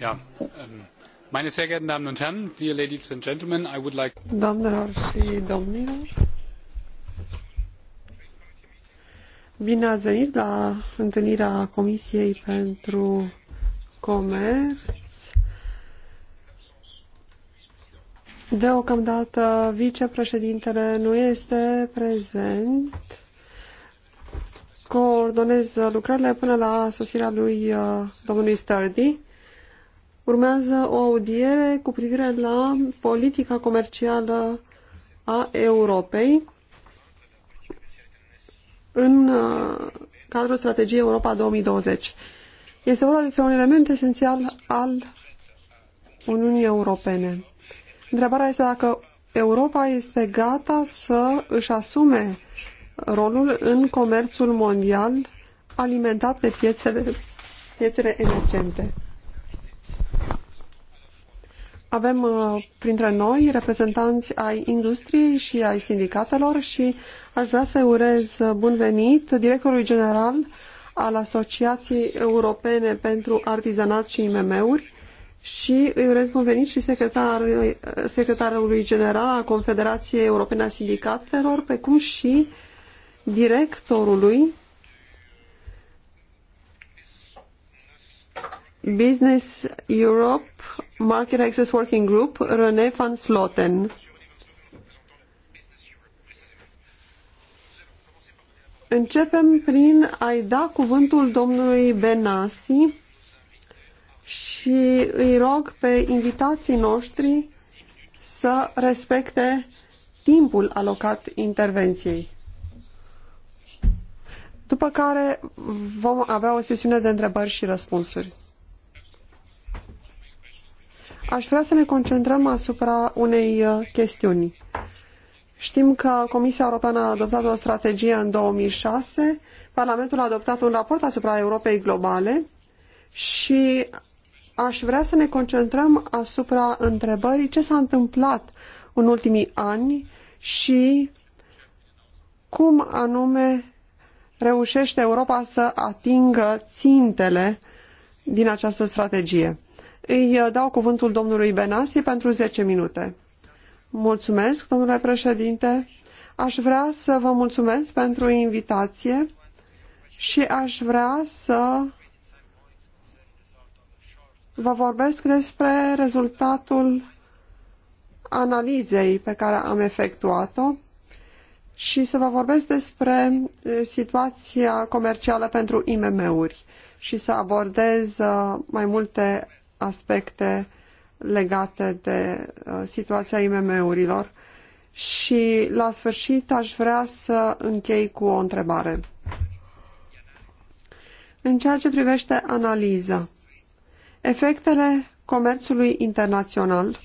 Yeah. Ähm, meine sehr geehrten Damen und Herren, dear ladies and gentlemen, I would like... Doamnelor și domnilor, bine ați venit la întâlnirea Comisiei pentru Comerț. Deocamdată vicepreședintele nu este prezent. Coordonez lucrările până la sosirea lui uh, domnului Sturdy urmează o audiere cu privire la politica comercială a Europei în uh, cadrul strategiei Europa 2020. Este vorba despre un element esențial al Uniunii Europene. Întrebarea este dacă Europa este gata să își asume rolul în comerțul mondial alimentat de piețele, piețele emergente. Avem uh, printre noi reprezentanți ai industriei și ai sindicatelor și aș vrea să urez uh, bun venit directorului general al Asociației Europene pentru Artizanat și IMM-uri și îi urez bun venit și secretar, secretarului general al Confederației Europene a Sindicatelor, precum și directorului Business Europe Market Access Working Group, René van Sloten. Începem prin a-i da cuvântul domnului Benassi și îi rog pe invitații noștri să respecte timpul alocat intervenției. După care vom avea o sesiune de întrebări și răspunsuri. Aș vrea să ne concentrăm asupra unei uh, chestiuni. Știm că Comisia Europeană a adoptat o strategie în 2006, Parlamentul a adoptat un raport asupra Europei globale și aș vrea să ne concentrăm asupra întrebării ce s-a întâmplat în ultimii ani și cum anume reușește Europa să atingă țintele din această strategie. Îi uh, dau cuvântul domnului Benasi pentru 10 minute. Mulțumesc, domnule președinte. Aș vrea să vă mulțumesc pentru invitație și aș vrea să vă vorbesc despre rezultatul analizei pe care am efectuat-o și să vă vorbesc despre uh, situația comercială pentru IMM-uri și să abordez uh, mai multe aspecte legate de uh, situația IMM-urilor și la sfârșit aș vrea să închei cu o întrebare. În ceea ce privește analiza, efectele comerțului internațional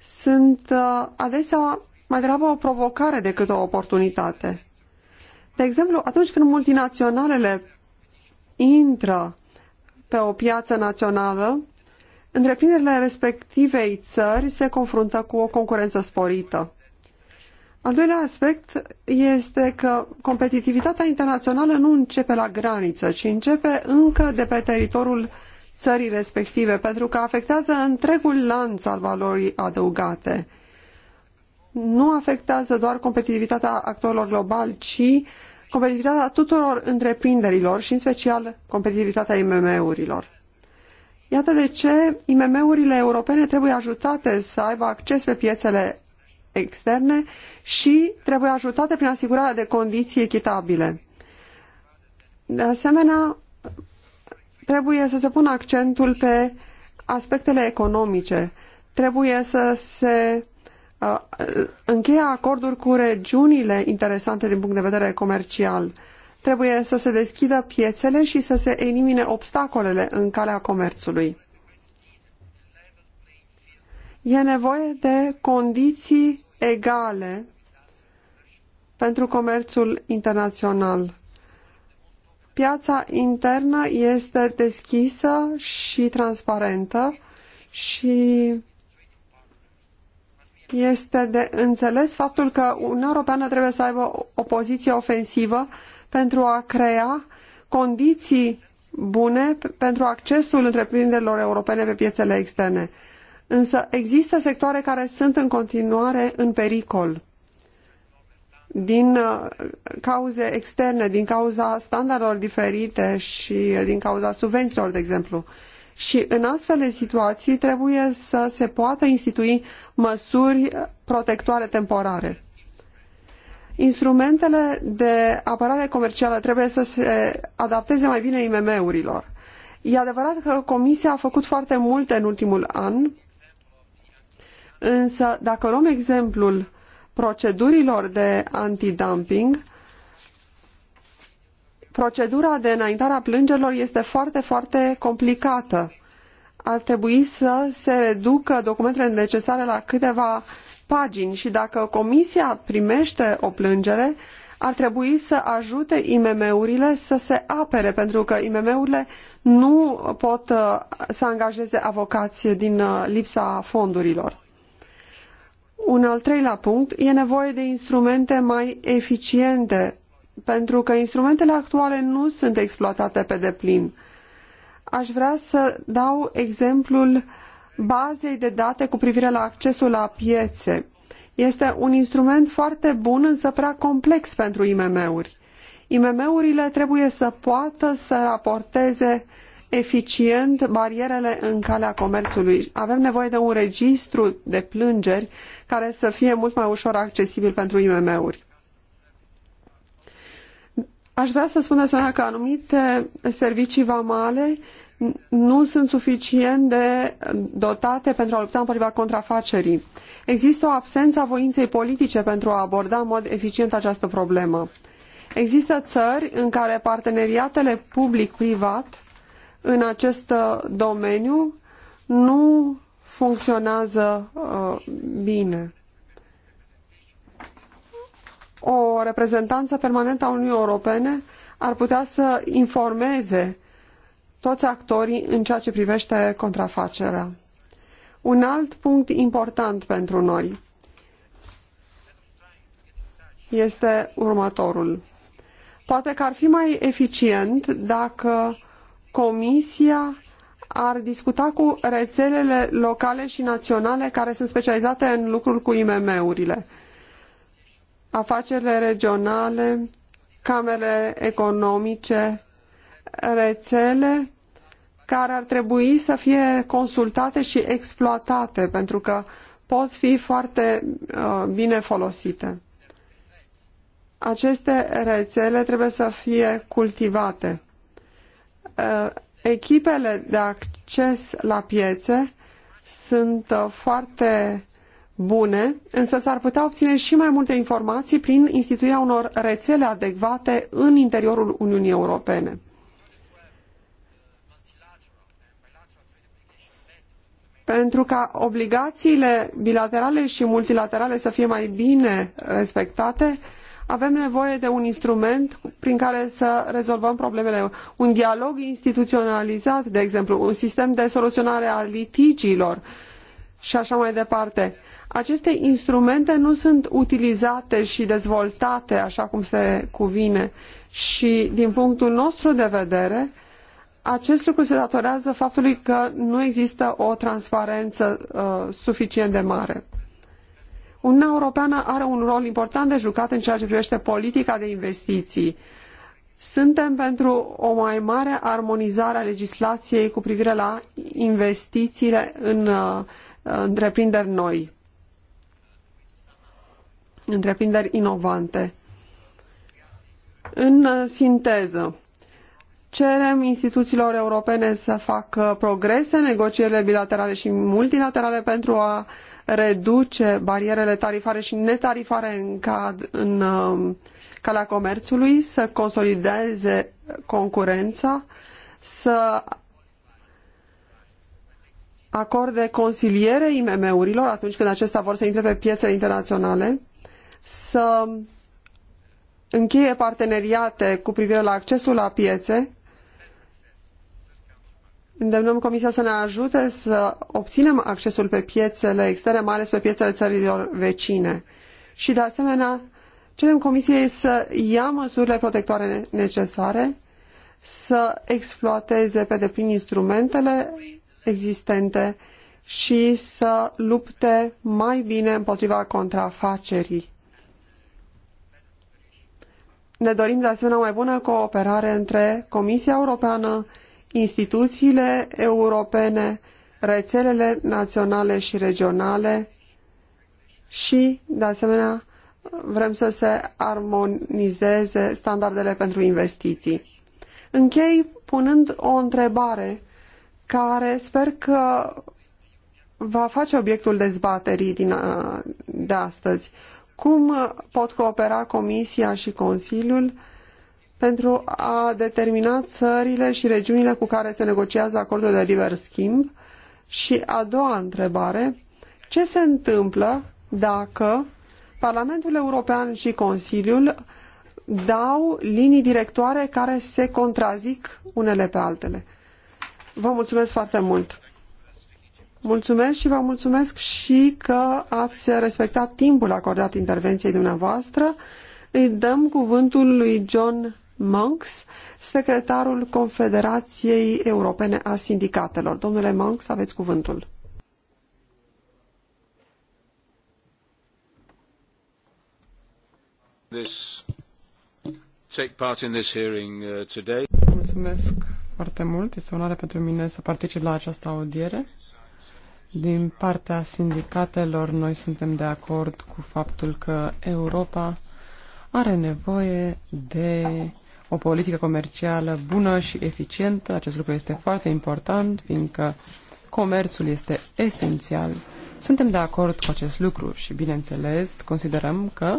sunt uh, adesea mai degrabă o provocare decât o oportunitate. De exemplu, atunci când multinaționalele intră pe o piață națională, întreprinderile respectivei țări se confruntă cu o concurență sporită. Al doilea aspect este că competitivitatea internațională nu începe la graniță, ci începe încă de pe teritoriul țării respective, pentru că afectează întregul lanț al valorii adăugate. Nu afectează doar competitivitatea actorilor globali, ci competitivitatea tuturor întreprinderilor și în special competitivitatea IMM-urilor. Iată de ce IMM-urile europene trebuie ajutate să aibă acces pe piețele externe și trebuie ajutate prin asigurarea de condiții echitabile. De asemenea, trebuie să se pună accentul pe aspectele economice. Trebuie să se încheie acorduri cu regiunile interesante din punct de vedere comercial. Trebuie să se deschidă piețele și să se elimine obstacolele în calea comerțului. E nevoie de condiții egale pentru comerțul internațional. Piața internă este deschisă și transparentă și este de înțeles faptul că Uniunea Europeană trebuie să aibă o poziție ofensivă pentru a crea condiții bune pentru accesul întreprinderilor europene pe piețele externe. Însă există sectoare care sunt în continuare în pericol din uh, cauze externe, din cauza standardelor diferite și uh, din cauza subvențiilor, de exemplu și în astfel de situații trebuie să se poată institui măsuri protectoare temporare. Instrumentele de apărare comercială trebuie să se adapteze mai bine IMM-urilor. E adevărat că Comisia a făcut foarte multe în ultimul an, însă dacă luăm exemplul procedurilor de antidumping, Procedura de înaintare a plângerilor este foarte, foarte complicată. Ar trebui să se reducă documentele necesare la câteva pagini și dacă comisia primește o plângere, ar trebui să ajute IMM-urile să se apere, pentru că IMM-urile nu pot uh, să angajeze avocați din uh, lipsa fondurilor. Un al treilea punct, e nevoie de instrumente mai eficiente pentru că instrumentele actuale nu sunt exploatate pe deplin. Aș vrea să dau exemplul bazei de date cu privire la accesul la piețe. Este un instrument foarte bun, însă prea complex pentru IMM-uri. IMM-urile trebuie să poată să raporteze eficient barierele în calea comerțului. Avem nevoie de un registru de plângeri care să fie mult mai ușor accesibil pentru IMM-uri. Aș vrea să spun că anumite servicii vamale nu sunt suficient de dotate pentru a lupta împotriva contrafacerii. Există o absență a voinței politice pentru a aborda în mod eficient această problemă. Există țări în care parteneriatele public-privat în acest uh, domeniu nu funcționează uh, bine o reprezentanță permanentă a Uniunii Europene ar putea să informeze toți actorii în ceea ce privește contrafacerea. Un alt punct important pentru noi este următorul. Poate că ar fi mai eficient dacă Comisia ar discuta cu rețelele locale și naționale care sunt specializate în lucrul cu IMM-urile afacerile regionale, camere economice, rețele care ar trebui să fie consultate și exploatate, pentru că pot fi foarte uh, bine folosite. Aceste rețele trebuie să fie cultivate. Uh, echipele de acces la piețe sunt uh, foarte bune, însă s-ar putea obține și mai multe informații prin instituirea unor rețele adecvate în interiorul Uniunii Europene. Pentru ca obligațiile bilaterale și multilaterale să fie mai bine respectate, avem nevoie de un instrument prin care să rezolvăm problemele. Un dialog instituționalizat, de exemplu, un sistem de soluționare a litigiilor și așa mai departe aceste instrumente nu sunt utilizate și dezvoltate așa cum se cuvine și din punctul nostru de vedere acest lucru se datorează faptului că nu există o transparență uh, suficient de mare. Uniunea Europeană are un rol important de jucat în ceea ce privește politica de investiții. Suntem pentru o mai mare armonizare a legislației cu privire la investițiile în uh, întreprinderi noi întreprinderi inovante. În uh, sinteză, cerem instituțiilor europene să facă progrese în negocierile bilaterale și multilaterale pentru a reduce barierele tarifare și netarifare în, cad, în uh, calea comerțului, să consolideze concurența, să acorde consiliere IMM-urilor atunci când acestea vor să intre pe piețele internaționale, să încheie parteneriate cu privire la accesul la piețe. Îndemnăm Comisia să ne ajute să obținem accesul pe piețele externe, mai ales pe piețele țărilor vecine. Și, de asemenea, cerem Comisiei să ia măsurile protectoare necesare, să exploateze pe deplin instrumentele existente și să lupte mai bine împotriva contrafacerii. Ne dorim de asemenea o mai bună cooperare între Comisia Europeană, instituțiile europene, rețelele naționale și regionale și, de asemenea, vrem să se armonizeze standardele pentru investiții. Închei punând o întrebare care sper că va face obiectul dezbaterii din, de astăzi cum pot coopera Comisia și Consiliul pentru a determina țările și regiunile cu care se negociază acordul de liber schimb? Și a doua întrebare, ce se întâmplă dacă Parlamentul European și Consiliul dau linii directoare care se contrazic unele pe altele? Vă mulțumesc foarte mult! Mulțumesc și vă mulțumesc și că ați respectat timpul acordat intervenției dumneavoastră. Îi dăm cuvântul lui John Monks, secretarul Confederației Europene a Sindicatelor. Domnule Monks, aveți cuvântul. This, take part in this hearing, uh, today. Mulțumesc foarte mult. Este o onoare pentru mine să particip la această audiere. Din partea sindicatelor, noi suntem de acord cu faptul că Europa are nevoie de o politică comercială bună și eficientă. Acest lucru este foarte important, fiindcă comerțul este esențial. Suntem de acord cu acest lucru și, bineînțeles, considerăm că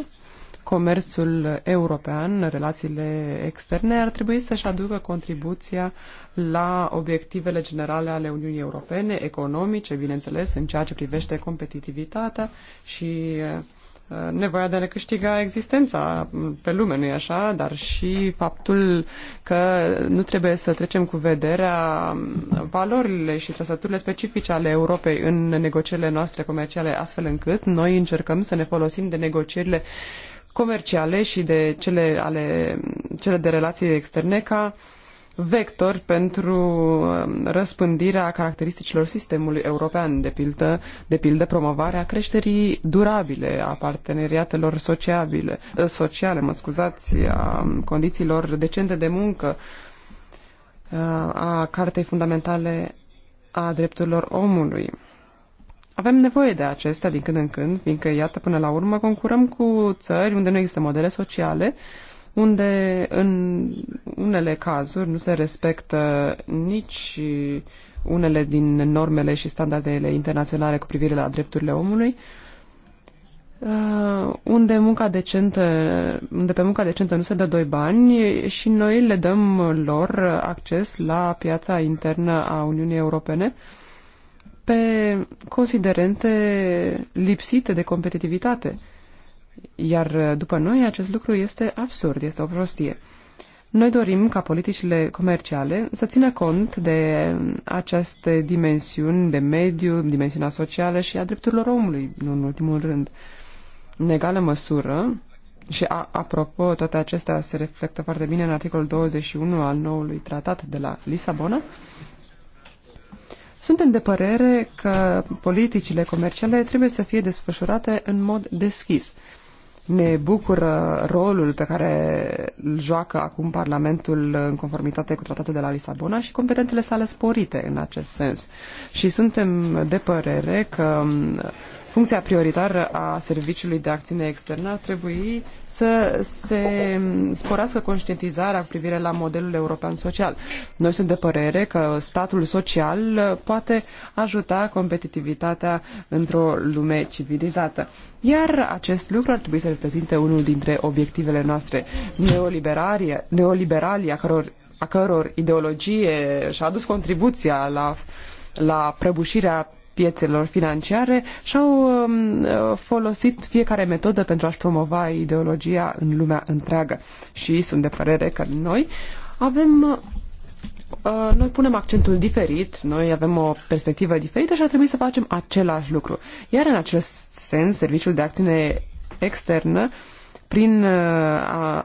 comerțul european, relațiile externe, ar trebui să-și aducă contribuția la obiectivele generale ale Uniunii Europene, economice, bineînțeles, în ceea ce privește competitivitatea și uh, nevoia de a ne câștiga existența pe lume, nu-i așa? Dar și faptul că nu trebuie să trecem cu vederea valorile și trăsăturile specifice ale Europei în negocierile noastre comerciale, astfel încât noi încercăm să ne folosim de negocierile uh, comerciale și de cele, ale, cele de relații externe ca vector pentru um, răspândirea caracteristicilor sistemului european, de pildă, de pildă promovarea creșterii durabile a parteneriatelor sociabile, uh, sociale, mă scuzați, a um, condițiilor decente de muncă, uh, a Cartei Fundamentale a Drepturilor Omului. Avem nevoie de acestea din când în când, fiindcă, iată, până la urmă concurăm cu țări unde nu există modele sociale, unde în unele cazuri nu se respectă nici unele din normele și standardele internaționale cu privire la drepturile omului, uh, unde munca decentă, unde pe munca decentă nu se dă doi bani și noi le dăm lor acces la piața internă a Uniunii Europene, pe considerente lipsite de competitivitate. Iar după noi acest lucru este absurd, este o prostie. Noi dorim ca politicile comerciale să țină cont de aceste dimensiuni de mediu, dimensiunea socială și a drepturilor omului, nu în ultimul rând. În egală măsură, și a, apropo, toate acestea se reflectă foarte bine în articolul 21 al noului tratat de la Lisabona, suntem de părere că politicile comerciale trebuie să fie desfășurate în mod deschis. Ne bucură rolul pe care îl joacă acum Parlamentul în conformitate cu tratatul de la Lisabona și competențele sale sporite în acest sens. Și suntem de părere că funcția prioritară a Serviciului de Acțiune Externă ar trebui să se sporească conștientizarea cu privire la modelul european social. Noi suntem de părere că statul social poate ajuta competitivitatea într-o lume civilizată. Iar acest lucru ar trebui să reprezinte unul dintre obiectivele noastre. Neoliberalii, neoliberalii a căror, a căror ideologie și-a adus contribuția la la prăbușirea piețelor financiare și-au um, uh, folosit fiecare metodă pentru a-și promova ideologia în lumea întreagă. Și sunt de părere că noi avem uh, noi punem accentul diferit, noi avem o perspectivă diferită și ar trebui să facem același lucru. Iar în acest sens, Serviciul de Acțiune Externă uh, prin uh,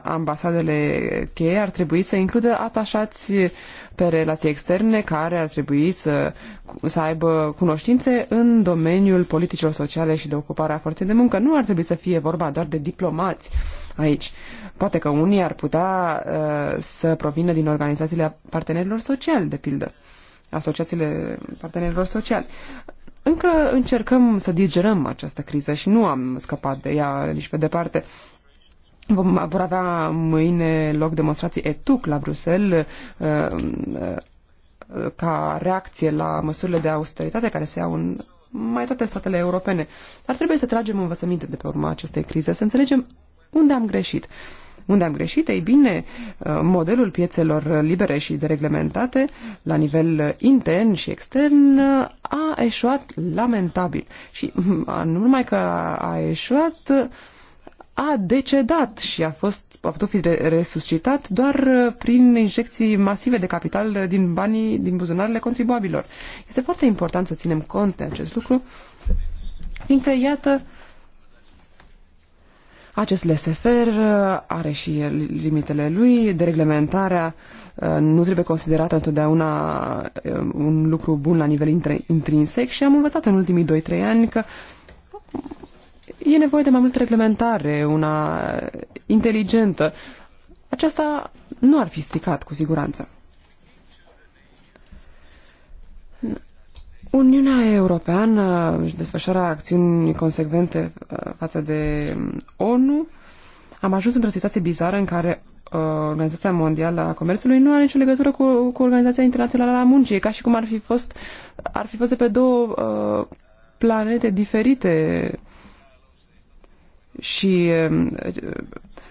ambasadele cheie ar trebui să includă atașați pe relații externe care ar trebui să, să aibă cunoștințe în domeniul politicilor sociale și de ocupare a forței de muncă. Nu ar trebui să fie vorba doar de diplomați aici. Poate că unii ar putea uh, să provină din organizațiile partenerilor sociali, de pildă, asociațiile partenerilor sociali. Încă încercăm să digerăm această criză și nu am scăpat de ea nici pe departe. Vom, vor avea mâine loc demonstrații ETUC la Bruxelles uh, uh, ca reacție la măsurile de austeritate care se iau în mai toate statele europene. Dar trebuie să tragem învățăminte de pe urma acestei crize, să înțelegem unde am greșit. Unde am greșit? Ei bine, uh, modelul piețelor libere și dereglementate la nivel intern și extern a eșuat lamentabil. Și nu numai că a eșuat, a decedat și a fost a putut fi resuscitat doar uh, prin injecții masive de capital uh, din banii din buzunarele contribuabilor. Este foarte important să ținem cont de acest lucru, fiindcă, iată, acest lesefer uh, are și limitele lui, de reglementarea nu trebuie considerată întotdeauna un lucru bun la nivel intrinsec și am învățat în ultimii 2-3 ani că E nevoie de mai multă reglementare, una inteligentă. Aceasta nu ar fi stricat, cu siguranță. Uniunea Europeană își desfășoară acțiuni consecvente uh, față de um, ONU. Am ajuns într-o situație bizară în care uh, Organizația Mondială a Comerțului nu are nicio legătură cu, cu Organizația Internațională a Muncii. E ca și cum ar fi fost, ar fi fost de pe două uh, planete diferite și um,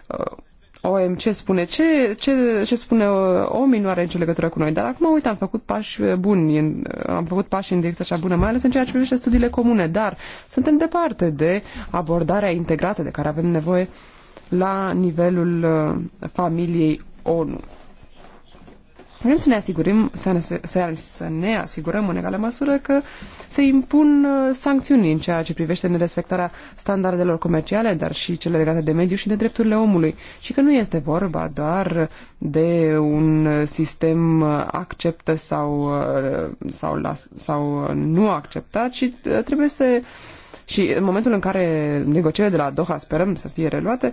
uh, OMC spune ce, ce, ce spune uh, o nu în nicio legătură cu noi. Dar acum, uite, am făcut pași uh, buni, am făcut pași în direcția așa bună, mai ales în ceea ce privește studiile comune, dar suntem departe de abordarea integrată de care avem nevoie la nivelul familiei ONU. Vrem să ne asigurăm, să ne, să, să ne asigurăm în egală măsură că se impun uh, sancțiuni în ceea ce privește nerespectarea standardelor comerciale, dar și cele legate de mediu și de drepturile omului. Și că nu este vorba doar de un sistem acceptă sau, uh, sau, sau nu acceptat, ci uh, trebuie să. Și în momentul în care negocierile de la Doha sperăm să fie reluate,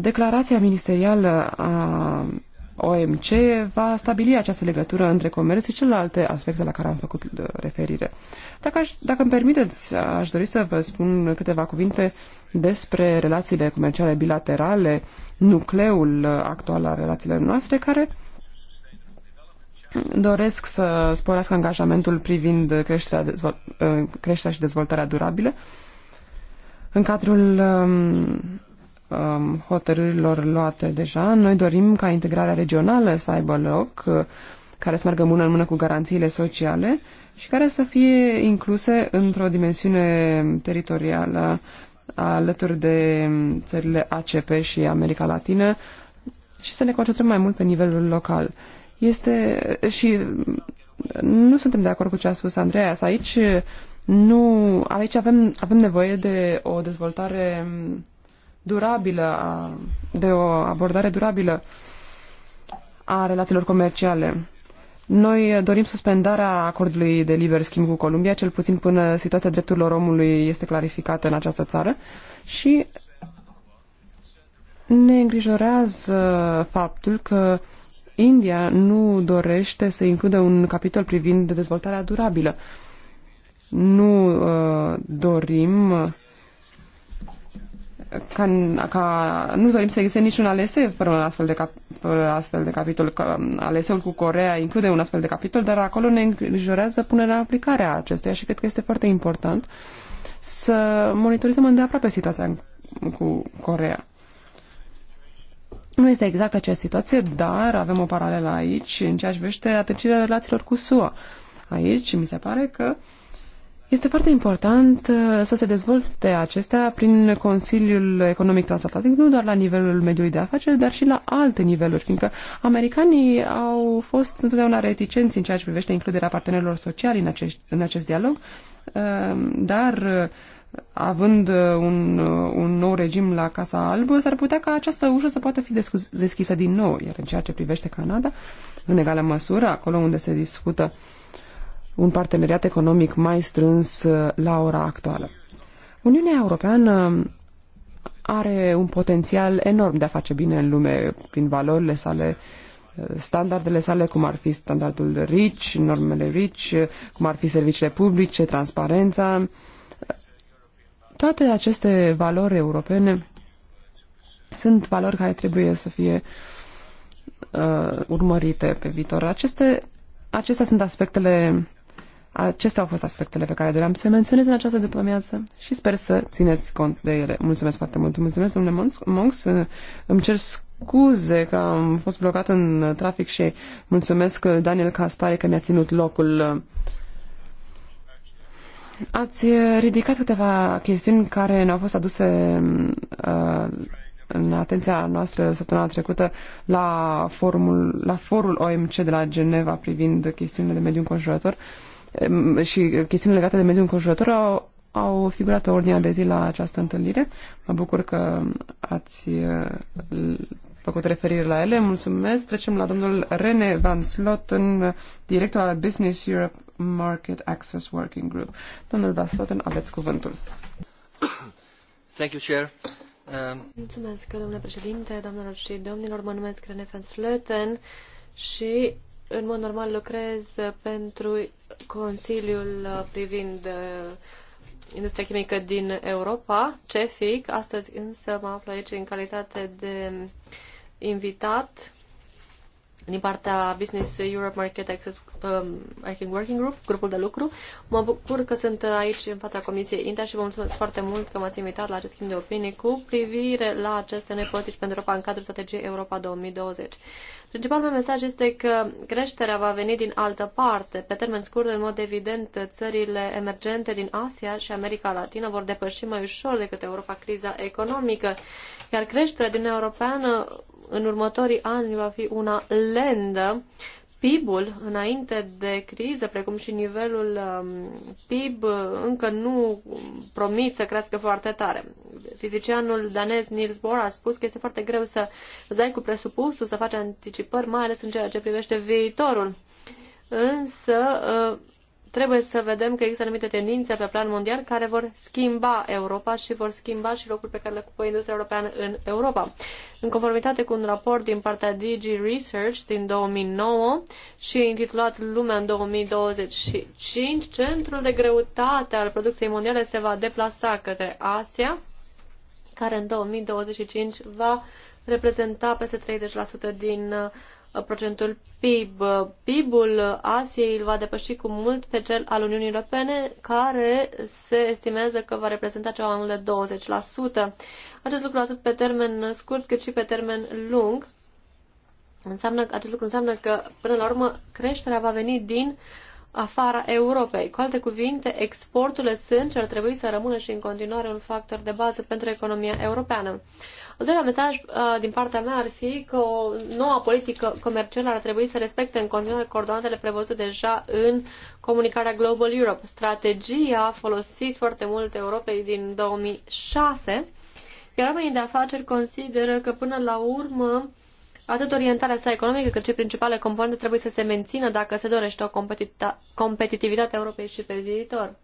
declarația ministerială a OMC va stabili această legătură între comerț și celelalte aspecte la care am făcut uh, referire. Dacă, aș, dacă îmi permiteți, aș dori să vă spun câteva cuvinte despre relațiile comerciale bilaterale, nucleul actual al relațiilor noastre, care doresc să sporească angajamentul privind creșterea, dezvol- uh, creșterea și dezvoltarea durabilă în cadrul um, um, hotărârilor luate deja. Noi dorim ca integrarea regională să aibă loc, uh, care să meargă mână în mână cu garanțiile sociale și care să fie incluse într-o dimensiune teritorială alături de um, țările ACP și America Latină și să ne concentrăm mai mult pe nivelul local. Este uh, și um, nu suntem de acord cu ce a spus Andreas. Aici nu, aici avem, avem nevoie de o dezvoltare um, durabilă, a, de o abordare durabilă a relațiilor comerciale. Noi dorim suspendarea acordului de liber schimb cu Columbia, cel puțin până situația drepturilor omului este clarificată în această țară și ne îngrijorează faptul că India nu dorește să includă un capitol privind dezvoltarea durabilă. Nu uh, dorim ca, ca nu dorim să existe niciun alese fără un astfel de, cap, fără astfel de capitol. Că um, aleseul cu Corea include un astfel de capitol, dar acolo ne îngrijorează punerea aplicarea acestuia și cred că este foarte important să monitorizăm îndeaproape situația cu Corea. Nu este exact acea situație, dar avem o paralelă aici în ceea ce privește atâncirea relațiilor cu SUA. Aici mi se pare că uh, este foarte important uh, să se dezvolte acestea prin Consiliul Economic Transatlantic, nu doar la nivelul mediului de afaceri, dar și la alte niveluri, fiindcă americanii au fost întotdeauna reticenți în ceea ce privește includerea partenerilor sociali în, acest, în acest dialog, uh, dar uh, având un, un nou regim la Casa Albă, s-ar putea ca această ușă să poată fi deschisă din nou. Iar în ceea ce privește Canada, în egală măsură, acolo unde se discută uh, un parteneriat economic mai strâns uh, la ora actuală. Uniunea Europeană are un potențial enorm de a face bine în lume prin valorile sale, uh, standardele sale, cum ar fi standardul RICI, normele RICI, uh, cum ar fi serviciile publice, transparența. Toate aceste valori europene sunt valori care trebuie să fie uh, urmărite pe viitor. Aceste, acestea sunt aspectele Acestea au fost aspectele pe care doream să le menționez în această după și sper să țineți cont de ele. Mulțumesc foarte mult. Mulțumesc, domnule Monks. Îmi cer scuze că am fost blocat în trafic și mulțumesc Daniel Caspare că mi-a ținut locul. Ați ridicat câteva chestiuni care ne-au fost aduse uh, în atenția noastră săptămâna trecută la, forumul, la forul OMC de la Geneva privind chestiunile de mediu înconjurător și chestiunile legate de mediul înconjurător au, au figurat pe ordinea de zi la această întâlnire. Mă bucur că ați eh, făcut referire la ele. Mulțumesc. Trecem la domnul Rene Van Sloten, eh, director al Business Europe Market Access Working Group. Domnul Van Sloten, aveți cuvântul. Thank you, Chair. Um... Mulțumesc, domnule președinte, domnilor și domnilor. Mă numesc Rene Van Sloten și în mod normal lucrez pentru Consiliul privind uh, industria chimică din Europa, CEFIC. Astăzi însă mă aflu aici în calitate de invitat din partea Business Europe Market Access um, Working Group, grupul de lucru. Mă bucur că sunt aici în fața Comisiei INTA și vă mulțumesc foarte mult că m-ați invitat la acest schimb de opinii cu privire la aceste noi politici pentru Europa în cadrul strategiei Europa 2020. Principalul meu mesaj este că creșterea va veni din altă parte. Pe termen scurt, în mod evident, țările emergente din Asia și America Latină vor depăși mai ușor decât Europa criza economică, iar creșterea din Europeană în următorii ani va fi una lentă. PIB-ul înainte de criză, precum și nivelul um, PIB, uh, încă nu promit să crească foarte tare. Fizicianul danez Niels Bohr a spus că este foarte greu să îți dai cu presupusul, să faci anticipări, mai ales în ceea ce privește viitorul. Însă, uh, trebuie să vedem că există anumite tendințe pe plan mondial care vor schimba Europa și vor schimba și locul pe care le ocupă industria europeană în Europa. În conformitate cu un raport din partea DG Research din 2009 și intitulat Lumea în 2025, centrul de greutate al producției mondiale se va deplasa către Asia, care în 2025 va reprezenta peste 30% din uh, procentul PIB. PIB-ul Asiei îl va depăși cu mult pe cel al Uniunii Europene, care se estimează că va reprezenta ceva mai mult de 20%. Acest lucru atât pe termen scurt cât și pe termen lung. Înseamnă, acest lucru înseamnă că, până la urmă, creșterea va veni din uh, afara Europei. Cu alte cuvinte, exporturile sunt și ar trebui să rămână și în continuare un factor de bază pentru economia europeană. Al doilea mesaj uh, din partea mea ar fi că o noua politică comercială ar trebui să respecte în continuare coordonatele prevăzute deja în comunicarea Global Europe, strategia folosit foarte mult Europei din 2006, iar oamenii de afaceri consideră că până la urmă Atât orientarea sa economică, cât și principale componente trebuie să se mențină dacă se dorește o competitivitate a Europei și pe viitor.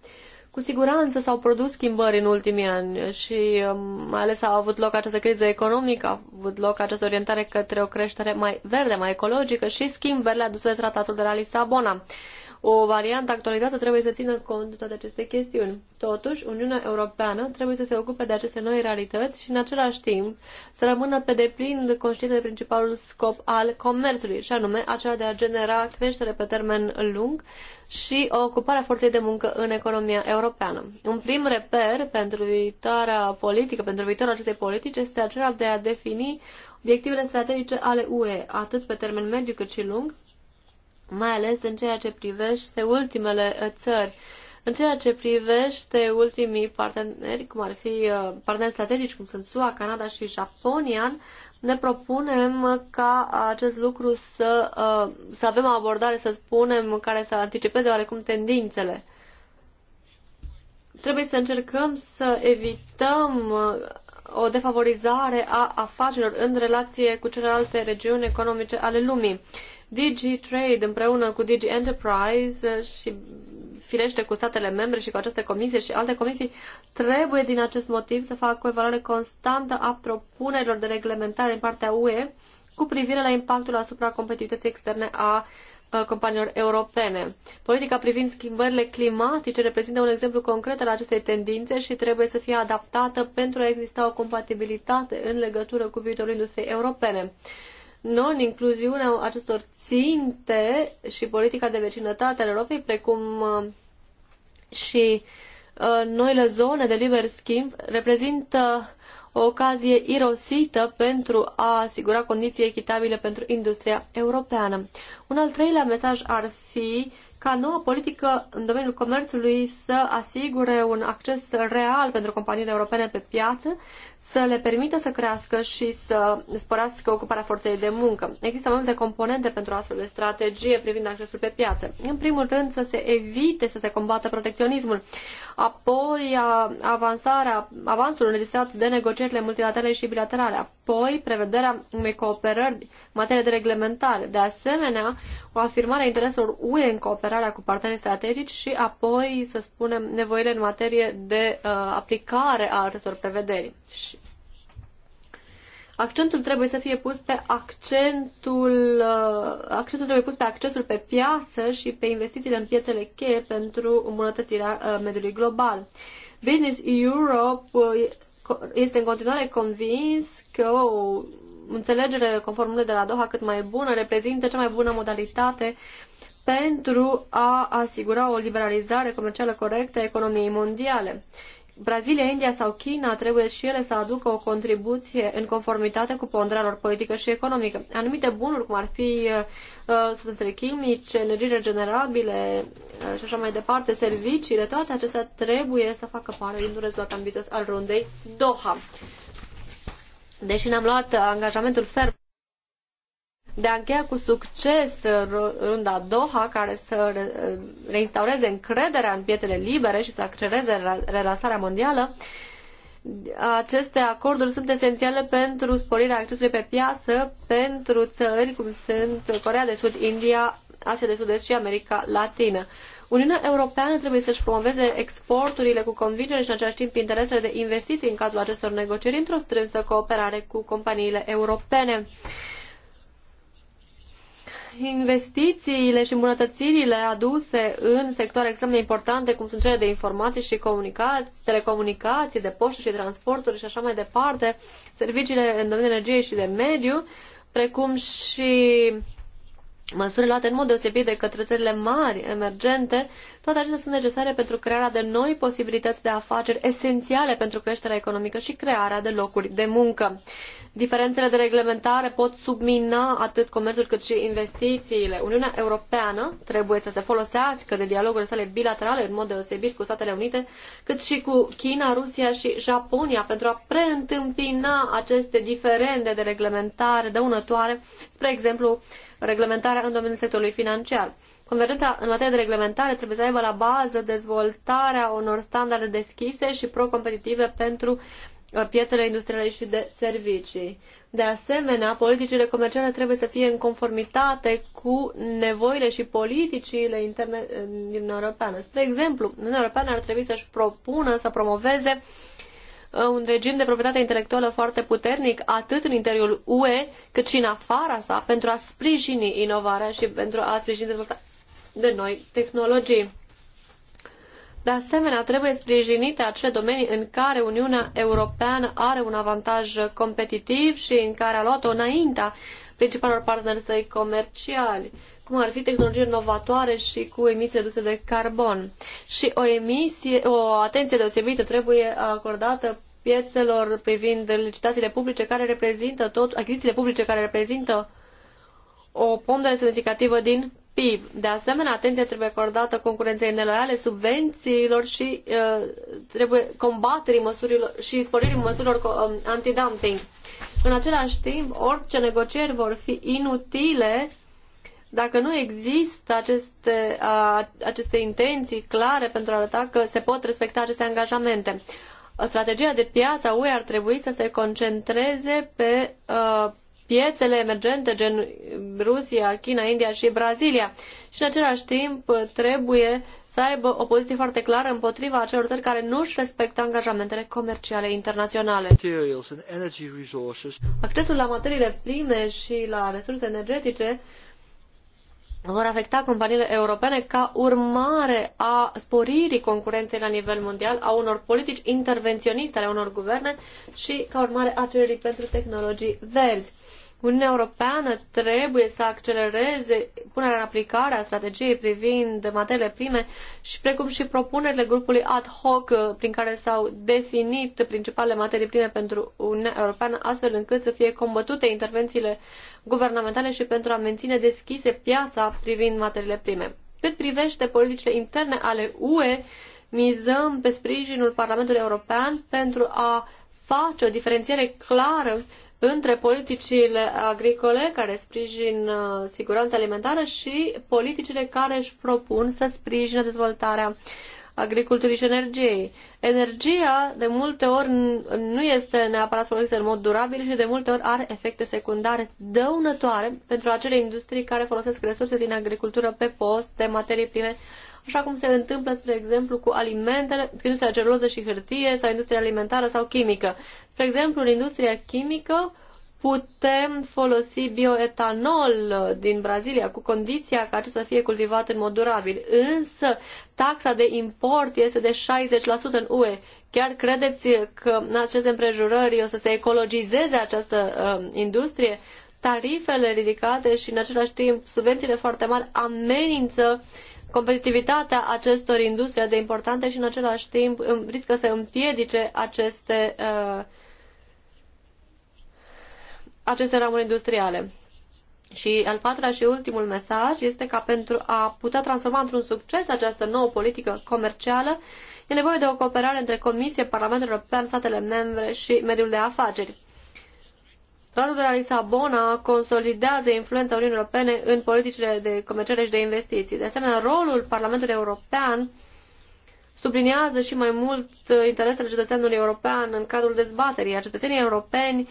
Cu siguranță s-au produs schimbări în ultimii ani și um, mai ales a avut loc această criză economică, a avut loc această orientare către o creștere mai verde, mai ecologică și schimbările aduse de tratatul de la Lisabona o variantă actualizată trebuie să țină cont de toate aceste chestiuni. Totuși, Uniunea Europeană trebuie să se ocupe de aceste noi realități și, în același timp, să rămână pe deplin conștientă de principalul scop al comerțului, și anume acela de a genera creștere pe termen lung și o ocupare a forței de muncă în economia europeană. Un prim reper pentru viitoarea politică, pentru viitorul acestei politici, este acela de a defini obiectivele strategice ale UE, atât pe termen mediu cât și lung, mai ales în ceea ce privește ultimele uh, țări. În ceea ce privește ultimii parteneri, cum ar fi uh, parteneri strategici, cum sunt SUA, Canada și Japonia, ne propunem ca acest lucru să, uh, să avem o abordare, să spunem, care să anticipeze oarecum tendințele. Trebuie să încercăm să evităm o defavorizare a afacerilor în relație cu celelalte regiuni economice ale lumii. Trade împreună cu Digi Enterprise uh, și firește cu statele membre și cu aceste comisii și alte comisii, trebuie din acest motiv să facă o evaluare constantă a propunerilor de reglementare în partea UE cu privire la impactul asupra competitivității externe a uh, companiilor europene. Politica privind schimbările climatice reprezintă un exemplu concret al acestei tendințe și trebuie să fie adaptată pentru a exista o compatibilitate în legătură cu viitorul industriei europene non-incluziunea acestor ținte și politica de vecinătate al Europei, precum uh, și uh, noile zone de liber schimb, reprezintă o ocazie irosită pentru a asigura condiții echitabile pentru industria europeană. Un al treilea mesaj ar fi ca noua politică în domeniul comerțului să asigure un acces real pentru companiile europene pe piață, să le permită să crească și să sporească ocuparea forței de muncă. Există mai multe componente pentru astfel de strategie privind accesul pe piață. În primul rând, să se evite să se combată protecționismul, apoi avansarea, avansul înregistrat de negocierile multilaterale și bilaterale, apoi prevederea unei cooperări în materie de reglementare. De asemenea, o afirmare a intereselor UE în cooperarea cu partenerii strategici și apoi, să spunem, nevoile în materie de uh, aplicare a acestor prevederi. Și accentul trebuie să fie pus pe accentul, uh, accentul trebuie pus pe accesul pe piață și pe investițiile în piețele cheie pentru îmbunătățirea uh, mediului global. Business Europe uh, este în continuare convins că o înțelegere conform de la Doha cât mai bună reprezintă cea mai bună modalitate pentru a asigura o liberalizare comercială corectă a economiei mondiale. Brazilia, India sau China trebuie și ele să aducă o contribuție în conformitate cu ponderea lor politică și economică. Anumite bunuri, cum ar fi uh, substanțele chimice, energii regenerabile uh, și așa mai departe, serviciile, toate acestea trebuie să facă parte din un rezultat ambițios al rundei Doha. Deși ne-am luat angajamentul ferm de a încheia cu succes uh, runda Doha, care să uh, reinstaureze încrederea în piețele libere și să accelereze relansarea mondială, aceste acorduri sunt esențiale pentru sporirea accesului pe piață pentru țări cum sunt Corea de Sud, India, Asia de Sud-Est și America Latină. Uniunea Europeană trebuie să-și promoveze exporturile cu convingere și în același timp interesele de investiții în cadrul acestor negocieri într-o strânsă cooperare cu companiile europene investițiile și îmbunătățirile aduse în sectoare extrem de importante, cum sunt cele de informații și comunicații, telecomunicații, de poștă și transporturi și așa mai departe, serviciile în domeniul energiei și de mediu, precum și măsuri luate în mod deosebit de către țările mari, emergente, toate acestea sunt necesare pentru crearea de noi posibilități de afaceri esențiale pentru creșterea economică și crearea de locuri de muncă. Diferențele de reglementare pot submina atât comerțul cât și investițiile. Uniunea Europeană trebuie să se folosească de dialogurile sale bilaterale, în mod deosebit cu Statele Unite, cât și cu China, Rusia și Japonia, pentru a preîntâmpina aceste diferende de reglementare dăunătoare, spre exemplu, reglementarea în domeniul sectorului financiar. Convergența în materie de reglementare trebuie să aibă la bază dezvoltarea unor standarde deschise și pro-competitive pentru Uh, piețele industriale și de servicii. De asemenea, politicile comerciale trebuie să fie în conformitate cu nevoile și politicile interne uh, din Europeană. Spre exemplu, Uniunea Europeană ar trebui să-și propună să promoveze uh, un regim de proprietate intelectuală foarte puternic, atât în interiorul UE, cât și în afara sa, pentru a sprijini inovarea și pentru a sprijini dezvoltarea de noi tehnologii. De asemenea, trebuie sprijinite acele domenii în care Uniunea Europeană are un avantaj competitiv și în care a luat-o înaintea principalor parteneri săi comerciali cum ar fi tehnologii inovatoare și cu emisii reduse de carbon. Și o emisie, o atenție deosebită trebuie acordată piețelor privind licitațiile publice care reprezintă tot, achizițiile publice care reprezintă o pondere semnificativă din PIB. De asemenea, atenție trebuie acordată concurenței neloiale, subvențiilor și uh, trebuie combaterii măsurilor și sporirii măsurilor um, antidumping. În același timp, orice negocieri vor fi inutile dacă nu există aceste, a, aceste intenții clare pentru a arăta că se pot respecta aceste angajamente. Strategia de piață a UE ar trebui să se concentreze pe uh, piețele emergente gen Rusia, China, India și Brazilia. Și în același timp trebuie să aibă o poziție foarte clară împotriva acelor țări care nu își respectă angajamentele comerciale internaționale. Accesul la materiile prime și la resurse energetice vor afecta companiile europene ca urmare a sporirii concurenței la nivel mondial, a unor politici intervenționiste ale unor guverne și ca urmare a cererii pentru tehnologii verzi. Uniunea Europeană trebuie să accelereze punerea în aplicare a strategiei privind materiile prime și precum și propunerile grupului ad hoc uh, prin care s-au definit principalele materii prime pentru Uniunea Europeană, astfel încât să fie combătute intervențiile guvernamentale și pentru a menține deschise piața privind materiile prime. Cât privește politicile interne ale UE, mizăm pe sprijinul Parlamentului European pentru a face o diferențiere clară între politicile agricole care sprijin uh, siguranța alimentară și politicile care își propun să sprijine dezvoltarea agriculturii și energiei. Energia de multe ori nu este neapărat folosită în mod durabil și de multe ori are efecte secundare dăunătoare pentru acele industrii care folosesc resurse din agricultură pe post de materii prime așa cum se întâmplă, spre exemplu, cu alimentele, cu industria celuloză și hârtie sau industria alimentară sau chimică. Spre exemplu, în industria chimică putem folosi bioetanol din Brazilia cu condiția ca acesta să fie cultivat în mod durabil. Însă taxa de import este de 60% în UE. Chiar credeți că în aceste împrejurări o să se ecologizeze această uh, industrie? Tarifele ridicate și în același timp subvențiile foarte mari amenință uh, competitivitatea acestor industrii de importante și în același timp riscă să împiedice aceste, uh, aceste ramuri industriale. Și al patrulea și ultimul mesaj este că pentru a putea transforma într-un succes această nouă politică comercială, e nevoie de o cooperare între Comisie, Parlamentul European, statele membre și mediul de afaceri. Tratatul de la Lisabona consolidează influența Uniunii Europene în politicile de comerciare și de investiții. De asemenea, rolul Parlamentului European subliniază și mai mult uh, interesele cetățeanului european în cadrul dezbaterii, iar cetățenii europeni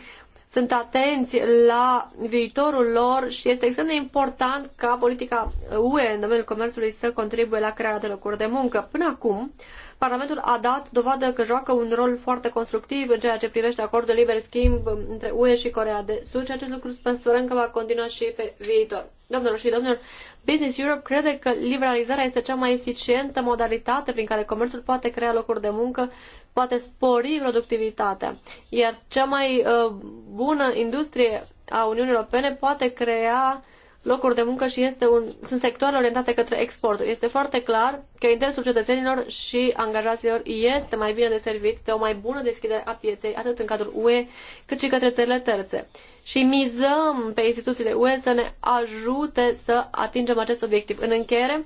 sunt atenți la viitorul lor și este extrem de important ca politica UE în domeniul comerțului să contribuie la crearea de locuri de muncă. Până acum, Parlamentul a dat dovadă că joacă un rol foarte constructiv în ceea ce privește acordul liber schimb între UE și Corea de Sud și acest lucru sperăm că va continua și pe viitor. Domnilor și domnilor, Business Europe crede că liberalizarea este cea mai eficientă modalitate prin care comerțul poate crea locuri de muncă, poate spori productivitatea, iar cea mai uh, bună industrie a Uniunii Europene poate crea uh, locuri de muncă și este un, sunt sectoare orientate către export. Este foarte clar că interesul cetățenilor și angajaților este mai bine deservit de o mai bună deschidere a pieței, atât în cadrul UE, cât și către țările terțe. Și mizăm pe instituțiile UE să ne ajute să atingem acest obiectiv. În încheiere,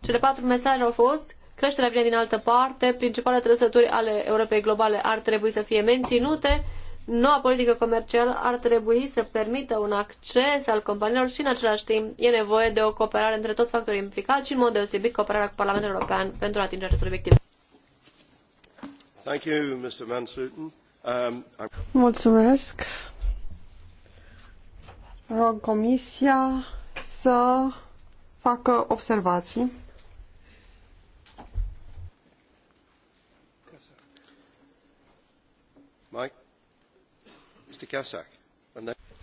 cele patru mesaje au fost creșterea vine din altă parte, principalele trăsături ale Europei globale ar trebui să fie menținute, noua politică comercială ar trebui să permită un acces al companiilor și în același timp e nevoie de o cooperare între toți factorii implicați și în mod deosebit cooperarea cu Parlamentul European pentru a atinge acestor obiective. Thank you, Mr. Um, Mulțumesc. Rog Comisia să facă observații.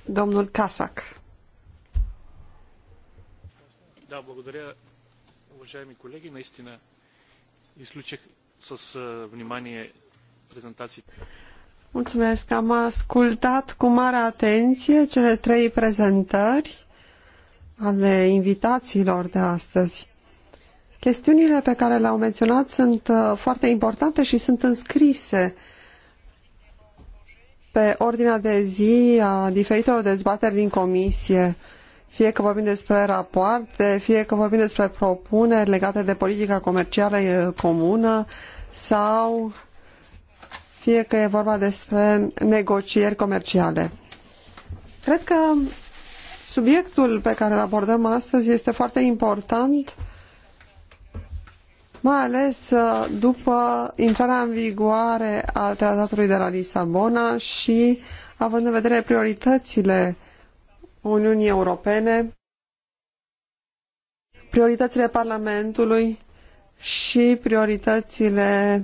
Domnul Kasak. Da, благодаря, уважаеми колеги. Наистина, изключих с внимание презентациите. Mulțumesc, am ascultat cu mare atenție cele trei prezentări ale invitațiilor de astăzi. Chestiunile pe care le-au menționat sunt uh, foarte importante și sunt înscrise pe ordinea de zi a diferitelor dezbateri din comisie, fie că vorbim despre rapoarte, fie că vorbim despre propuneri legate de politica comercială comună sau fie că e vorba despre negocieri comerciale. Cred că subiectul pe care îl abordăm astăzi este foarte important mai ales uh, după intrarea în vigoare a tratatului de la Lisabona și având în vedere prioritățile Uniunii Europene, prioritățile Parlamentului și prioritățile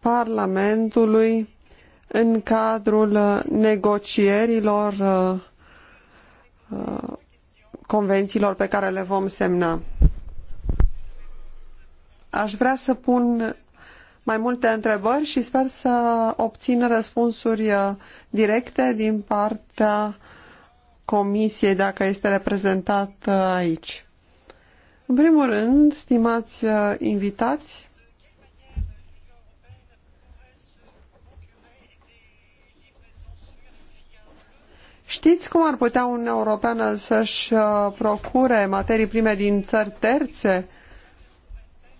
Parlamentului în cadrul negocierilor uh, uh, convențiilor pe care le vom semna. Aș vrea să pun mai multe întrebări și sper să obțin răspunsuri uh, directe din partea comisiei, dacă este reprezentat uh, aici. În primul rând, stimați uh, invitați, Știți cum ar putea un european să-și procure materii prime din țări terțe?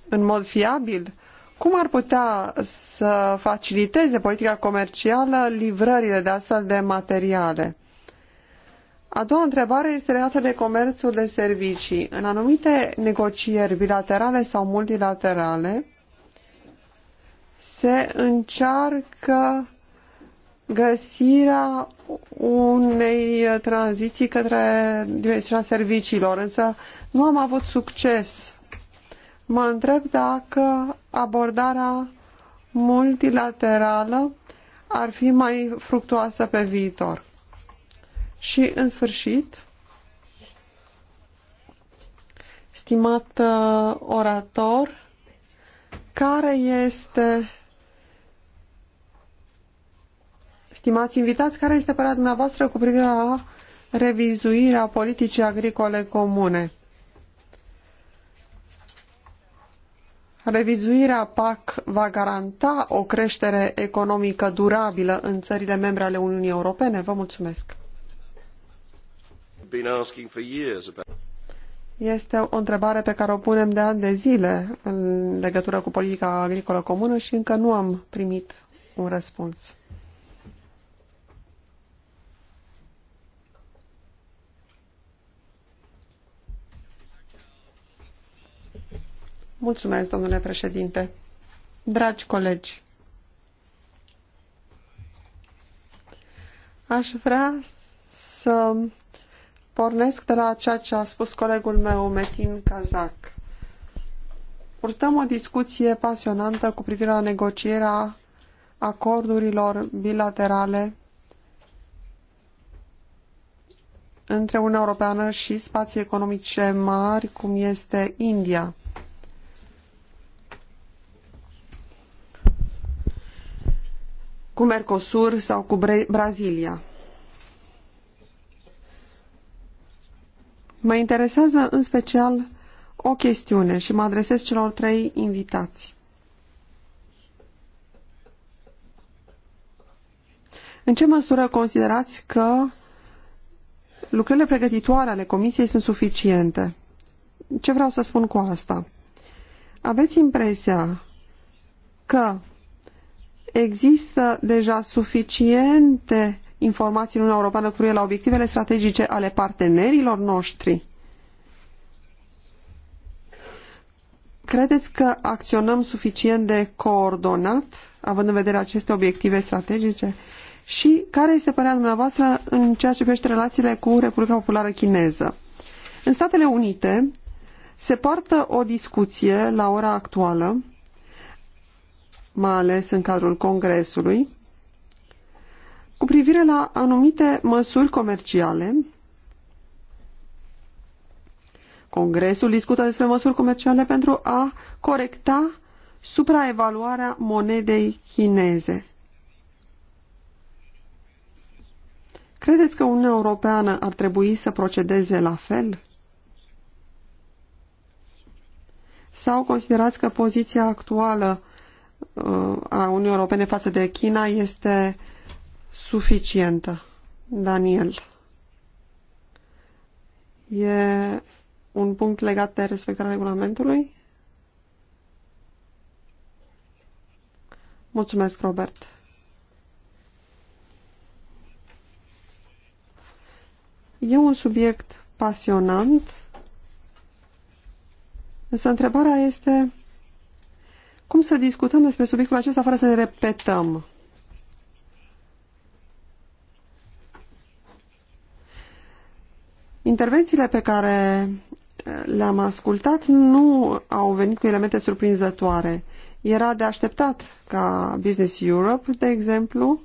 în mod fiabil? Cum ar putea să faciliteze politica comercială livrările de astfel de materiale? A doua întrebare este legată de comerțul de servicii. În anumite negocieri bilaterale sau multilaterale se încearcă găsirea unei tranziții către dimensiunea serviciilor, însă nu am avut succes mă întreb dacă abordarea multilaterală ar fi mai fructuoasă pe viitor. Și, în sfârșit, stimat orator, care este stimați invitați, care este părerea dumneavoastră cu privire la revizuirea politicii agricole comune? revizuirea PAC va garanta o creștere economică durabilă în țările membre ale Uniunii Europene? Vă mulțumesc! Este o întrebare pe care o punem de ani de zile în legătură cu politica agricolă comună și încă nu am primit un răspuns. Mulțumesc, domnule președinte. Dragi colegi, aș vrea să pornesc de la ceea ce a spus colegul meu, Metin Kazak. Purtăm o discuție pasionantă cu privire la negocierea acordurilor bilaterale între Uniunea Europeană și spații economice mari, cum este India. cu Mercosur sau cu Brazilia. Mă interesează în special o chestiune și mă adresez celor trei invitați. În ce măsură considerați că lucrurile pregătitoare ale comisiei sunt suficiente? Ce vreau să spun cu asta? Aveți impresia că Există deja suficiente informații în Uniunea Europeană cu la obiectivele strategice ale partenerilor noștri? Credeți că acționăm suficient de coordonat, având în vedere aceste obiective strategice? Și care este părerea dumneavoastră în ceea ce privește relațiile cu Republica Populară Chineză? În Statele Unite se poartă o discuție la ora actuală mai ales în cadrul Congresului, cu privire la anumite măsuri comerciale. Congresul discută despre măsuri comerciale pentru a corecta supraevaluarea monedei chineze. Credeți că Uniunea Europeană ar trebui să procedeze la fel? Sau considerați că poziția actuală Uh, a Uniunii Europene față de China este suficientă. Daniel. E un punct legat de respectarea regulamentului? Mulțumesc, Robert. E un subiect pasionant, însă întrebarea este cum să discutăm despre subiectul acesta fără să ne repetăm? Intervențiile pe care eh, le-am ascultat nu au venit cu elemente surprinzătoare. Era de așteptat ca Business Europe, de exemplu,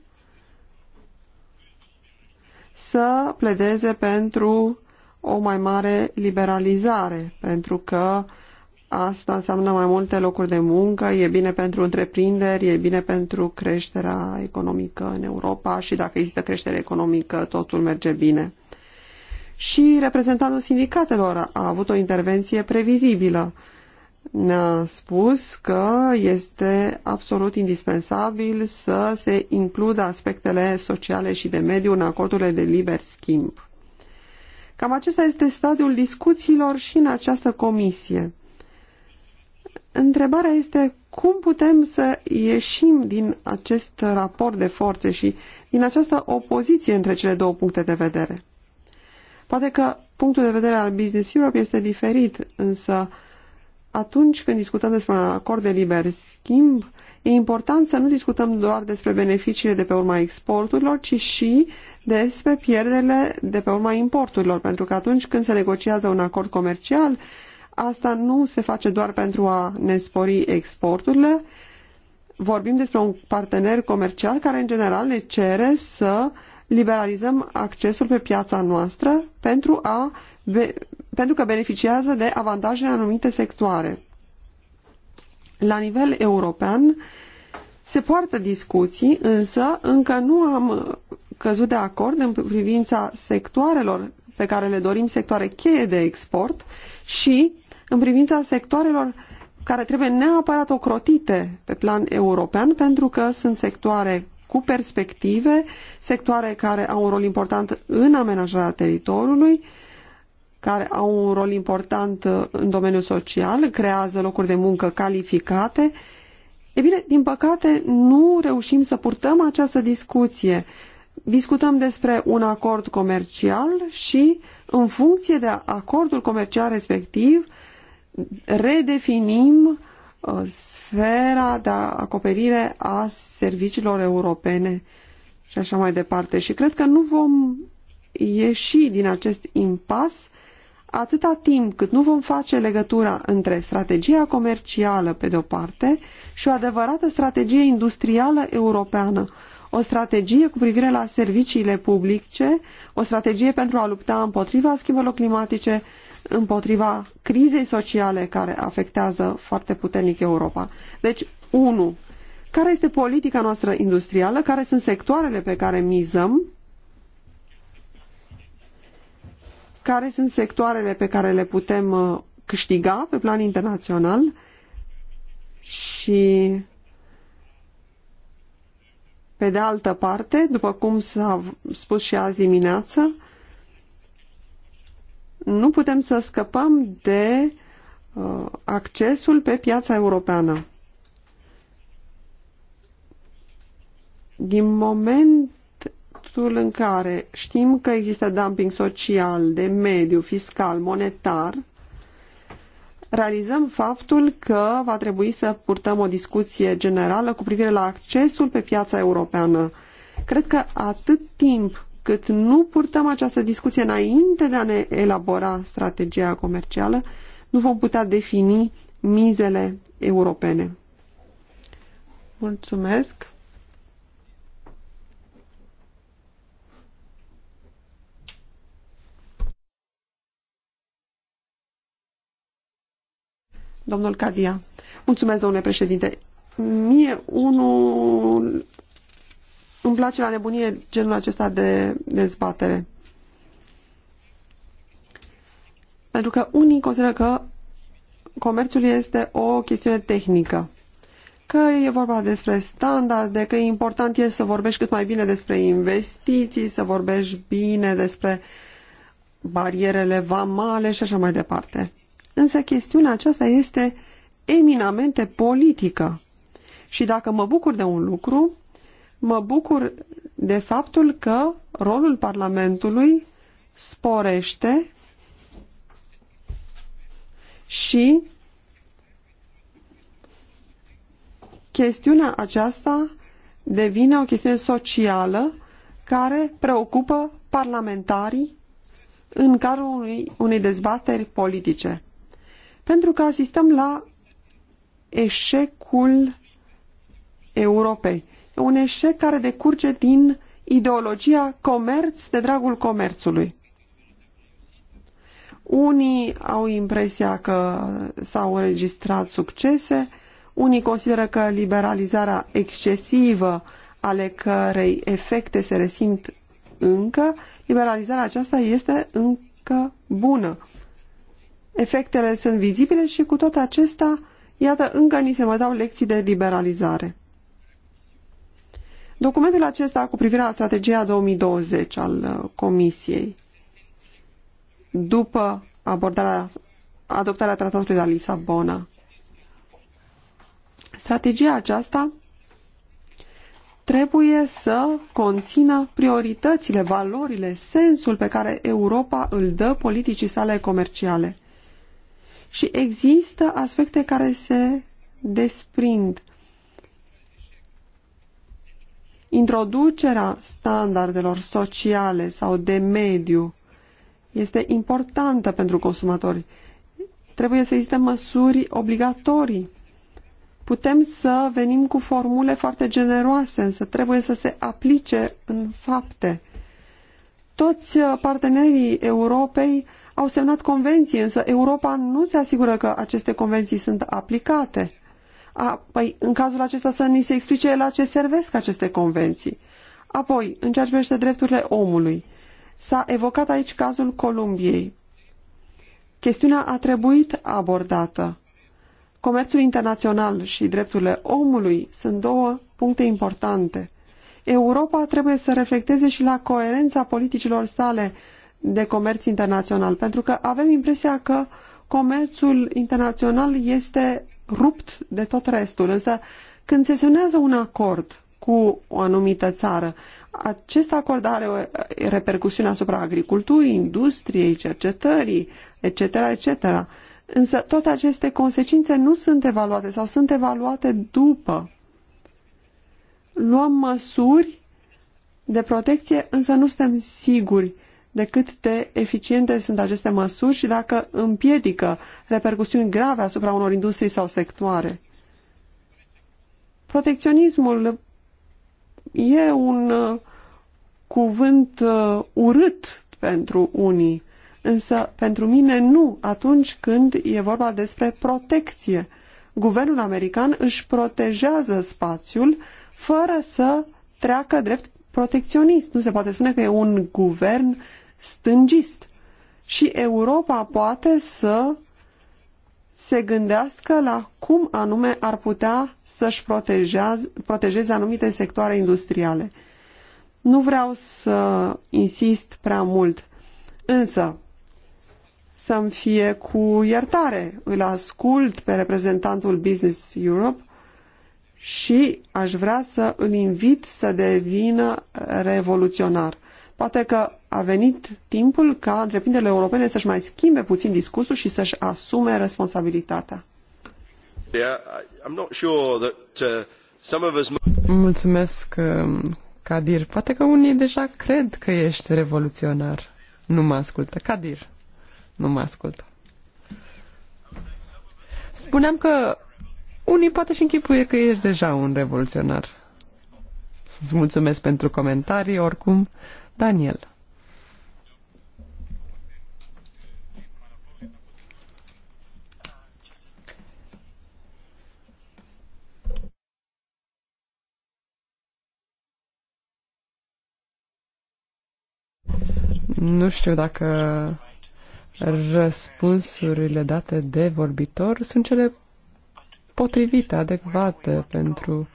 să pledeze pentru o mai mare liberalizare, pentru că uh, Asta înseamnă mai multe locuri de muncă, e bine pentru întreprinderi, e bine pentru creșterea economică în Europa și dacă există creștere economică, totul merge bine. Și reprezentantul sindicatelor a avut o intervenție previzibilă. Ne-a spus că este absolut indispensabil să se includă aspectele sociale și de mediu în acordurile de liber schimb. Cam acesta este stadiul discuțiilor și în această comisie. Întrebarea este cum putem să ieșim din acest raport de forțe și din această opoziție între cele două puncte de vedere. Poate că punctul de vedere al Business Europe este diferit, însă atunci când discutăm despre un acord de liber schimb, e important să nu discutăm doar despre beneficiile de pe urma exporturilor, ci și despre pierderile de pe urma importurilor, pentru că atunci când se negociază un acord comercial, Asta nu se face doar pentru a ne spori exporturile. Vorbim despre un partener comercial care în general ne cere să liberalizăm accesul pe piața noastră pentru, a, pentru că beneficiază de avantaje în anumite sectoare. La nivel european se poartă discuții, însă încă nu am căzut de acord în privința sectoarelor pe care le dorim sectoare cheie de export și în privința sectoarelor care trebuie neapărat ocrotite pe plan european, pentru că sunt sectoare cu perspective, sectoare care au un rol important în amenajarea teritoriului, care au un rol important uh, în domeniul social, creează locuri de muncă calificate. E bine, din păcate, nu reușim să purtăm această discuție. Discutăm despre un acord comercial și, în funcție de acordul comercial respectiv, redefinim uh, sfera de acoperire a serviciilor europene și așa mai departe. Și cred că nu vom ieși din acest impas atâta timp cât nu vom face legătura între strategia comercială, pe de-o parte, și o adevărată strategie industrială europeană, o strategie cu privire la serviciile publice, o strategie pentru a lupta împotriva schimbărilor climatice, împotriva crizei sociale care afectează foarte puternic Europa. Deci, UNU, Care este politica noastră industrială? Care sunt sectoarele pe care mizăm? Care sunt sectoarele pe care le putem uh, câștiga pe plan internațional? Și pe de altă parte, după cum s-a spus și azi dimineață, nu putem să scăpăm de uh, accesul pe piața europeană. Din momentul în care știm că există dumping social, de mediu, fiscal, monetar, realizăm faptul că va trebui să purtăm o discuție generală cu privire la accesul pe piața europeană. Cred că atât timp cât nu purtăm această discuție înainte de a ne elabora strategia comercială, nu vom putea defini mizele europene. Mulțumesc! Domnul Cadia. Mulțumesc, domnule președinte. Mie unul îmi place la nebunie genul acesta de dezbatere. Pentru că unii consideră că comerțul este o chestiune tehnică. Că e vorba despre standarde, că e important e să vorbești cât mai bine despre investiții, să vorbești bine despre barierele vamale și așa mai departe. Însă chestiunea aceasta este eminamente politică. Și dacă mă bucur de un lucru, mă bucur de faptul că rolul Parlamentului sporește și chestiunea aceasta devine o chestiune socială care preocupă parlamentarii în cadrul unui, unei dezbateri politice. Pentru că asistăm la eșecul Europei un eșec care decurge din ideologia comerț de dragul comerțului. Unii au impresia că s-au înregistrat succese, unii consideră că liberalizarea excesivă ale cărei efecte se resimt încă, liberalizarea aceasta este încă bună. Efectele sunt vizibile și cu toate acestea, iată, încă ni se mai dau lecții de liberalizare. Documentul acesta cu privire la strategia 2020 al uh, Comisiei, după abordarea, adoptarea tratatului de la Lisabona, strategia aceasta trebuie să conțină prioritățile, valorile, sensul pe care Europa îl dă politicii sale comerciale. Și există aspecte care se desprind Introducerea standardelor sociale sau de mediu este importantă pentru consumatori. Trebuie să existe măsuri obligatorii. Putem să venim cu formule foarte generoase, însă trebuie să se aplice în fapte. Toți partenerii Europei au semnat convenții, însă Europa nu se asigură că aceste convenții sunt aplicate. A, păi, în cazul acesta să ni se explice la ce servesc aceste convenții. Apoi, în ceea ce privește drepturile omului, s-a evocat aici cazul Columbiei. Chestiunea a trebuit abordată. Comerțul internațional și drepturile omului sunt două puncte importante. Europa trebuie să reflecteze și la coerența politicilor sale de comerț internațional, pentru că avem impresia că comerțul internațional este rupt de tot restul. Însă, când se semnează un acord cu o anumită țară, acest acord are o repercusiune asupra agriculturii, industriei, cercetării, etc., etc. Însă toate aceste consecințe nu sunt evaluate sau sunt evaluate după. Luăm măsuri de protecție, însă nu suntem siguri de cât de eficiente sunt aceste măsuri și dacă împiedică repercusiuni grave asupra unor industrii sau sectoare. Protecționismul e un uh, cuvânt uh, urât pentru unii, însă pentru mine nu atunci când e vorba despre protecție. Guvernul american își protejează spațiul fără să treacă drept protecționist. Nu se poate spune că e un guvern stângist. Și Europa poate să se gândească la cum anume ar putea să-și protejeze anumite sectoare industriale. Nu vreau să insist prea mult, însă să-mi fie cu iertare. Îl ascult pe reprezentantul Business Europe și aș vrea să îl invit să devină revoluționar. Poate că a venit timpul ca întreprinderile europene să-și mai schimbe puțin discursul și să-și asume responsabilitatea. Uh, mulțumesc, uh, Kadir. Poate că unii deja cred că ești revoluționar. Nu mă ascultă. Kadir, nu mă ascultă. Spuneam că unii poate și închipuie că ești deja un revoluționar. Îți mulțumesc pentru comentarii, oricum. Daniel. Nu știu dacă răspunsurile date de vorbitor sunt cele potrivite, adecvate pentru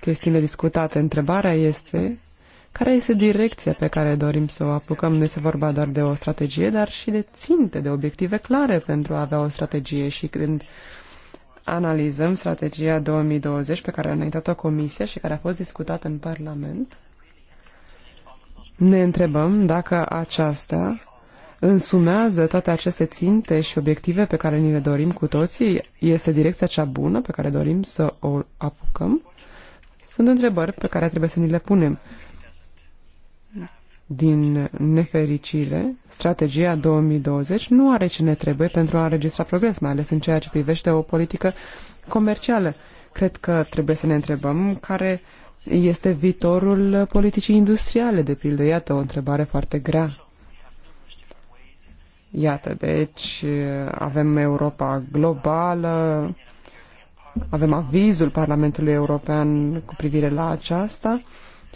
chestiile discutate. Întrebarea este care este direcția pe care dorim să o apucăm? Nu este vorba doar de o strategie, dar și de ținte, de obiective clare pentru a avea o strategie și când analizăm strategia 2020 pe care a înaintat-o Comisia și care a fost discutată în Parlament, ne întrebăm dacă aceasta însumează toate aceste ținte și obiective pe care ni le dorim cu toții? Este direcția cea bună pe care dorim să o apucăm? Sunt întrebări pe care trebuie să ni le punem. Din nefericire, strategia 2020 nu are ce ne trebuie pentru a înregistra progres, mai ales în ceea ce privește o politică comercială. Cred că trebuie să ne întrebăm care este viitorul politicii industriale, de pildă. Iată o întrebare foarte grea. Iată, deci avem Europa globală, avem avizul Parlamentului European cu privire la aceasta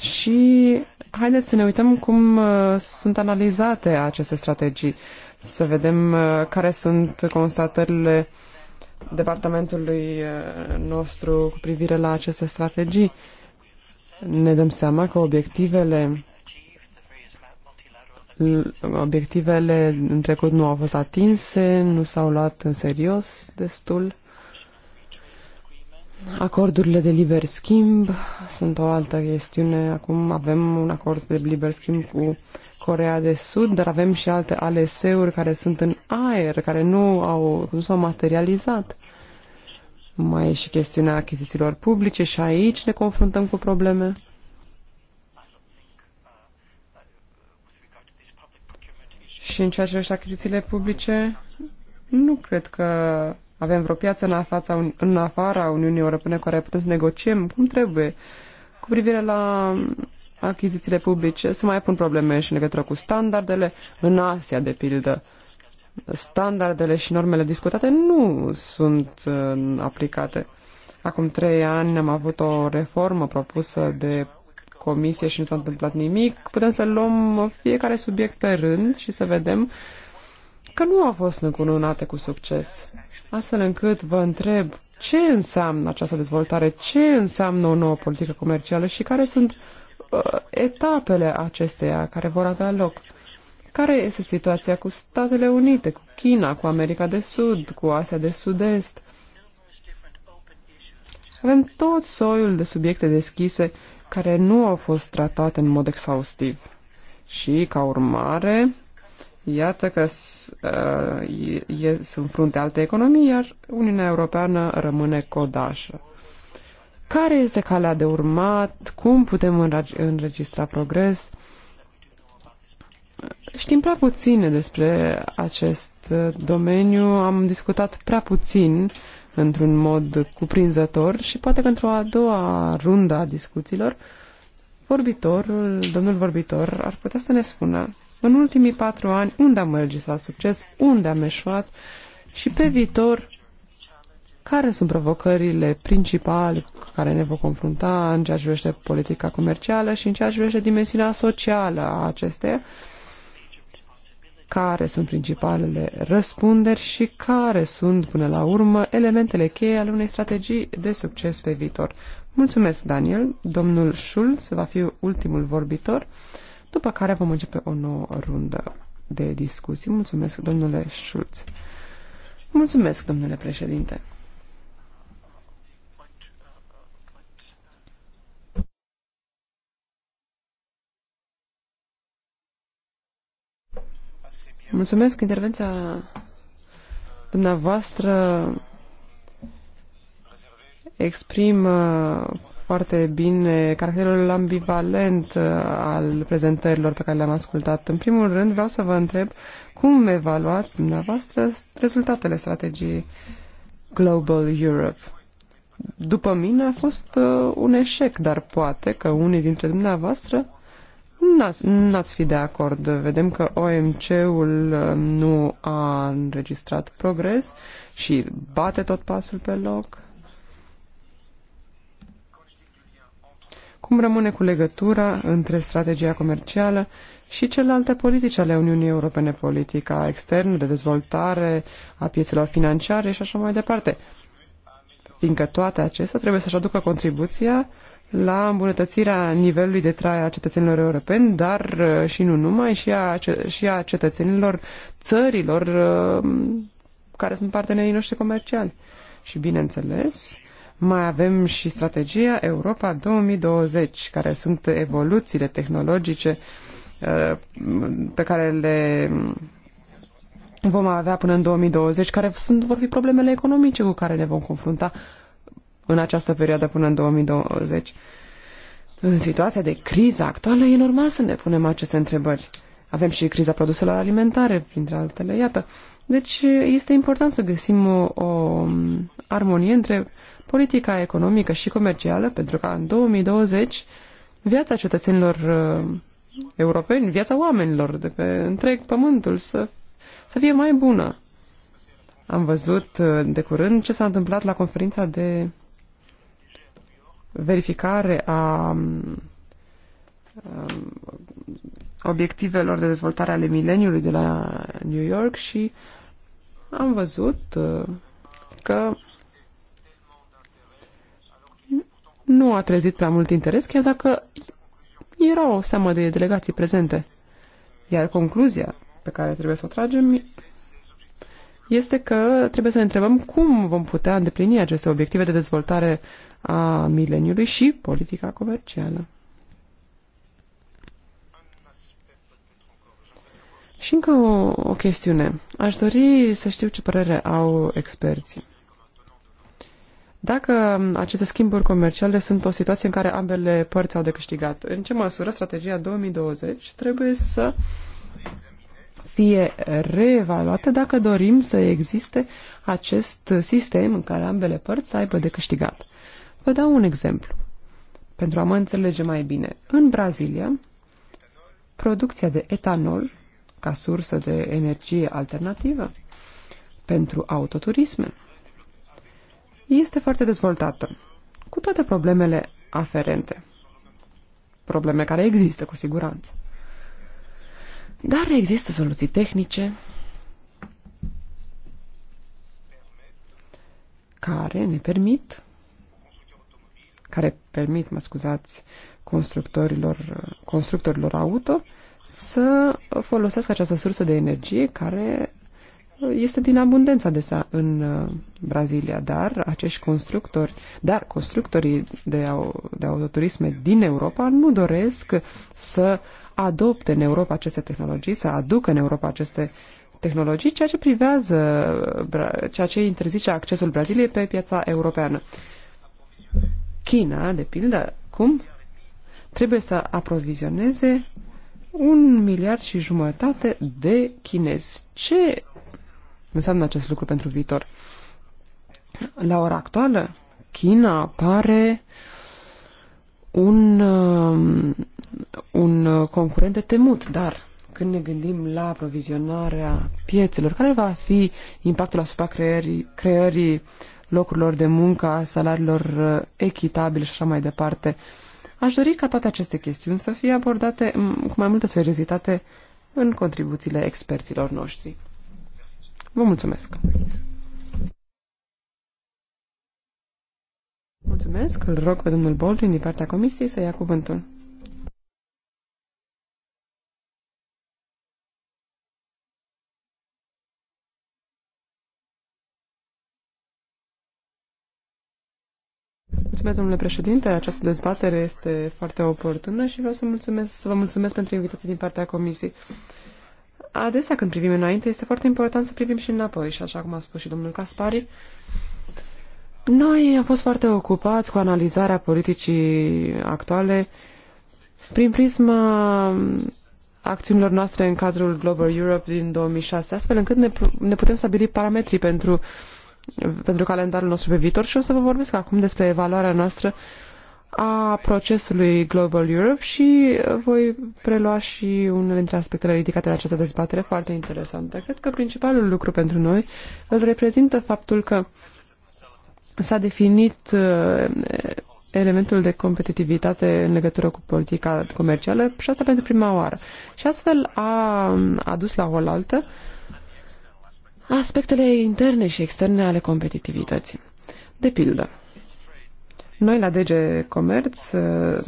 și haideți să ne uităm cum uh, sunt analizate aceste strategii, să vedem uh, care sunt constatările departamentului uh, nostru cu privire la aceste strategii. Ne dăm seama că obiectivele obiectivele în trecut nu au fost atinse, nu s-au luat în serios destul Acordurile de liber schimb sunt o altă chestiune. Acum avem un acord de liber schimb cu Corea de Sud, dar avem și alte ALS-uri care sunt în aer, care nu au nu s-au materializat. Mai e și chestiunea achizițiilor publice și aici ne confruntăm cu probleme. Și în ceea ce privește achizițiile publice, nu cred că avem vreo piață în, afața, în afara Uniunii Europene care putem să negociem cum trebuie cu privire la achizițiile publice, se mai pun probleme și în legătură cu standardele. În Asia, de pildă, standardele și normele discutate nu sunt uh, aplicate. Acum trei ani am avut o reformă propusă de comisie și nu s-a întâmplat nimic. Putem să luăm fiecare subiect pe rând și să vedem că nu au fost încununate cu succes astfel încât vă întreb ce înseamnă această dezvoltare, ce înseamnă o nouă politică comercială și care sunt uh, etapele acesteia care vor avea loc. Care este situația cu Statele Unite, cu China, cu America de Sud, cu Asia de Sud-Est? Avem tot soiul de subiecte deschise care nu au fost tratate în mod exhaustiv. Și, ca urmare, Iată că uh, e, e, sunt frunte alte economii, iar Uniunea Europeană rămâne codașă. Care este calea de urmat? Cum putem înregistra progres? Știm prea puține despre acest uh, domeniu, am discutat prea puțin într-un mod cuprinzător și poate că într-o a doua rundă a discuțiilor, vorbitorul, domnul vorbitor, ar putea să ne spună în ultimii patru ani, unde am înregistrat succes, unde am eșuat și pe viitor, care sunt provocările principale cu care ne vom confrunta în ceea ce privește politica comercială și în ceea ce privește dimensiunea socială a acesteia, care sunt principalele răspunderi și care sunt, până la urmă, elementele cheie ale unei strategii de succes pe viitor. Mulțumesc, Daniel. Domnul Schulz va fi ultimul vorbitor după care vom începe o nouă rundă de discuții. Mulțumesc, domnule Schulz. Mulțumesc, domnule președinte. Mulțumesc intervenția dumneavoastră exprim foarte bine caracterul ambivalent uh, al prezentărilor pe care le-am ascultat. În primul rând, vreau să vă întreb cum evaluați dumneavoastră rezultatele strategiei Global Europe. După mine a fost uh, un eșec, dar poate că unii dintre dumneavoastră N-ați fi de acord. Vedem că OMC-ul uh, nu a înregistrat progres și bate tot pasul pe loc. cum rămâne cu legătura între strategia comercială și celelalte politici ale Uniunii Europene, politica externă, de dezvoltare a piețelor financiare și așa mai departe. Fiindcă toate acestea trebuie să-și aducă contribuția la îmbunătățirea nivelului de trai a cetățenilor europeni, dar uh, și nu numai, și a, și a cetățenilor țărilor uh, care sunt partenerii noștri comerciali. Și bineînțeles, mai avem și strategia Europa 2020, care sunt evoluțiile tehnologice uh, pe care le vom avea până în 2020, care sunt, vor fi problemele economice cu care ne vom confrunta în această perioadă până în 2020. În situația de criză actuală e normal să ne punem aceste întrebări. Avem și criza produselor alimentare, printre altele, iată. Deci este important să găsim o, o armonie între politica economică și comercială, pentru ca în 2020 viața cetățenilor uh, europeni, viața oamenilor de pe întreg pământul să, să fie mai bună. Am văzut uh, de curând ce s-a întâmplat la conferința de verificare a um, um, obiectivelor de dezvoltare ale mileniului de la New York și am văzut uh, că nu a trezit prea mult interes, chiar dacă era o seamă de delegații prezente. Iar concluzia pe care trebuie să o tragem este că trebuie să ne întrebăm cum vom putea îndeplini aceste obiective de dezvoltare a mileniului și politica comercială. Și încă o, o chestiune. Aș dori să știu ce părere au experții. Dacă aceste schimburi comerciale sunt o situație în care ambele părți au de câștigat, în ce măsură strategia 2020 trebuie să fie reevaluată dacă dorim să existe acest sistem în care ambele părți să aibă de câștigat? Vă dau un exemplu pentru a mă înțelege mai bine. În Brazilia, producția de etanol ca sursă de energie alternativă pentru autoturisme este foarte dezvoltată, cu toate problemele aferente. Probleme care există, cu siguranță. Dar există soluții tehnice care ne permit, care permit, mă scuzați, constructorilor, constructorilor auto să folosească această sursă de energie care este din abundența de sa în uh, Brazilia, dar acești constructori, dar constructorii de, au, de autoturisme din Europa nu doresc să adopte în Europa aceste tehnologii, să aducă în Europa aceste tehnologii, ceea ce privează, uh, ceea ce interzice accesul Braziliei pe piața europeană. China, de pildă, cum? Trebuie să aprovizioneze un miliard și jumătate de chinezi. Ce înseamnă acest lucru pentru viitor. La ora actuală, China pare un, um, un concurent de temut, dar când ne gândim la aprovizionarea piețelor, care va fi impactul asupra creării, creării locurilor de muncă, a salariilor uh, echitabile și așa mai departe. Aș dori ca toate aceste chestiuni să fie abordate cu mai multă seriozitate în contribuțiile experților noștri. Vă mulțumesc! Mulțumesc, îl rog pe domnul Boldrin din partea comisiei să ia cuvântul. Mulțumesc, domnule președinte. Această dezbatere este foarte oportună și vreau să, mulțumesc, să vă mulțumesc pentru invitația din partea comisiei adesea când privim înainte, este foarte important să privim și înapoi și așa cum a spus și domnul Caspari, noi am fost foarte ocupați cu analizarea politicii actuale prin prisma acțiunilor noastre în cadrul Global Europe din 2006, astfel încât ne, ne putem stabili parametrii pentru, pentru calendarul nostru pe viitor și o să vă vorbesc acum despre evaluarea noastră a procesului Global Europe și voi prelua și unele dintre aspectele ridicate la această dezbatere foarte interesantă. Cred că principalul lucru pentru noi îl reprezintă faptul că s-a definit uh, elementul de competitivitate în legătură cu politica comercială și asta pentru prima oară. Și astfel a adus la oaltă aspectele interne și externe ale competitivității. De pildă, noi la DG Comerț uh,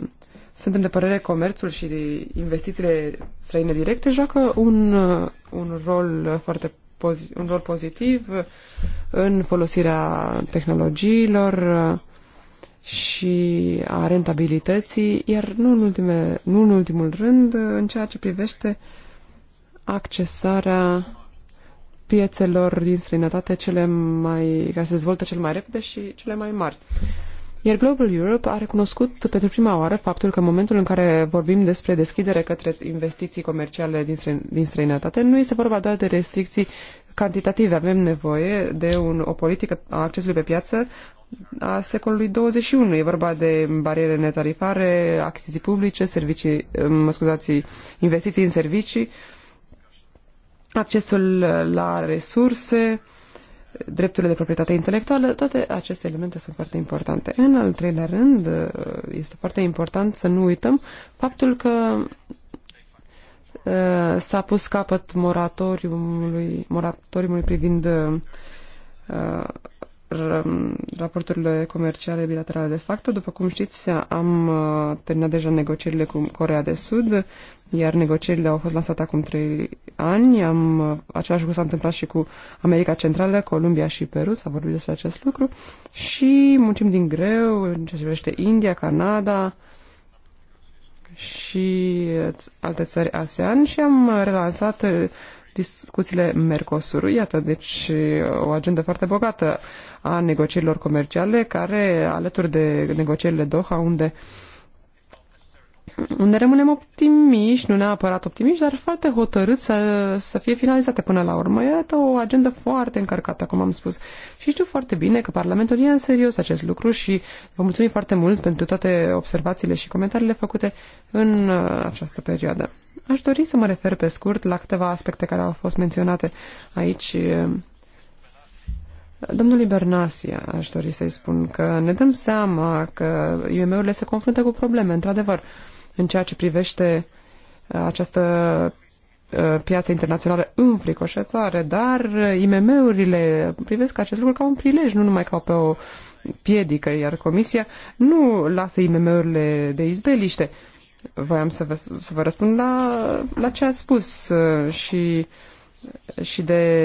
suntem de părere comerțul și investițiile străine directe joacă un, uh, un rol foarte un rol pozitiv în folosirea tehnologiilor uh, și a rentabilității, iar nu în, ultime, nu în ultimul rând în ceea ce privește accesarea piețelor din străinătate cele mai, care se dezvoltă cel mai repede și cele mai mari. Iar Global Europe a recunoscut pentru prima oară faptul că în momentul în care vorbim despre deschidere către investiții comerciale din, străin, din străinătate, nu este vorba doar de restricții cantitative. Avem nevoie de un, o politică a accesului pe piață a secolului 21. E vorba de bariere netarifare, achiziții publice, servicii, eh, mă scuzați, investiții în servicii, accesul la resurse, drepturile de proprietate intelectuală, toate aceste elemente sunt foarte importante. În al treilea rând, este foarte important să nu uităm faptul că uh, s-a pus capăt moratoriumului, moratoriumului privind uh, raporturile comerciale bilaterale de facto. După cum știți, am uh, terminat deja negocierile cu Corea de Sud, iar negocierile au fost lansate acum trei ani. Am, uh, același lucru s-a întâmplat și cu America Centrală, Columbia și Peru, s-a vorbit despre acest lucru. Și muncim din greu în ceea ce privește India, Canada și uh, alte țări ASEAN și am relansat discuțiile Mercosur. Iată, deci o agendă foarte bogată a negocierilor comerciale, care, alături de negocierile Doha, unde uh, unde rămânem optimiști, nu neapărat optimiști, dar foarte hotărâți să, să fie finalizate până la urmă. Iată o agendă foarte încărcată, cum am spus. Și știu foarte bine că Parlamentul ia în serios acest lucru și vă mulțumim foarte mult pentru toate observațiile și comentariile făcute în uh, această perioadă. Aș dori să mă refer pe scurt la câteva aspecte care au fost menționate aici. domnul Bernasia, aș dori să-i spun că ne dăm seama că IMM-urile se confruntă cu probleme, într-adevăr. Uh, în ceea ce privește uh, această uh, piață internațională înfricoșătoare, dar IMM-urile privesc acest lucru ca un prilej, nu numai ca pe o piedică, iar Comisia nu lasă IMM-urile de izbeliște. Voiam să vă, să vă răspund la, la ce a spus uh, și uh, și de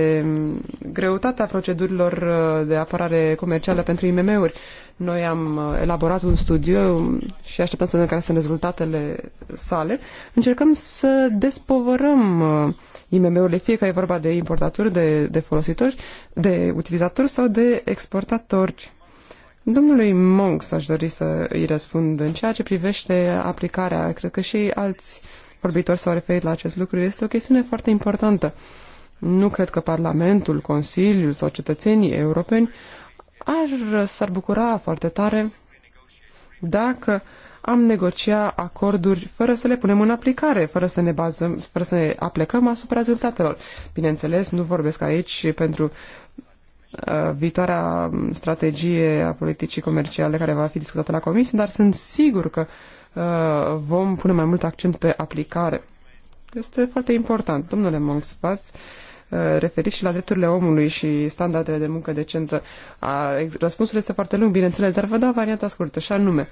greutatea procedurilor uh, de apărare comercială pentru IMM-uri. Noi am uh, elaborat un studiu și așteptăm să vedem care sunt rezultatele sale. Încercăm să despovărăm uh, IMM-urile, fie că e vorba de importatori, de, de folositori, de utilizatori sau de exportatori. Domnului Monks aș dori să îi răspund în ceea ce privește aplicarea. Cred că și alți vorbitori s-au referit la acest lucru. Este o chestiune foarte importantă. Uh, nu cred că Parlamentul, Consiliul sau cetățenii europeni ar, s-ar bucura foarte tare dacă am negocia acorduri fără să le punem în aplicare, fără să ne bazăm, fără să ne aplecăm asupra rezultatelor. Bineînțeles, nu vorbesc aici pentru uh, viitoarea strategie a politicii comerciale care va fi discutată la comisie, dar sunt sigur că uh, vom pune mai mult accent pe aplicare. Este foarte important. Domnule Monks, v-ați uh, Uh, referiți și la drepturile omului și standardele de muncă decentă. Răspunsul este foarte lung, bineînțeles, dar vă dau varianta scurtă, și anume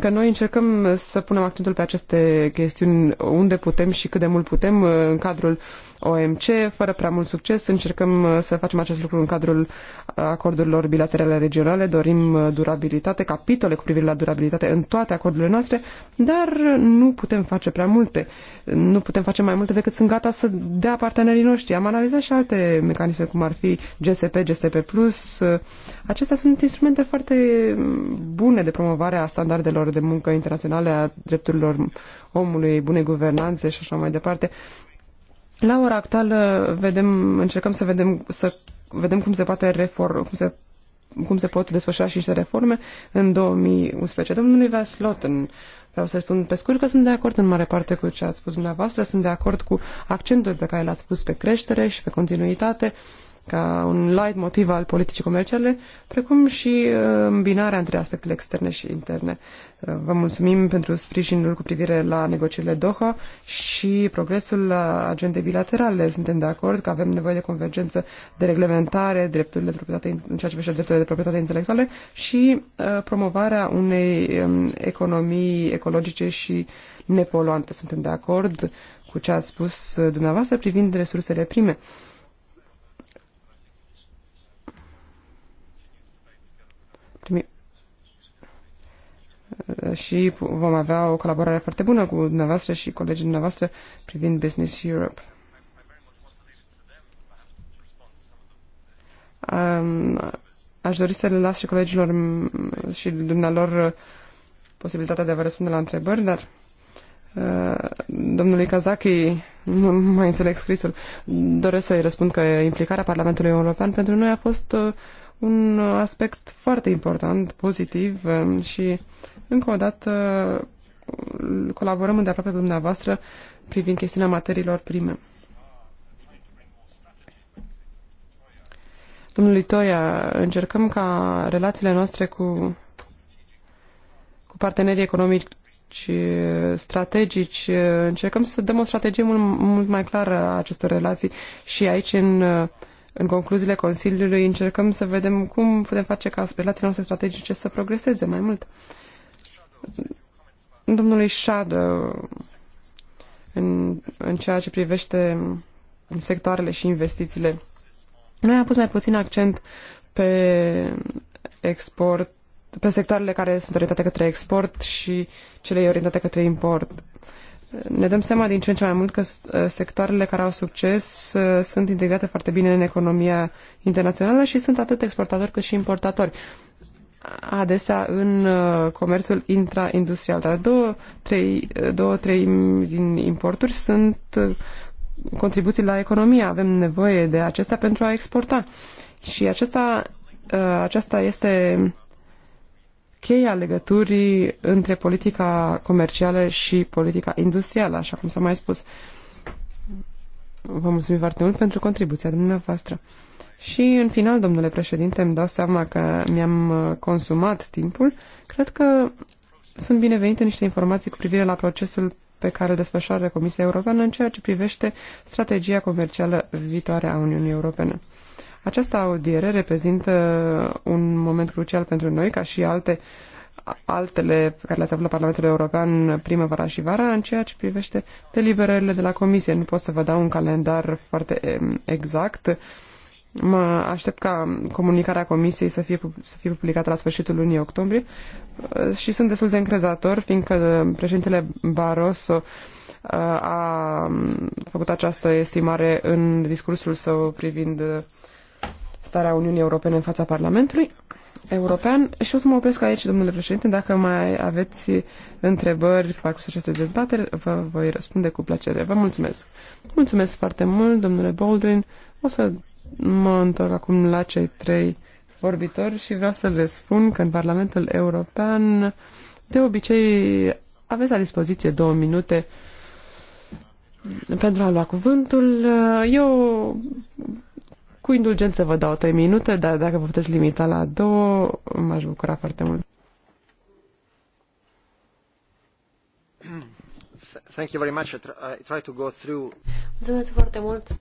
că noi încercăm să punem accentul pe aceste chestiuni unde putem și cât de mult putem uh, în cadrul OMC, fără prea mult succes. Încercăm uh, să facem acest lucru în cadrul acordurilor bilaterale regionale. Dorim durabilitate, capitole cu privire la durabilitate în toate acordurile noastre, dar nu putem face prea multe. Nu putem face mai multe decât sunt gata să dea partenerii noștri. Am analizat și alte mecanisme, cum ar fi GSP, GSP+. Acestea sunt instrumente foarte bune de promovare a standardelor de muncă internaționale, a drepturilor omului, bunei guvernanțe și așa mai departe. La ora actuală vedem, încercăm să vedem, să vedem cum se poate reform, cum se cum se pot desfășura și niște reforme în 2011. Domnului în. vreau să spun pe scurt că sunt de acord în mare parte cu ce ați spus dumneavoastră, sunt de acord cu accentul pe care l-ați pus pe creștere și pe continuitate ca un light motiv al politicii comerciale, precum și uh, îmbinarea între aspectele externe și interne. Vă mulțumim pentru sprijinul cu privire la negocierile Doha și progresul agendei bilaterale. Suntem de acord că avem nevoie de convergență de reglementare, drepturile de proprietate, în ceea ce privește drepturile de proprietate intelectuale și uh, promovarea unei um, economii ecologice și nepoluante. Suntem de acord cu ce a spus uh, dumneavoastră privind resursele prime. Uh, și vom avea o colaborare foarte bună cu dumneavoastră și colegii dumneavoastră privind Business Europe. Aș dori să le las și colegilor și dumnealor posibilitatea de a vă răspunde la întrebări, dar uh, domnului Kazaki, nu mai înțeleg scrisul, doresc să-i răspund că implicarea Parlamentului European pentru noi a fost uh, un aspect foarte important, pozitiv um, și încă o dată uh, colaborăm îndeaproape cu dumneavoastră privind chestiunea materiilor prime. Domnului Toia, încercăm ca relațiile noastre cu, cu partenerii economici strategici, încercăm să dăm o strategie mult, mult mai clară a acestor relații și aici în, în concluziile Consiliului încercăm să vedem cum putem face ca relațiile noastre strategice să progreseze mai mult. Uh, domnului Șad uh, în, în ceea ce privește sectoarele și investițiile. Noi am pus mai puțin accent pe export, pe sectoarele care sunt orientate către export și cele orientate către import. Ne dăm seama din ce în ce mai mult că uh, sectoarele care au succes uh, sunt integrate foarte bine în economia internațională și sunt atât exportatori cât și importatori adesea în uh, comerțul intraindustrial, dar două, trei, uh, două, trei din importuri sunt uh, contribuții la economie. Avem nevoie de acestea pentru a exporta. Și acesta, aceasta este cheia legăturii între politica comercială și politica industrială, așa cum s-a mai spus. Vă mulțumim foarte mult pentru contribuția dumneavoastră. Și în final, domnule președinte, îmi dau seama că mi-am uh, consumat timpul. Cred că sunt binevenite niște informații cu privire la procesul pe care îl desfășoară Comisia Europeană în ceea ce privește strategia comercială viitoare a Uniunii Europene. Această audiere reprezintă un moment crucial pentru noi, ca și alte altele pe care le-ați avut la Parlamentul European primăvara și vara în ceea ce privește deliberările de la Comisie. Nu pot să vă dau un calendar foarte exact Mă aștept ca comunicarea comisiei să fie, să fie publicată la sfârșitul lunii octombrie uh, și sunt destul de încrezător, fiindcă uh, președintele Barroso uh, a um, făcut această estimare în discursul său privind starea Uniunii Europene în fața Parlamentului European. Și o să mă opresc aici, domnule președinte. Dacă mai aveți întrebări pe parcursul acestei dezbateri, vă voi răspunde cu plăcere. Vă mulțumesc. Mulțumesc foarte mult, domnule Baldwin. O să Mă întorc acum la cei trei vorbitori și vreau să le spun că în Parlamentul European de obicei aveți la dispoziție două minute pentru a lua cuvântul. Eu cu indulgență vă dau trei minute, dar dacă vă puteți limita la două, m-aș bucura foarte mult. Thank you very much. I try to go through. Mulțumesc foarte mult.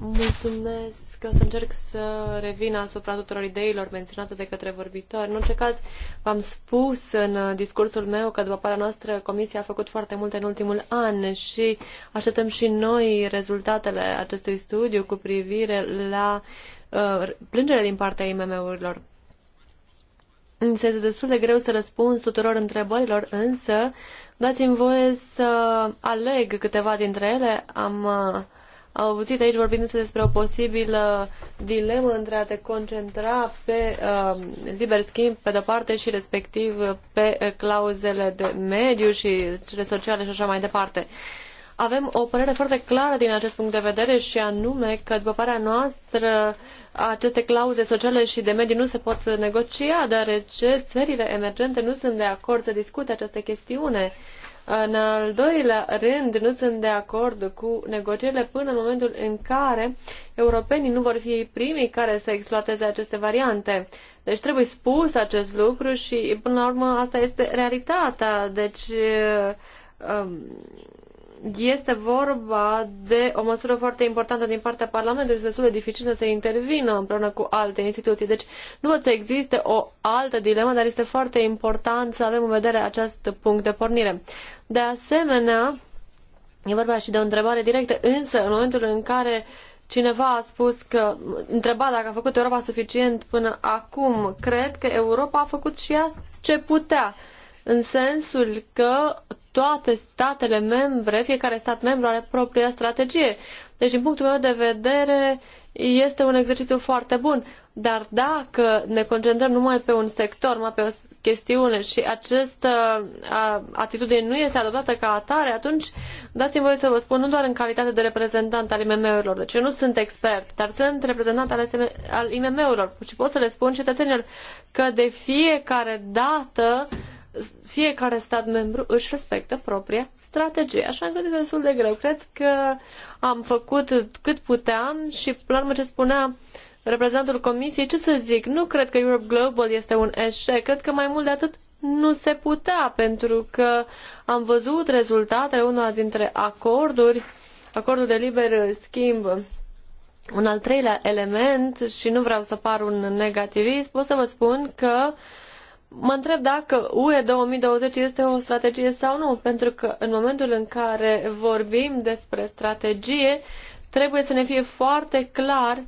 Mulțumesc că o să încerc să revin asupra tuturor ideilor menționate de către vorbitori. În orice caz, v-am spus în discursul meu că, după părerea noastră, Comisia a făcut foarte multe în ultimul an și așteptăm și noi rezultatele acestui studiu cu privire la uh, plângere din partea IMM-urilor. Este destul de greu să răspund tuturor întrebărilor, însă dați-mi voie să aleg câteva dintre ele. Am uh, auzit aici vorbindu-se despre o posibilă dilemă între a te concentra pe uh, liber schimb pe de-o parte și respectiv pe clauzele de mediu și cele sociale și așa mai departe. Avem o părere foarte clară din acest punct de vedere și anume că, după părerea noastră, aceste clauze sociale și de mediu nu se pot negocia, deoarece țările emergente nu sunt de acord să discute această chestiune. Uh, în al doilea rând, nu sunt de acord cu negocierile până în momentul în care europenii nu vor fi primii care să exploateze aceste variante. Deci trebuie spus acest lucru și, până la urmă, asta este realitatea. Deci, um, este vorba de o măsură foarte importantă din partea Parlamentului este destul de dificil să se intervină împreună cu alte instituții. Deci nu văd să existe o altă dilemă, dar este foarte important să avem în vedere acest punct de pornire. De asemenea, e vorba și de o întrebare directă, însă în momentul în care cineva a spus că întreba dacă a făcut Europa suficient până acum, cred că Europa a făcut și ea ce putea în sensul că toate statele membre, fiecare stat membru are propria strategie. Deci, din punctul meu de vedere, este un exercițiu foarte bun. Dar dacă ne concentrăm numai pe un sector, numai pe o chestiune și această atitudine nu este adoptată ca atare, atunci dați-mi voie să vă spun, nu doar în calitate de reprezentant al IMM-urilor, deci eu nu sunt expert, dar sunt reprezentant al, IMM-urilor și pot să le spun cetățenilor că de fiecare dată uh, fiecare stat membru își respectă propria strategie, așa încât e destul de greu. Cred că am făcut cât puteam și, la urmă, ce spunea reprezentantul Comisiei, ce să zic, nu cred că Europe Global este un eșec, cred că mai mult de atât nu se putea, pentru că am văzut rezultatele unul dintre acorduri, acordul de liber schimb. Un al treilea element, și nu vreau să par un negativist, pot să vă spun că uh, mă întreb dacă UE 2020 este o strategie sau nu, pentru că în momentul în care vorbim despre strategie, trebuie să ne fie foarte clar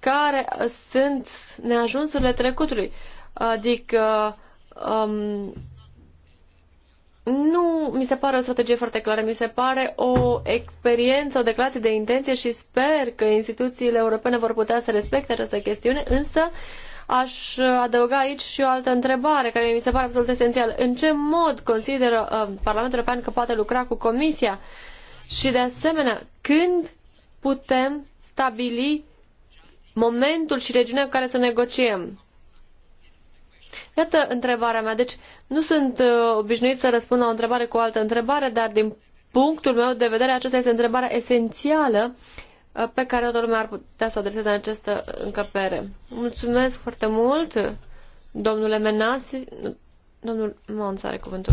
care sunt neajunsurile trecutului. Adică um, nu mi se pare o strategie foarte clară, mi se pare o experiență, o declarație de intenție și sper că instituțiile europene vor putea să respecte această chestiune, însă uh, Aș adăuga aici și o altă întrebare care mi se pare absolut esențială. În ce mod consideră uh, Parlamentul European că poate lucra cu Comisia? Și de asemenea, când putem stabili momentul și regiunea în care să negociem? Iată întrebarea mea. Deci nu sunt uh, obișnuit să răspund la o întrebare cu o altă întrebare, dar din punctul meu de vedere aceasta este întrebarea esențială Uh, pe care toată lumea ar putea să o adreseze în această încăpere. Mulțumesc foarte mult, domnule Menasi. Domnul Mons are cuvântul.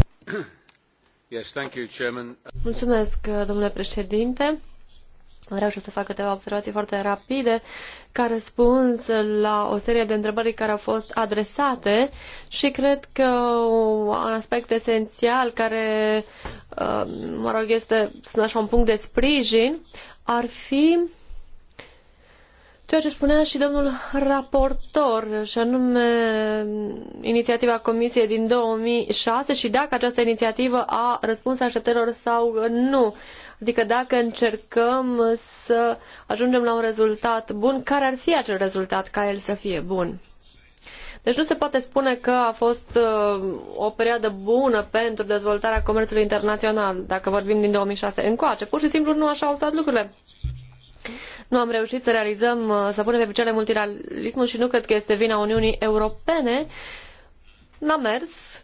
Yes, thank you, Chairman. Mulțumesc, uh, domnule președinte. Vreau și să fac câteva observații foarte rapide ca răspuns la o serie de întrebări care au fost adresate și cred că un aspect esențial care, uh, mă rog, este, sunt așa, un punct de sprijin ar fi ceea ce spunea și domnul raportor, și anume inițiativa Comisiei din 2006 și dacă această inițiativă a răspuns așteptărilor sau nu. Adică dacă încercăm să ajungem la un rezultat bun, care ar fi acel rezultat ca el să fie bun? Deci nu se poate spune că a fost uh, o perioadă bună pentru dezvoltarea comerțului internațional, dacă vorbim din 2006 încoace. Pur și simplu nu așa au stat lucrurile. Nu am reușit să realizăm, uh, să punem pe picioare multilateralismul și nu cred că este vina Uniunii Europene. N-a mers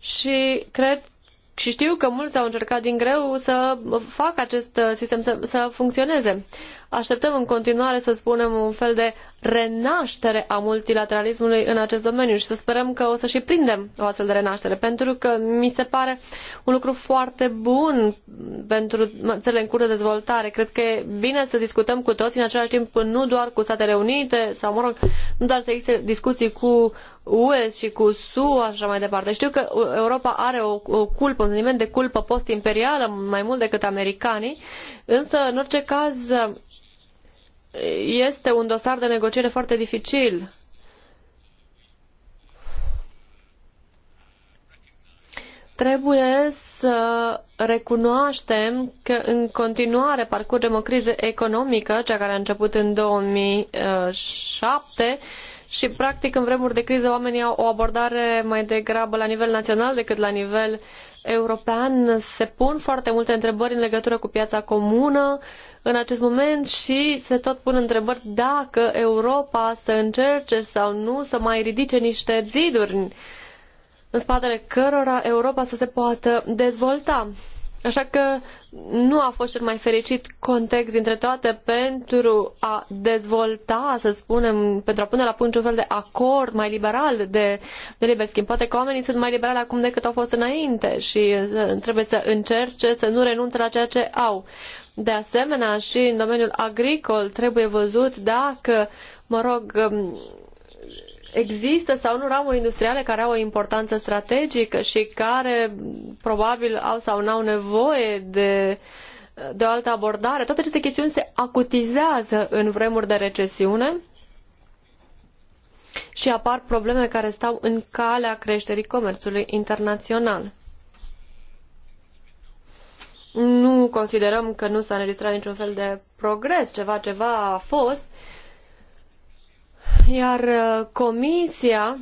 și cred și știu că mulți au încercat din greu să facă acest uh, sistem să, să funcționeze. Așteptăm în continuare, să spunem, un fel de renaștere a multilateralismului în acest domeniu și să sperăm că o să și prindem o astfel de renaștere, pentru că mi se pare un lucru foarte bun pentru țările în curs de dezvoltare. Cred că e bine să discutăm cu toți în același timp, nu doar cu Statele Unite sau, mă rog, nu doar să existe discuții cu UE și cu SUA și așa mai departe. Știu că Europa are o, o culpă, un sentiment de culpă post-imperială mai mult decât americanii, însă, în orice caz, este un dosar de negociere foarte dificil. Trebuie să recunoaștem că în continuare parcurgem o criză economică, cea care a început în 2007 și practic în vremuri de criză oamenii au o abordare mai degrabă la nivel național decât la nivel european se pun foarte multe întrebări în legătură cu piața comună în acest moment și se tot pun întrebări dacă Europa să încerce sau nu să mai ridice niște ziduri în spatele cărora Europa să se poată dezvolta. Așa că nu a fost cel mai fericit context dintre toate pentru a dezvolta, să spunem, pentru a pune la punct un fel de acord mai liberal de, de liber schimb. Poate că oamenii sunt mai liberali acum decât au fost înainte și trebuie să încerce să nu renunțe la ceea ce au. De asemenea, și în domeniul agricol trebuie văzut dacă, mă rog, există sau nu ramuri industriale care au o importanță strategică și care probabil au sau nu au nevoie de de o altă abordare. Toate aceste chestiuni se acutizează în vremuri de recesiune și apar probleme care stau în calea creșterii comerțului internațional. Nu considerăm că nu s-a înregistrat niciun fel de progres, ceva ceva a fost, uh, iar uh, comisia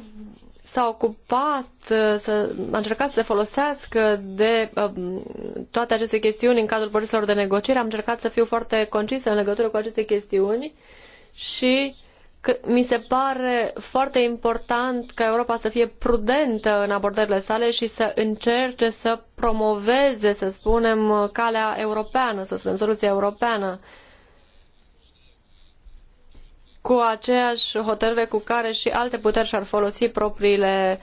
s-a ocupat, uh, să, a încercat să se folosească de um, toate aceste chestiuni în cadrul proceselor de negociere. Am încercat să fiu foarte concisă în legătură cu aceste chestiuni și că, mi se pare foarte important ca Europa să fie prudentă în abordările sale și să încerce să promoveze, să spunem, calea europeană, să spunem, soluția europeană. Uh, cu aceeași hotărâre cu care și alte puteri și-ar folosi propriile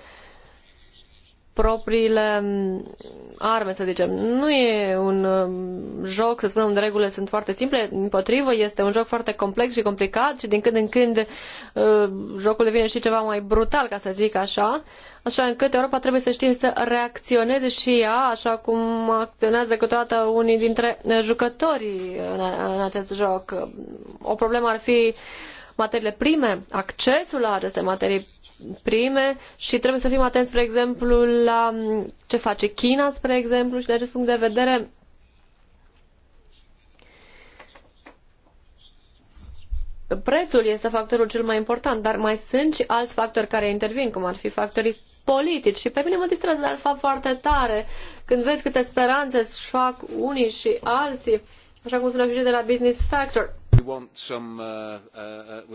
propriile mm, arme, să zicem. Nu e un mm, joc, să spunem, unde regulile sunt foarte simple, împotrivă, este un joc foarte complex și complicat și din când în când mm, jocul devine și ceva mai brutal, ca să zic așa, așa încât Europa trebuie să știe să reacționeze și ea, așa cum acționează câteodată unii dintre jucătorii în acest joc. O problemă ar fi materiile prime, accesul la aceste materii prime și trebuie să fim atenți, spre exemplu, la mm, ce face China, spre exemplu, și de acest punct de vedere prețul este factorul cel mai important, dar mai sunt și alți factori care intervin, cum ar fi factorii politici. Și pe mine mă distrează de altfel foarte tare când vezi câte speranțe își fac unii și alții, așa cum spuneam și de la Business Factor. Uh,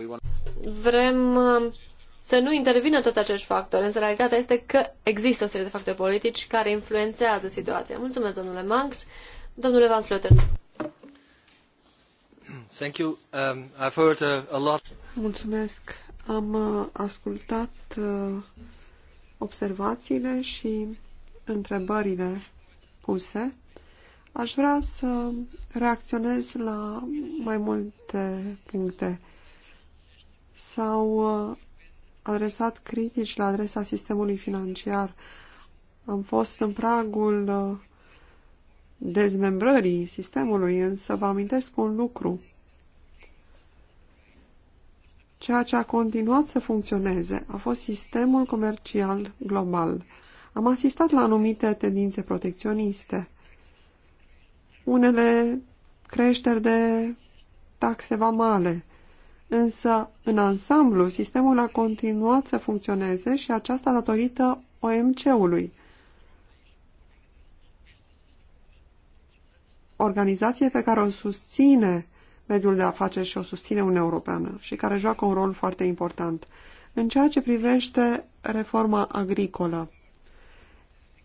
uh, Vrem um, să nu intervină toți acești factori, însă realitatea este că există o serie de factori politici care influențează situația. Mulțumesc, domnule Manx. Domnule Van Sloten. Thank you. Um, I've heard a, uh, a lot. Mulțumesc. Am ascultat observațiile și întrebările puse. Aș vrea să reacționez la mai multe puncte. S-au uh, adresat critici la adresa sistemului financiar. Am fost în pragul uh, dezmembrării sistemului, însă vă amintesc un lucru. Ceea ce a continuat să funcționeze a fost sistemul comercial global. Am asistat la anumite tendințe protecționiste unele creșteri de taxe vamale. Însă, în ansamblu, sistemul a continuat să funcționeze și aceasta datorită OMC-ului. Organizație pe care o susține mediul de afaceri și o susține Uniunea Europeană și care joacă un rol foarte important. În ceea ce privește reforma agricolă,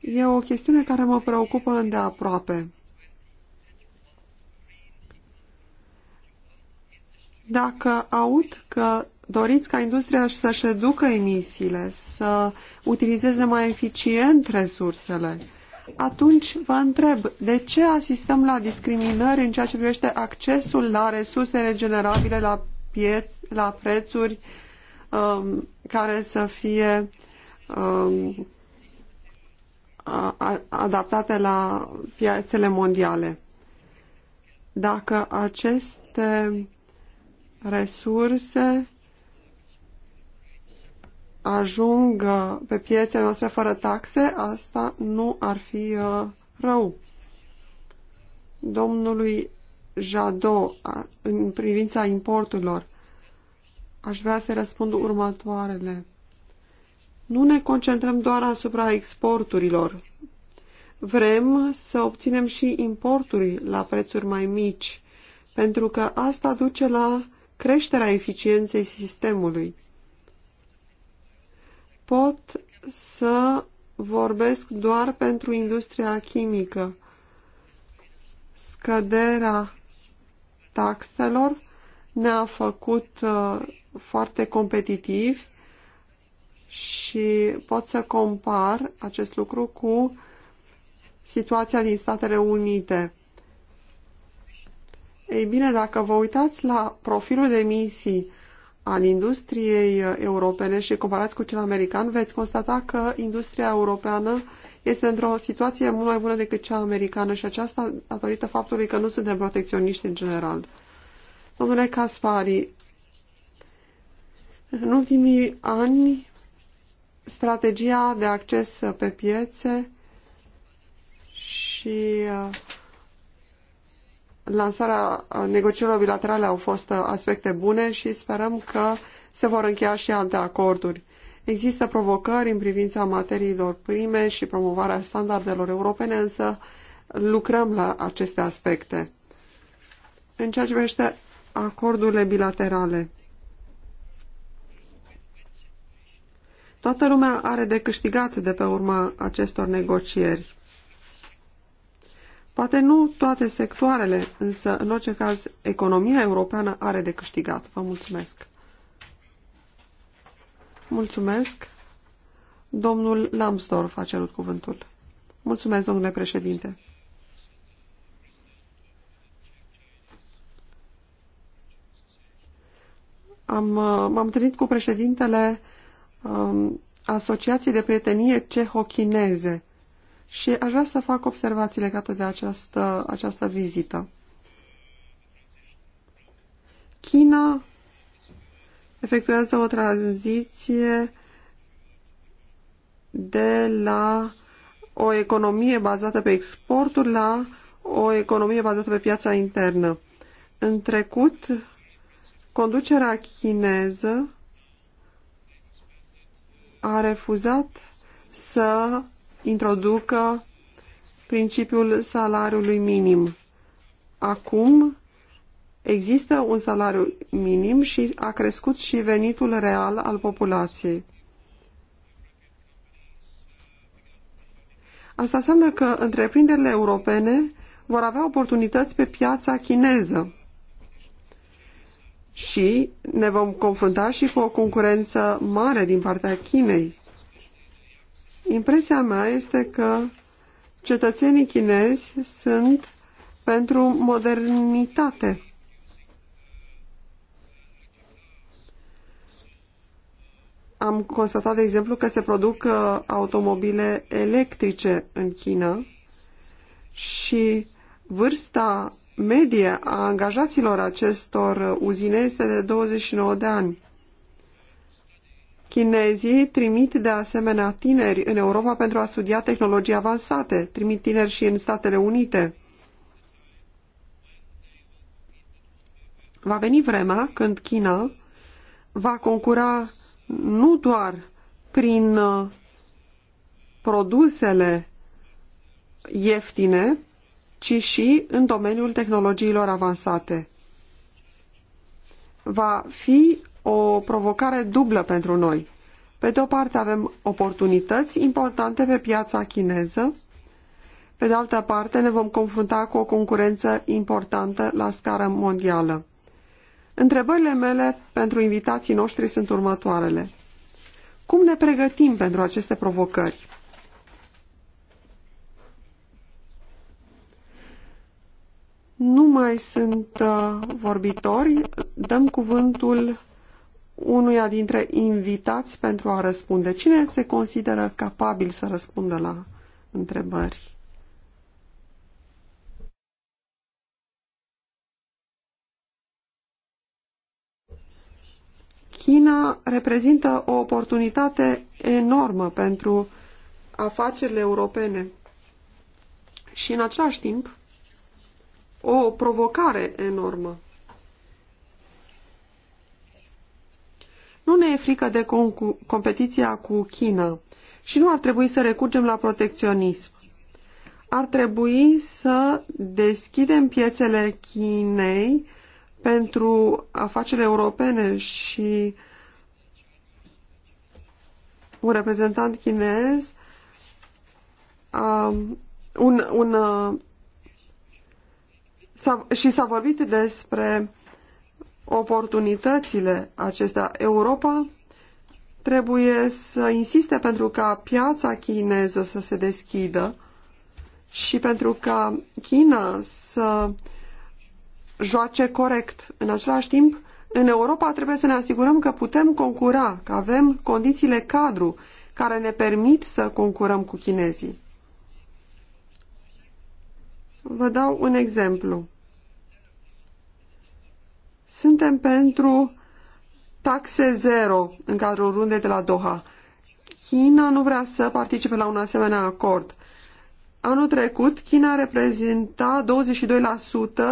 e o chestiune care mă preocupă îndeaproape. Dacă aud că doriți ca industria să-și reducă emisiile, să utilizeze mai eficient resursele, atunci vă întreb, de ce asistăm la discriminări în ceea ce privește accesul la resurse regenerabile, la, pieț, la prețuri um, care să fie um, a, adaptate la piațele mondiale? Dacă aceste resurse ajung pe piețele noastre fără taxe, asta nu ar fi uh, rău. Domnului Jadot, în privința importurilor, aș vrea să răspund următoarele. Nu ne concentrăm doar asupra exporturilor. Vrem să obținem și importuri la prețuri mai mici, pentru că asta duce la creșterea eficienței sistemului. Pot să vorbesc doar pentru industria chimică. Scăderea taxelor ne-a făcut uh, foarte competitivi și pot să compar acest lucru cu situația din Statele Unite. Ei bine, dacă vă uitați la profilul de emisii al industriei europene și comparați cu cel american, veți constata că industria europeană este într-o situație mult mai bună decât cea americană și aceasta datorită faptului că nu suntem protecționiști în general. Domnule Caspari, în ultimii ani, strategia de acces pe piețe și uh, lansarea negocierilor bilaterale au fost uh, aspecte bune și sperăm că se vor încheia și alte acorduri. Există provocări în privința materiilor prime și promovarea standardelor europene, însă lucrăm la aceste aspecte. În ceea ce privește acordurile bilaterale, toată lumea are de câștigat de pe urma acestor negocieri. Poate nu toate sectoarele, însă, în orice caz, economia europeană are de câștigat. Vă mulțumesc! Mulțumesc! Domnul Lambsdorff a cerut cuvântul. Mulțumesc, domnule președinte! Am, uh, m-am întâlnit cu președintele um, Asociației de Prietenie Ceho-Chineze și aș vrea să fac observații legate de această, această vizită. China efectuează o tranziție de la o economie bazată pe exporturi la o economie bazată pe piața internă. În trecut, conducerea chineză a refuzat să introducă principiul salariului minim. Acum există un salariu minim și a crescut și venitul real al populației. Asta înseamnă că întreprinderile europene vor avea oportunități pe piața chineză și ne vom confrunta și cu o concurență mare din partea Chinei. Impresia mea este că cetățenii chinezi sunt pentru modernitate. Am constatat, de exemplu, că se produc uh, automobile electrice în China și vârsta medie a angajaților acestor uh, uzine este de 29 de ani. Chinezii trimit de asemenea tineri în Europa pentru a studia tehnologii avansate, trimit tineri și în Statele Unite. Va veni vremea când China va concura nu doar prin uh, produsele ieftine, ci și în domeniul tehnologiilor avansate. Va fi o provocare dublă pentru noi. Pe de o parte avem oportunități importante pe piața chineză, pe de altă parte ne vom confrunta cu o concurență importantă la scară mondială. Întrebările mele pentru invitații noștri sunt următoarele. Cum ne pregătim pentru aceste provocări? Nu mai sunt uh, vorbitori. Dăm cuvântul unuia dintre invitați pentru a răspunde. Cine se consideră capabil să răspundă la întrebări? China reprezintă o oportunitate enormă pentru afacerile europene și în același timp o provocare enormă. Nu ne e frică de competiția cu China și nu ar trebui să recurgem la protecționism. Ar trebui să deschidem piețele Chinei pentru afaceri europene și un reprezentant chinez, um, un, un, uh, și s-a vorbit despre oportunitățile acestea. Europa trebuie să insiste pentru ca piața chineză să se deschidă și pentru ca China să joace corect. În același timp, în Europa trebuie să ne asigurăm că putem concura, că avem condițiile cadru care ne permit să concurăm cu chinezii. Vă dau un exemplu. Suntem pentru taxe zero în cadrul rundei de la Doha. China nu vrea să participe la un asemenea acord. Anul trecut, China reprezenta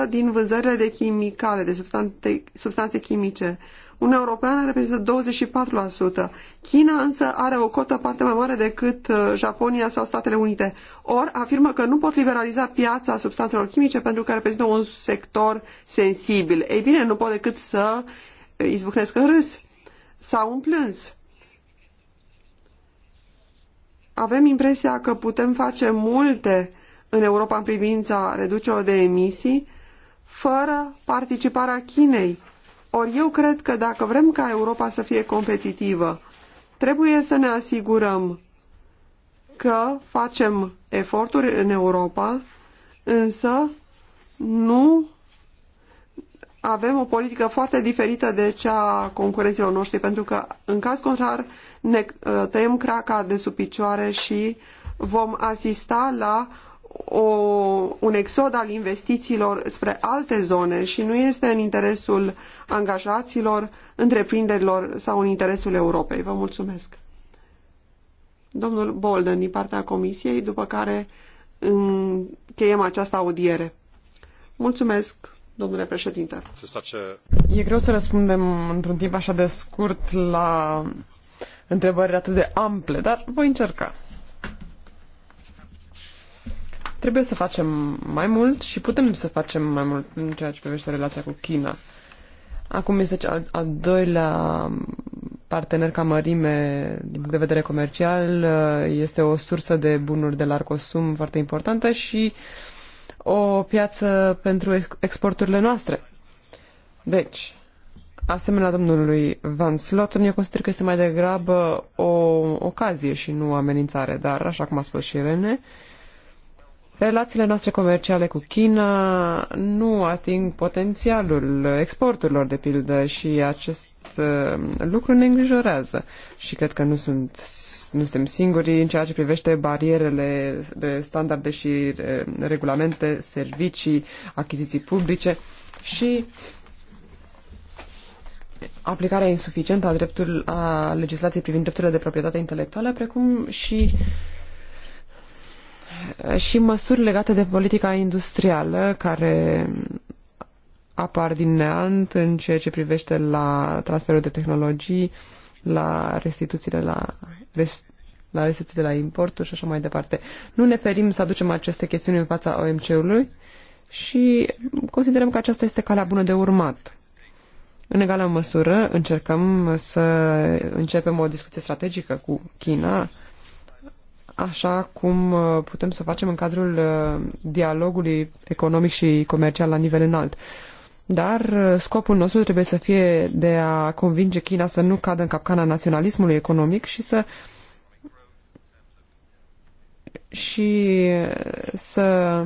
22% din vânzările de chimicale, de substanțe, substanțe chimice. Uniunea Europeană reprezintă 24%. China însă are o cotă parte mai mare decât uh, Japonia sau Statele Unite. Or, afirmă că nu pot liberaliza piața substanțelor chimice pentru că reprezintă un sector sensibil. Ei bine, nu pot decât să uh, izbucnesc în râs sau în plâns. Avem impresia că putem face multe în Europa în privința reducerilor de emisii fără participarea Chinei ori eu cred că dacă vrem ca Europa să fie competitivă, trebuie să ne asigurăm că facem eforturi în Europa, însă nu avem o politică foarte diferită de cea a concurenților noștri, pentru că, în caz contrar, ne ă, tăiem craca de sub picioare și vom asista la o, un exod al investițiilor spre alte zone și nu este în interesul angajaților, întreprinderilor sau în interesul Europei. Vă mulțumesc. Domnul Bolden, din partea Comisiei, după care încheiem această audiere. Mulțumesc, domnule președinte. E greu să răspundem într-un timp așa de scurt la întrebări atât de ample, dar voi încerca. Trebuie să facem mai mult și putem să facem mai mult în ceea ce privește relația cu China. Acum este al, al doilea partener ca mărime din punct de vedere comercial, uh, este o sursă de bunuri de larg consum foarte importantă și o piață pentru exporturile noastre. Deci, asemenea domnului Van Slotten, eu consider că este mai degrabă o ocazie și nu o amenințare, dar așa cum a spus și Rene, uh, Relațiile noastre comerciale cu China nu ating potențialul exporturilor, de pildă, și acest uh, lucru ne îngrijorează. Și cred că nu, sunt, nu suntem singuri în ceea ce privește barierele de standarde și uh, regulamente, servicii, achiziții publice și aplicarea insuficientă a, dreptul, a legislației privind drepturile de proprietate intelectuală, precum și uh, și măsuri legate de politica industrială care apar din neant în ceea ce privește la transferul de tehnologii, la restituțiile la, rest, la restituții de la importuri și așa mai departe. Nu ne ferim să aducem aceste chestiuni în fața OMC-ului și considerăm că aceasta este calea bună de urmat. În egală măsură încercăm să începem o discuție strategică cu China, așa cum uh, putem să facem în cadrul uh, dialogului economic și comercial la nivel înalt. Dar uh, scopul nostru trebuie să fie de a convinge China să nu cadă în capcana naționalismului economic și să și să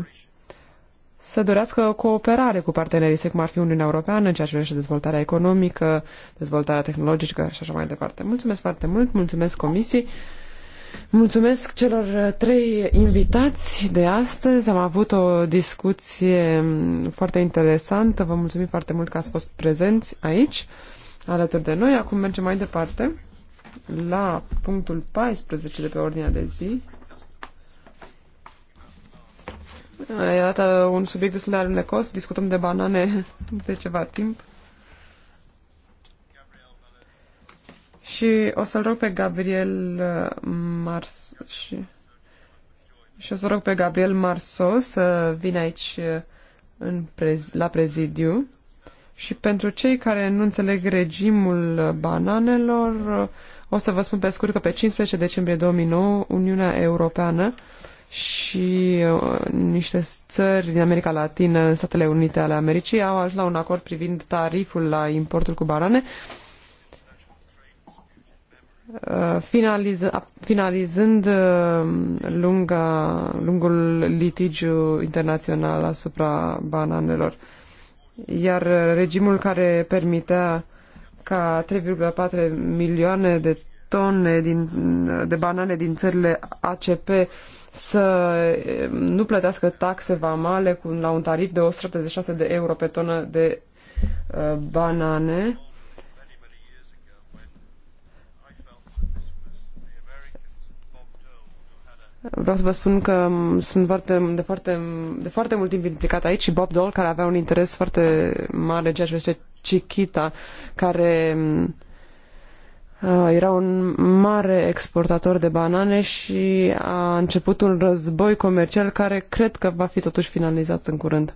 să dorească o cooperare cu partenerii săi, cum ar fi Uniunea Europeană, în ceea ce privește dezvoltarea economică, dezvoltarea tehnologică și așa mai departe. Mulțumesc foarte mult, mulțumesc Comisii. Mulțumesc celor trei invitați de astăzi. Am avut o discuție foarte interesantă. Vă mulțumim foarte mult că ați fost prezenți aici, alături de noi. Acum mergem mai departe la punctul 14 de pe ordinea de zi. Iată un subiect destul de alunecos. Discutăm de banane de ceva timp. Și o să-l rog pe Gabriel uh, Mars și, și o să rog pe Gabriel Marso să vină aici uh, în prez, la prezidiu. Și pentru cei care nu înțeleg regimul uh, bananelor, o să vă spun pe scurt că pe 15 decembrie 2009 Uniunea Europeană și niște țări din America Latină, Statele Unite ale Americii, au ajuns la un acord privind tariful la importul cu banane Uh, finalizând uh, lunga, lungul litigiu internațional asupra bananelor. Iar uh, regimul care permitea ca 3,4 milioane de tone din, de banane din țările ACP să nu plătească taxe vamale cu, la un tarif de 176 de euro pe tonă de uh, banane Vreau să vă spun că sunt foarte, de, foarte, de foarte mult timp implicat aici și Bob Dole, care avea un interes foarte mare în ceea ce este Chiquita, care uh, era un mare exportator de banane și a început un război comercial care cred că va fi totuși finalizat în curând.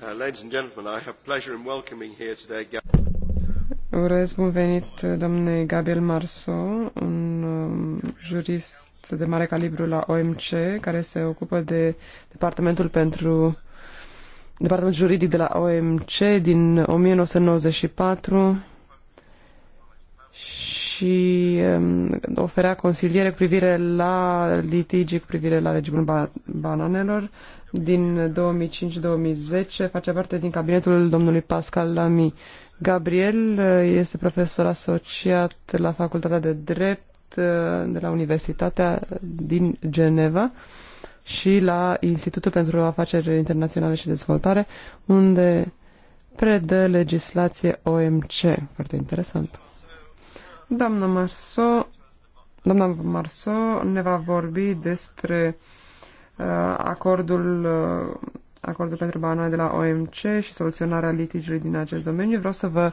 Uh, ladies and gentlemen, I have pleasure in welcoming here today. Urez bun venit uh, domnului Gabriel Marso, un um, jurist de mare calibru la OMC, care se ocupă de departamentul pentru departamentul juridic de la OMC din 1994 și um, oferea consiliere cu privire la litigi, cu privire la regimul bananelor. Din 2005-2010 face parte din cabinetul domnului Pascal Lamy. Gabriel uh, este profesor asociat la Facultatea de Drept uh, de la Universitatea din Geneva și la Institutul pentru Afaceri Internaționale și Dezvoltare, unde predă legislație OMC. Foarte interesant. Doamna Marso, doamna Marso ne va vorbi despre uh, acordul uh, acordul pentru banane de la OMC și soluționarea litigiului din acest domeniu. Vreau să vă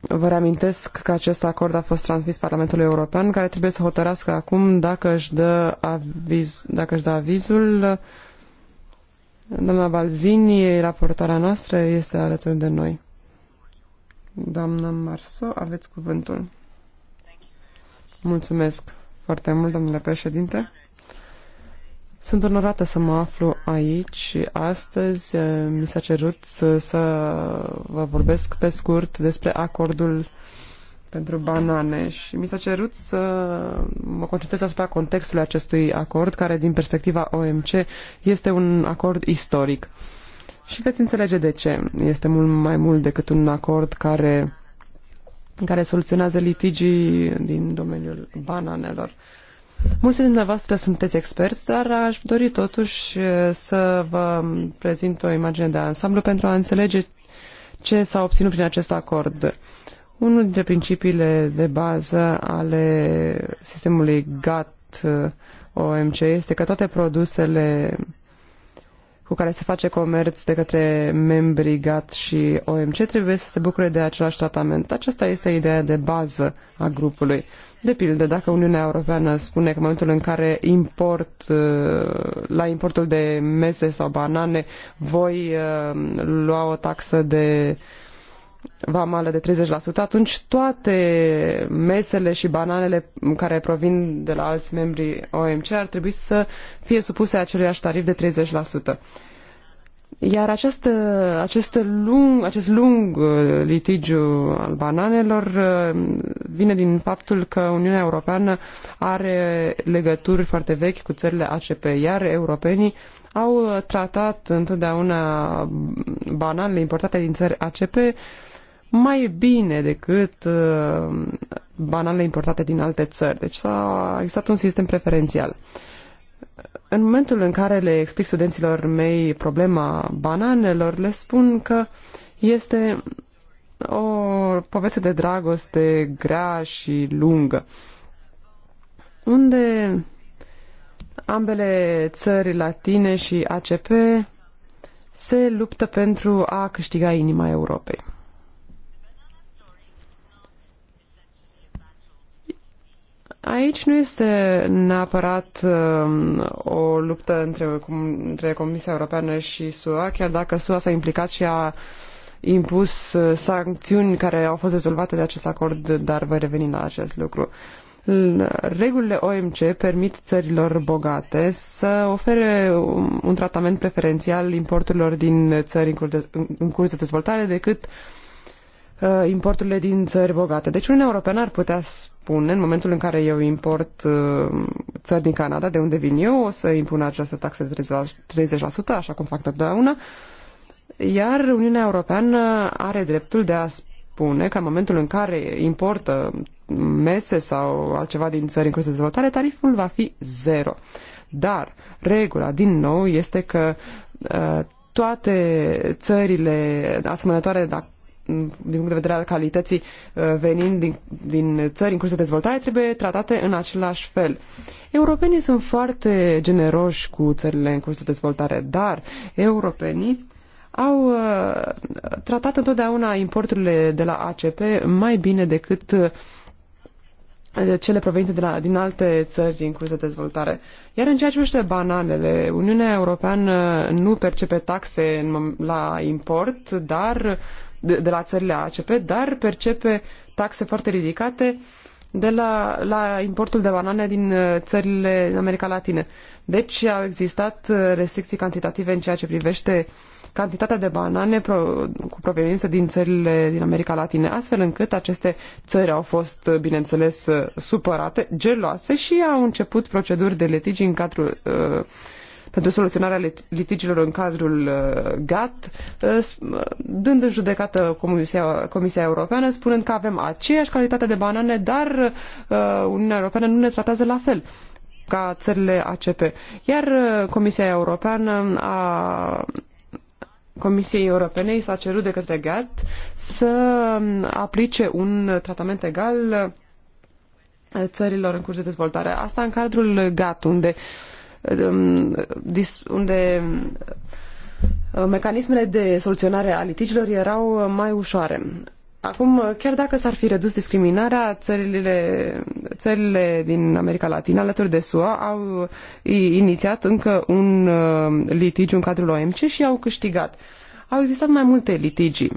Vă reamintesc că acest acord a fost transmis Parlamentului European, care trebuie să hotărească acum dacă își dă, aviz, dacă își dă avizul. Doamna Balzini, raportoarea noastră, este alături de noi. Doamnă Marso, aveți cuvântul. Mulțumesc foarte mult, domnule președinte. Sunt onorată să mă aflu aici. Astăzi eh, mi s-a cerut să, să vă vorbesc pe scurt despre acordul pentru banane și mi s-a cerut să mă concentrez asupra contextului acestui acord, care din perspectiva OMC este un acord istoric. Și veți înțelege de ce. Este mult mai mult decât un acord care, care soluționează litigii din domeniul bananelor. Mulți dintre voastre sunteți experți, dar aș dori totuși să vă prezint o imagine de ansamblu pentru a înțelege ce s-a obținut prin acest acord. Unul dintre principiile de bază ale sistemului GATT OMC este că toate produsele cu care se face comerț de către membrii GATT și OMC trebuie să se bucure de același tratament. Aceasta este ideea de bază a grupului. De pildă, dacă Uniunea Europeană spune că în momentul în care import, uh, la importul de mese sau banane voi uh, lua o taxă de vamală de 30%, atunci toate mesele și bananele care provin de la alți membri OMC ar trebui să fie supuse aceluiași tarif de 30%. Iar această, acest, lung, acest lung uh, litigiu al bananelor uh, vine din faptul că Uniunea Europeană are legături foarte vechi cu țările ACP, iar europenii au tratat întotdeauna bananele importate din țări ACP uh, mai bine decât banale uh, bananele importate din alte țări. Deci s-a existat un sistem preferențial. În momentul în care le explic studenților mei problema bananelor, le spun că este o poveste de dragoste grea și lungă, unde ambele țări latine și ACP se luptă pentru a câștiga inima Europei. Aici nu este neapărat uh, o luptă între, cum, între Comisia Europeană și SUA, chiar dacă SUA s-a implicat și a impus uh, sancțiuni care au fost rezolvate de acest acord, dar voi reveni la acest lucru. Regulile OMC permit țărilor bogate să ofere un, tratament preferențial importurilor din țări în curs de, în curs de dezvoltare decât uh, uh, importurile din țări bogate. Deci Uniunea Europeană ar putea spune, în momentul în care eu import uh, țări din Canada, de unde vin eu, o să impun această taxă de 30%, așa cum fac totdeauna, iar Uniunea Europeană are dreptul de a spune că în momentul în care importă mese sau altceva din țări în curs de dezvoltare, tariful va fi zero. Dar regula, din nou, este că uh, toate țările asemănătoare da, din punct de vedere al calității uh, venind din, din țări în curs de dezvoltare trebuie tratate în același fel. Europenii sunt foarte generoși cu țările în curs de dezvoltare, dar europenii au uh, tratat întotdeauna importurile de la ACP mai bine decât uh, cele provenite de la, din alte țări în curs de dezvoltare. Iar în ceea ce privește bananele, Uniunea Europeană nu percepe taxe la import, dar de, de la țările ACP, dar percepe taxe foarte ridicate de la, la importul de banane din uh, țările din America Latină. Deci au existat uh, restricții cantitative în ceea ce privește cantitatea de banane pro, cu proveniență din țările din America Latină, astfel încât aceste țări au fost, uh, bineînțeles, supărate, geloase și au început proceduri de litigi în cadrul uh, pentru soluționarea litigiilor în cadrul uh, GATT, uh, uh, dând în judecată Comisia, Comisia Europeană, spunând că avem aceeași calitate de banane, dar Uniunea Europeană nu ne tratează la fel ca țările ACP. Iar Comisia Europeană a Comisiei Europene s-a cerut de către GATT să um, aplice un tratament egal țărilor în curs de dezvoltare. Asta în cadrul GATT, unde uh, Um, unde uh, mecanismele de soluționare a litigiilor erau uh, mai ușoare. Acum, uh, chiar dacă s-ar fi redus discriminarea, țările, țările din America Latina, alături de SUA, au inițiat încă un litigiu în cadrul OMC și au câștigat. Au existat mai multe litigii,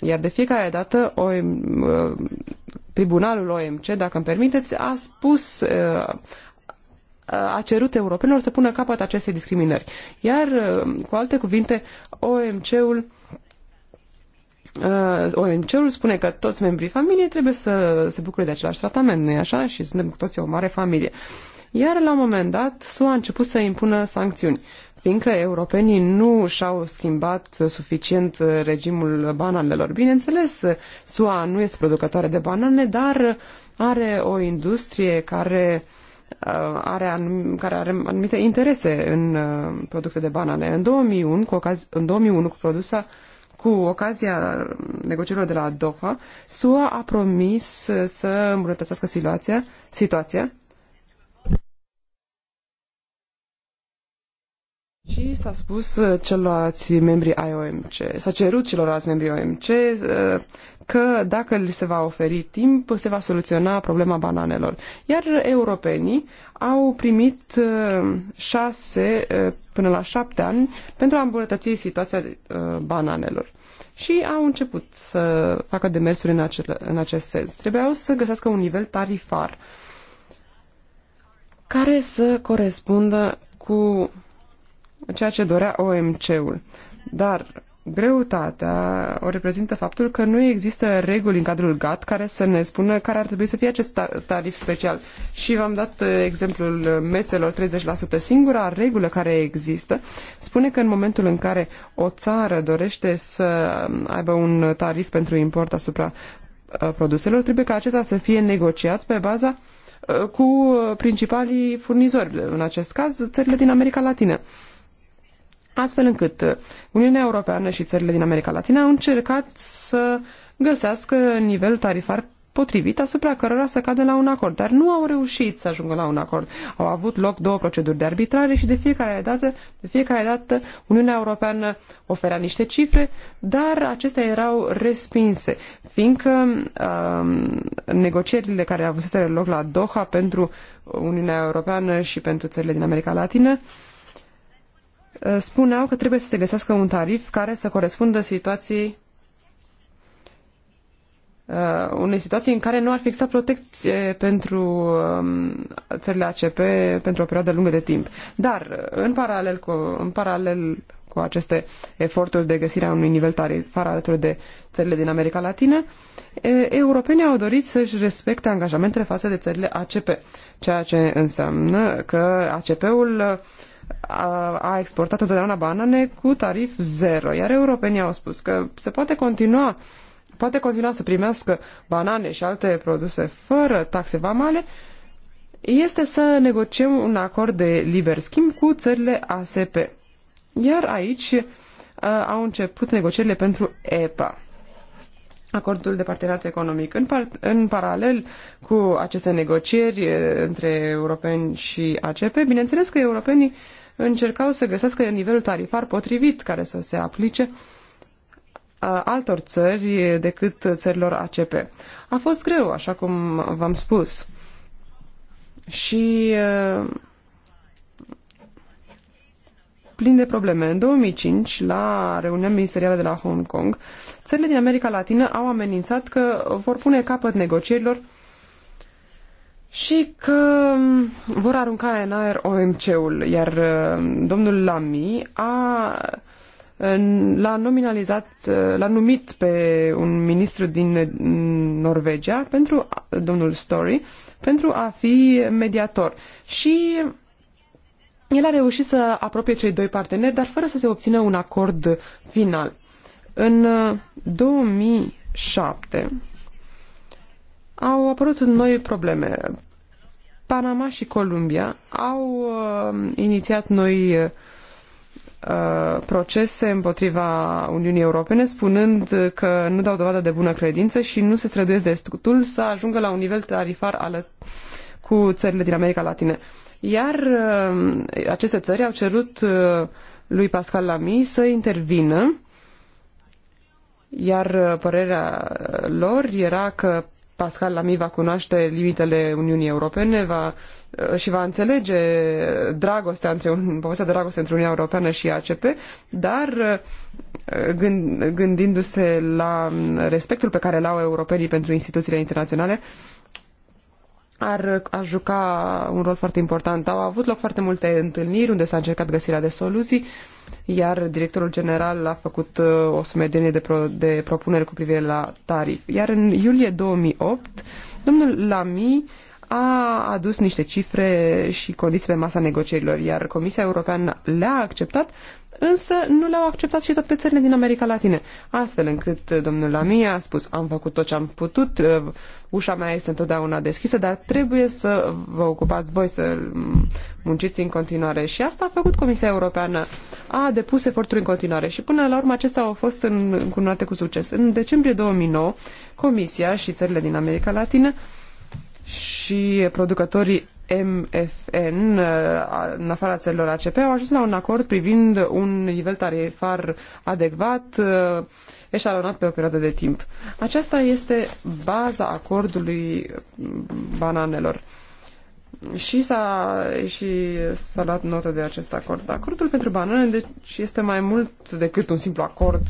iar de fiecare dată OM, tribunalul OMC, dacă îmi permiteți, a spus, a cerut europenilor să pună capăt acestei discriminări. Iar, uh, cu alte cuvinte, OMC-ul uh, OMC-ul spune că toți membrii familiei trebuie să se bucure de același tratament, nu-i așa? Și suntem cu toții o mare familie. Iar la un moment dat, SUA a început să impună sancțiuni, fiindcă europenii nu și-au schimbat suficient uh, regimul bananelor. Bineînțeles, SUA nu este producătoare de banane, dar are o industrie care uh, Uh, are anum, care are anumite interese în uh, produse de banane. În 2001, cu, ocaz în 2001, cu produsa cu ocazia negocierilor de la Doha, SUA a promis să îmbunătățească situația, situația Și s-a spus uh, celorlalți membri ai OMC, s-a cerut celorlalți membri OMC că dacă li se va oferi timp, se va soluționa problema bananelor. Iar europenii au primit uh, șase uh, până la șapte ani pentru a îmbunătăți situația uh, bananelor și au început să facă demersuri în, acel, în acest sens. Trebuiau să găsească un nivel tarifar care să corespundă cu ceea ce dorea OMC-ul. Dar Greutatea o reprezintă faptul că nu există reguli în cadrul GATT care să ne spună care ar trebui să fie acest tarif special. Și v-am dat uh, exemplul uh, meselor 30%. Singura regulă care există spune că în momentul în care o țară dorește să um, aibă un tarif pentru import asupra uh, produselor, trebuie ca acesta să fie negociat pe baza cu principalii furnizori, în acest caz țările din America Latină astfel încât uh, Uniunea Europeană și țările din America Latină au încercat să găsească nivelul tarifar potrivit asupra cărora să cadă la un acord, dar nu au reușit să ajungă la un acord. Au avut loc două proceduri de arbitrare și de fiecare dată, de fiecare dată Uniunea Europeană oferea niște cifre, dar acestea erau respinse, fiindcă um, negocierile care au avut loc la Doha pentru Uniunea Europeană și pentru țările din America Latină uh, Uh, spuneau că trebuie să se găsească un tarif care să corespundă situației uh, unei situații în care nu ar fi existat protecție pentru um, țările ACP pentru o perioadă lungă de timp. Dar, uh, în paralel cu, în paralel cu aceste eforturi de găsire a unui nivel tarifar alături de țările din America Latină, europenii au dorit să-și respecte angajamentele față de țările ACP, ceea ce înseamnă că ACP-ul uh, a, a exportat întotdeauna banane cu tarif zero, iar europenii au spus că se poate continua poate continua să primească banane și alte produse fără taxe vamale, este să negociem un acord de liber schimb cu țările ASP. Iar aici uh, au început negocierile pentru EPA acordul de parteneriat economic. În, par- în paralel cu aceste negocieri între europeni și ACP, bineînțeles că europenii încercau să găsească nivelul tarifar potrivit care să se aplice altor țări decât țărilor ACP. A fost greu, așa cum v-am spus. Și uh, plin de probleme. În 2005, la reuniunea ministerială de la Hong Kong, țările din America Latină au amenințat că vor pune capăt negocierilor și că um, vor arunca în aer OMC-ul, iar um, domnul Lamy a l-a nominalizat, uh, l-a numit pe un ministru din Norvegia, pentru domnul Story, pentru a fi mediator. Și el a reușit să apropie cei doi parteneri, dar fără să se obțină un acord final. În 2007 uh, au apărut noi probleme. Panama și Columbia au uh, inițiat noi uh, procese împotriva Uniunii Europene, spunând că nu dau dovadă de bună credință și nu se străduiesc destul să ajungă la un nivel tarifar al cu țările din America Latină. Uh, iar uh, aceste țări au cerut uh, lui Pascal Lamy să intervină, iar uh, părerea lor era că Pascal Lamy va cunoaște limitele Uniunii Europene va, și va înțelege dragostea între, povestea de dragoste între Uniunea Europeană și ACP, dar gând, gândindu-se la mm, respectul pe care l-au europenii pentru instituțiile internaționale, ar, ar juca un rol foarte important. Au avut loc foarte multe întâlniri unde s-a încercat găsirea de soluții, iar directorul general a făcut uh, o sumedenie de, pro, de propuneri cu privire la tarif. Iar în iulie 2008, domnul Lamy a adus niște cifre și condiții pe masa negocierilor, iar Comisia Europeană le-a acceptat, însă nu le-au acceptat și toate țările din America Latină. Astfel încât uh, domnul Lamia a spus, am făcut tot ce am putut, uh, ușa mea este întotdeauna deschisă, dar trebuie să vă ocupați voi să mm, munciți în continuare. Și asta a făcut Comisia Europeană, a depus eforturi în continuare și până la urmă acestea au fost încununate cu succes. În decembrie 2009, Comisia și țările din America Latină și producătorii MFN, uh, în afara țărilor ACP, au ajuns la un acord privind un nivel tarifar adecvat, uh, eșalonat pe o perioadă de timp. Aceasta este baza acordului uh, bananelor. Și s-a, și s-a luat notă de acest acord. Acordul pentru banane deci, este mai mult decât un simplu acord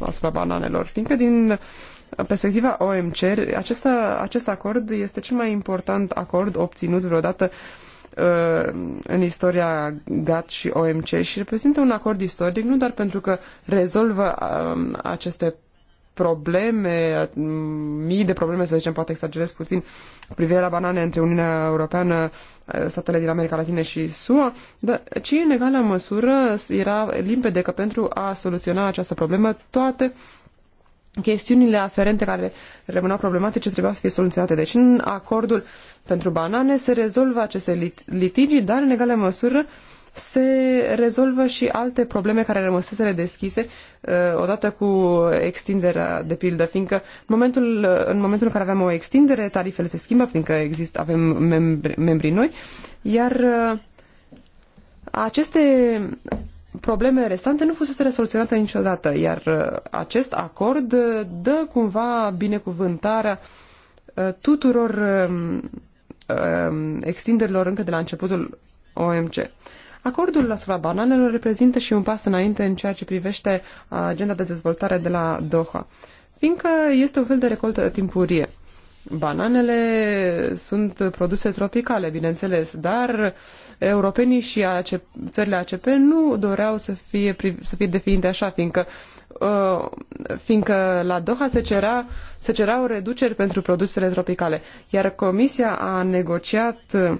asupra bananelor, fiindcă din perspectiva OMC, acesta, acest acord este cel mai important acord obținut vreodată uh, în istoria GATT și OMC și reprezintă un acord istoric nu doar pentru că rezolvă um, aceste probleme, mii de probleme, să zicem, poate exagerez puțin, cu privire la banane între Uniunea Europeană, uh, statele din America Latină și SUA, dar ci în egală măsură era limpede că pentru a soluționa această problemă toate chestiunile aferente care rămâneau problematice trebuiau să fie soluționate. Deci în acordul pentru banane se rezolvă aceste lit- litigi, dar în egală măsură se rezolvă și alte probleme care rămăseseră deschise uh, odată cu extinderea de pildă, fiindcă în momentul, uh, în momentul în care avem o extindere, tarifele se schimbă, fiindcă există, avem membri, membri noi, iar uh, aceste Problemele restante nu fusese soluționate niciodată, iar uh, acest acord uh, dă cumva binecuvântarea uh, tuturor um, um, extinderilor încă de la începutul OMC. Acordul asupra bananelor reprezintă și un pas înainte în ceea ce privește agenda de dezvoltare de la Doha, fiindcă este un fel de recoltă timpurie. Bananele sunt produse tropicale, bineînțeles, dar europenii și ACP, țările ACP nu doreau să fie, să fie definite așa, fiindcă, uh, fiindcă la Doha se, cerea, se cerau reduceri pentru produsele tropicale, iar Comisia a negociat uh,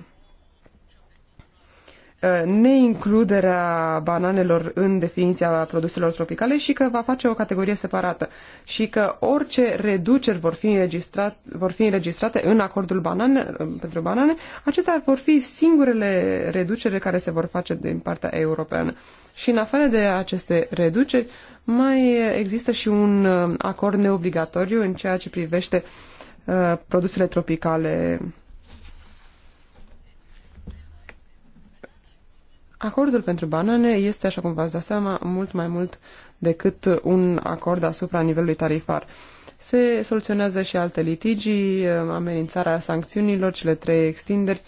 Uh, neincluderea bananelor în definiția produselor tropicale și că va face o categorie separată și că orice reduceri vor fi, înregistrat, vor fi înregistrate în acordul banane, uh, pentru banane, acestea vor fi singurele reducere care se vor face din partea europeană. Și în afară de aceste reduceri, mai există și un uh, acord neobligatoriu în ceea ce privește uh, produsele tropicale Acordul pentru banane este, așa cum v-ați dat seama, mult mai mult decât un acord asupra nivelului tarifar. Se soluționează și alte litigii, amenințarea sancțiunilor, cele trei extinderi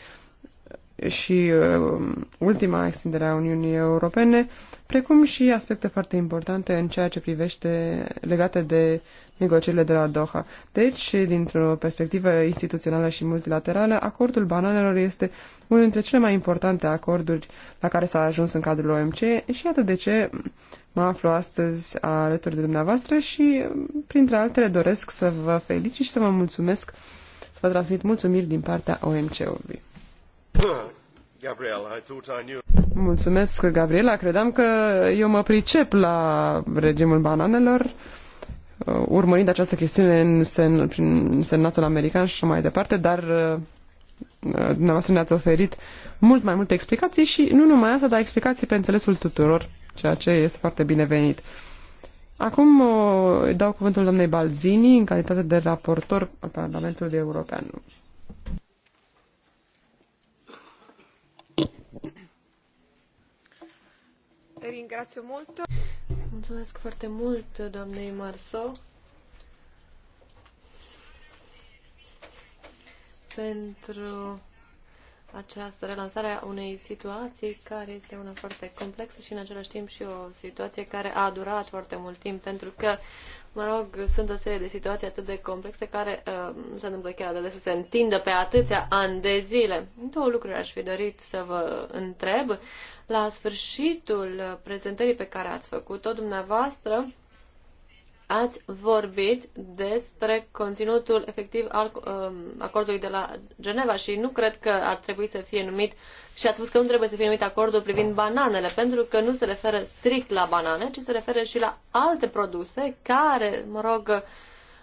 și uh, ultima extindere a Uniunii Europene, precum și aspecte foarte importante în ceea ce privește legate de negocierile de la Doha. Deci, dintr-o perspectivă instituțională și multilaterală, acordul bananelor este unul dintre cele mai importante acorduri la care s-a ajuns în cadrul OMC și iată de ce mă aflu astăzi alături de dumneavoastră și, printre altele, doresc să vă felicit și să vă mulțumesc, să vă transmit mulțumiri din partea OMC-ului. I thought I knew. Mulțumesc, Gabriela. Credeam că eu mă pricep la regimul bananelor. Uh, urmărind această chestiune în sen, prin senatul american și mai departe, dar uh, uh, dumneavoastră ne-ați oferit mult mai multe explicații și nu numai asta, dar explicații pe înțelesul tuturor, ceea ce este foarte binevenit. Acum îi dau cuvântul doamnei Balzini în calitate de raportor al Parlamentului European. Ringrazio molto. Mulțumesc foarte mult, doamnei Marso, pentru această relansare a unei situații care este una foarte complexă și în același timp și o situație care a durat foarte mult timp, pentru că, mă rog, sunt o serie de situații atât de complexe care uh, se întâmplă chiar de să se întindă pe atâția ani de zile. Două lucruri aș fi dorit să vă întreb. La sfârșitul prezentării pe care ați făcut-o dumneavoastră, ați vorbit despre conținutul efectiv al um, acordului de la Geneva și nu cred că ar trebui să fie numit și ați spus că nu trebuie să fie numit acordul privind bananele, pentru că nu se referă strict la banane, ci se referă și la alte produse care, mă rog,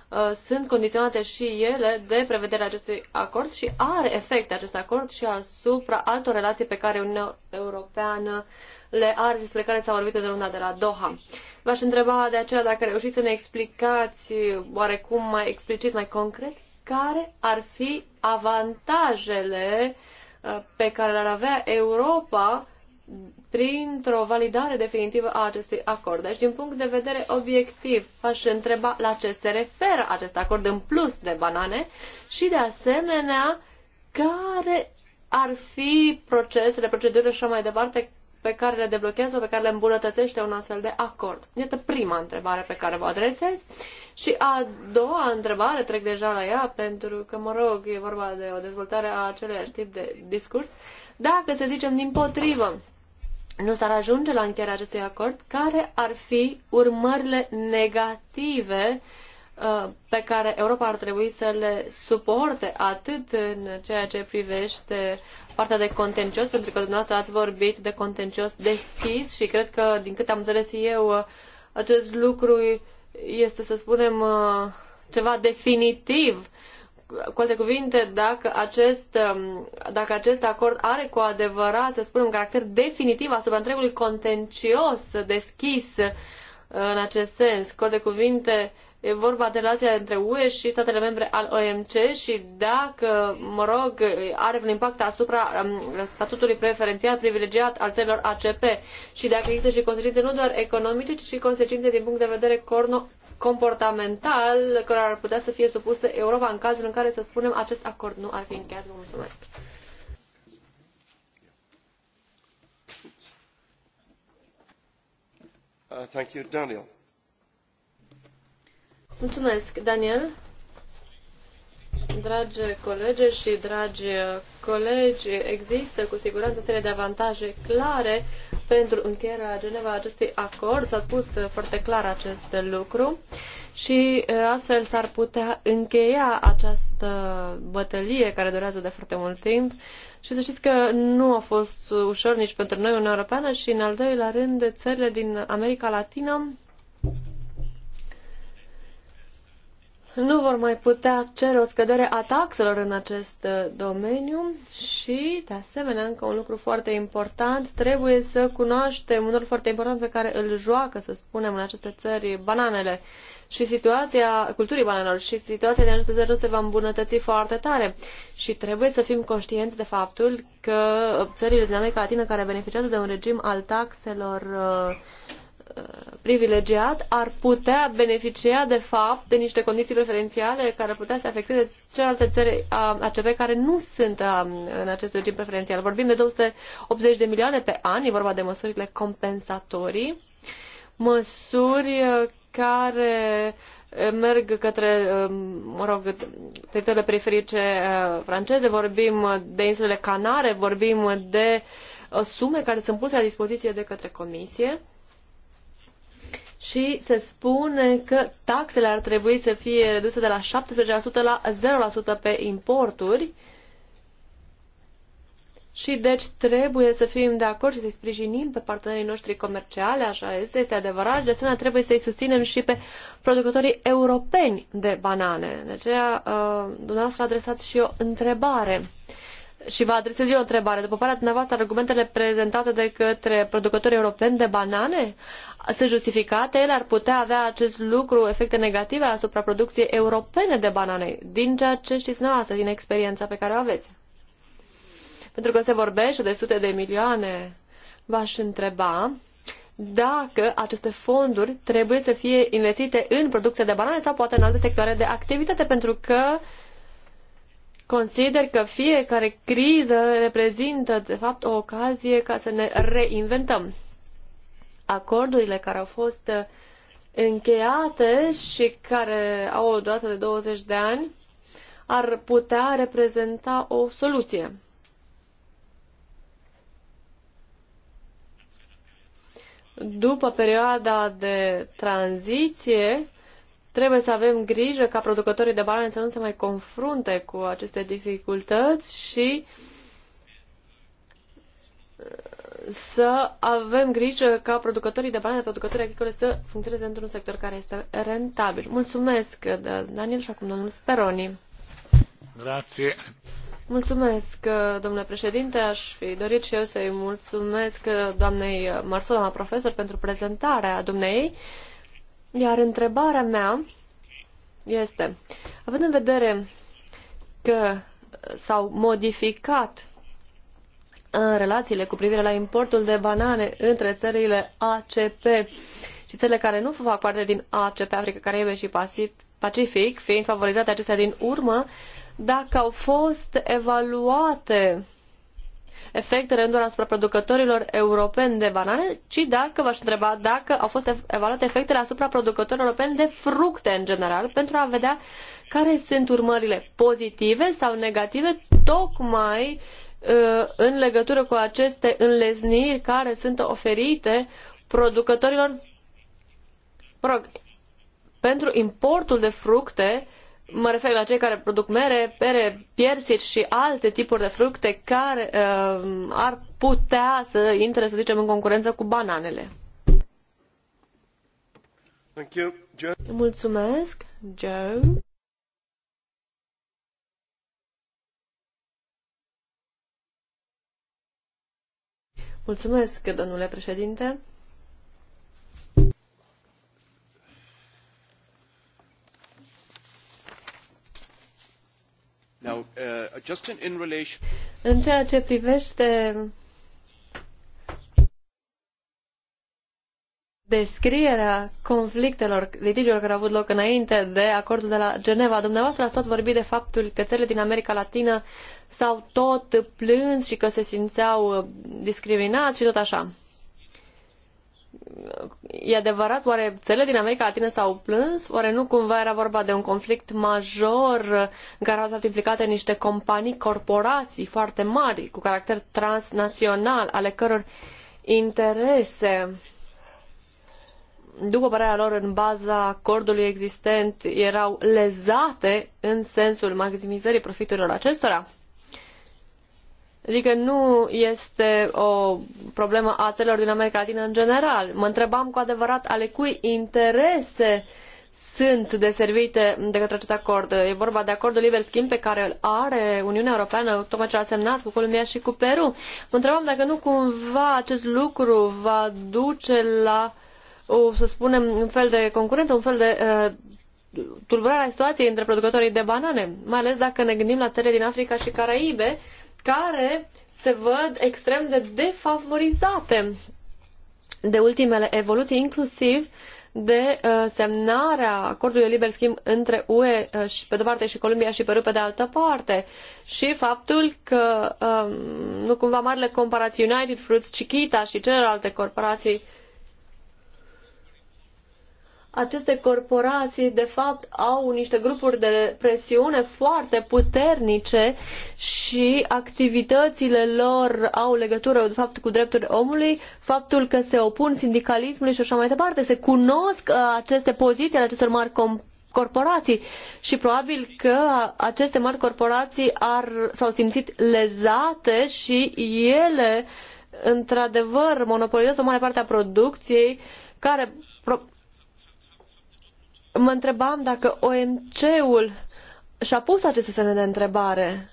uh, sunt condiționate și ele de prevederea acestui acord și are efect acest acord și asupra altor relații pe care Uniunea Europeană le are despre care s-a vorbit în runda de la Doha. V-aș întreba de aceea dacă reușiți să ne explicați oarecum mai explicit, mai concret, care ar fi avantajele uh, pe care le-ar avea Europa printr-o validare definitivă a acestui acord. Deci, din punct de vedere obiectiv, aș întreba la ce se referă acest acord în plus de banane și, de asemenea, care ar fi procesele, procedurile și așa mai departe pe care le deblochează, pe care le îmbunătățește un astfel de acord? Iată prima întrebare pe care vă adresez. Și a doua întrebare, trec deja la ea, pentru că, mă rog, e vorba de o dezvoltare a aceleași tip de discurs. Dacă, să zicem, din potrivă, nu s-ar ajunge la încheierea acestui acord, care ar fi urmările negative uh, pe care Europa ar trebui să le suporte atât în ceea ce privește partea de contencios, pentru că dumneavoastră ați vorbit de contencios deschis și cred că, din câte am înțeles eu, acest lucru este, să spunem, uh, ceva definitiv. Cu alte cuvinte, dacă acest, um, dacă acest acord are cu adevărat, să spunem, un caracter definitiv asupra întregului contencios deschis uh, în acest sens, cu alte cuvinte, E vorba de relația între UE și statele membre al OMC și dacă, mă rog, are un impact asupra um, statutului preferențial privilegiat al țărilor ACP și dacă există și consecințe nu doar economice, ci și consecințe din punct de vedere corno comportamental care ar putea să fie supuse Europa în cazul în care, să spunem, acest acord nu ar fi încheiat. Vă mulțumesc! Uh, thank you, Daniel. Mulțumesc, Daniel. Dragi colegi și dragi colegi, există cu siguranță o serie de avantaje clare pentru încheierea Geneva acestui acord. S-a spus foarte clar acest lucru și astfel s-ar putea încheia această bătălie care durează de foarte mult timp. Și să știți că nu a fost ușor nici pentru noi, Uniunea Europeană, și în al doilea rând, țările din America Latină nu vor mai putea cere o scădere a taxelor în acest uh, domeniu și, de asemenea, încă un lucru foarte important, trebuie să cunoaștem un rol foarte important pe care îl joacă, să spunem, în aceste țări bananele și situația culturii bananelor și situația din aceste țări nu se va îmbunătăți foarte tare și trebuie să fim conștienți de faptul că țările din America Latină care beneficiază de un regim al taxelor uh, privilegiat ar putea beneficia de fapt de niște condiții preferențiale care ar putea să afecteze celelalte țări ACP care nu sunt în acest regim preferențial. Vorbim de 280 de milioane pe an, e vorba de măsurile compensatorii, măsuri care merg către, mă rog, teritoriile periferice franceze, vorbim de insulele Canare, vorbim de sume care sunt puse la dispoziție de către Comisie și se spune că taxele ar trebui să fie reduse de la 17% la 0% pe importuri și deci trebuie să fim de acord și să-i sprijinim pe partenerii noștri comerciale, așa este, este adevărat. De asemenea, trebuie să-i susținem și pe producătorii europeni de banane. De aceea, uh, dumneavoastră adresați și o întrebare și vă adresez eu o întrebare. După părerea dumneavoastră, argumentele prezentate de către producătorii europeni de banane sunt justificate? Ele ar putea avea acest lucru efecte negative asupra producției europene de banane, din ceea ce știți dumneavoastră, din experiența pe care o aveți. Pentru că se vorbește de sute de milioane, v-aș întreba dacă aceste fonduri trebuie să fie investite în producția de banane sau poate în alte sectoare de activitate, pentru că Consider că fiecare criză reprezintă, de fapt, o ocazie ca să ne reinventăm. Acordurile care au fost uh, încheiate și care au o durată de 20 de ani ar putea reprezenta o soluție. După perioada de tranziție, Trebuie să avem grijă ca producătorii de banane să nu se mai confrunte cu aceste dificultăți și uh, să avem grijă ca producătorii de banane, producătorii agricole să funcționeze într-un sector care este rentabil. Mulțumesc, uh, Daniel, și acum domnul Speroni. Grazie. Mulțumesc, uh, domnule președinte. Aș fi dorit și eu să-i mulțumesc doamnei doamna profesor, pentru prezentarea dumneei iar întrebarea mea este, având în vedere că s-au modificat în uh, relațiile cu privire la importul de banane între țările ACP și țările care nu fac parte din ACP, Africa, Caraibe și Pacific, fiind favorizate acestea din urmă, dacă au fost evaluate efectele nu asupra producătorilor europeni de banane, ci dacă v-aș întreba dacă au fost evaluate efectele asupra producătorilor europeni de fructe în general, pentru a vedea care sunt urmările pozitive sau negative, tocmai ă, în legătură cu aceste înlezniri care sunt oferite producătorilor mă rog, pentru importul de fructe Mă refer la cei care produc mere, pere, piersici și alte tipuri de fructe care uh, ar putea să intre, să zicem, în concurență cu bananele. Thank you. Joe. Mulțumesc, Joe. Mulțumesc, domnule președinte. Now, uh, just in, in relation... În ceea ce privește descrierea conflictelor, litigiilor care au avut loc înainte de acordul de la Geneva. Dumneavoastră ați tot vorbit de faptul că țările din America Latină s-au tot plâns și că se simțeau discriminați și tot așa e adevărat, oare țările din America Latină s-au plâns? Oare nu cumva era vorba de un conflict major în care au stat implicate niște companii, corporații foarte mari, cu caracter transnațional, ale căror interese după părerea lor, în baza acordului existent, erau lezate în sensul maximizării profiturilor acestora? Adică nu este o problemă a țărilor din America Latină în general. Mă întrebam cu adevărat ale cui interese sunt deservite de către acest acord. E vorba de acordul liber schimb pe care îl are Uniunea Europeană, tocmai ce a semnat cu Columbia și cu Peru. Mă întrebam dacă nu cumva acest lucru va duce la, o, să spunem, un fel de concurență, un fel de uh, tulburare a situației între producătorii de banane, mai ales dacă ne gândim la țările din Africa și Caraibe, uh, care se văd extrem de defavorizate de ultimele evoluții, inclusiv de uh, semnarea acordului de liber schimb între UE uh, și pe de-o parte și Columbia și Peru pe de altă parte și faptul că uh, nu cumva marile comparații United Fruits, Chiquita și celelalte corporații uh, aceste corporații, de fapt, au niște grupuri de presiune foarte puternice și activitățile lor au legătură, de fapt, cu drepturile omului, faptul că se opun sindicalismului și așa mai departe. Se cunosc uh, aceste poziții ale acestor mari corporații și probabil că aceste mari corporații ar, s-au simțit lezate și ele într-adevăr monopolizează o mare parte a producției care mă întrebam dacă OMC-ul și-a pus aceste semne de întrebare.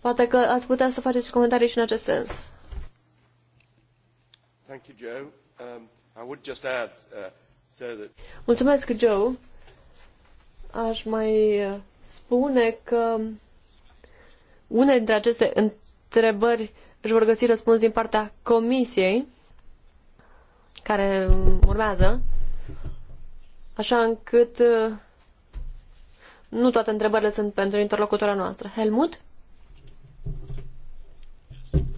Poate că ați putea să faceți comentarii și în acest sens. Mulțumesc, Joe. Aș mai uh, spune că unele dintre aceste întrebări își vor găsi răspuns din partea comisiei care urmează așa încât uh, nu toate întrebările sunt pentru interlocutora noastră. Helmut?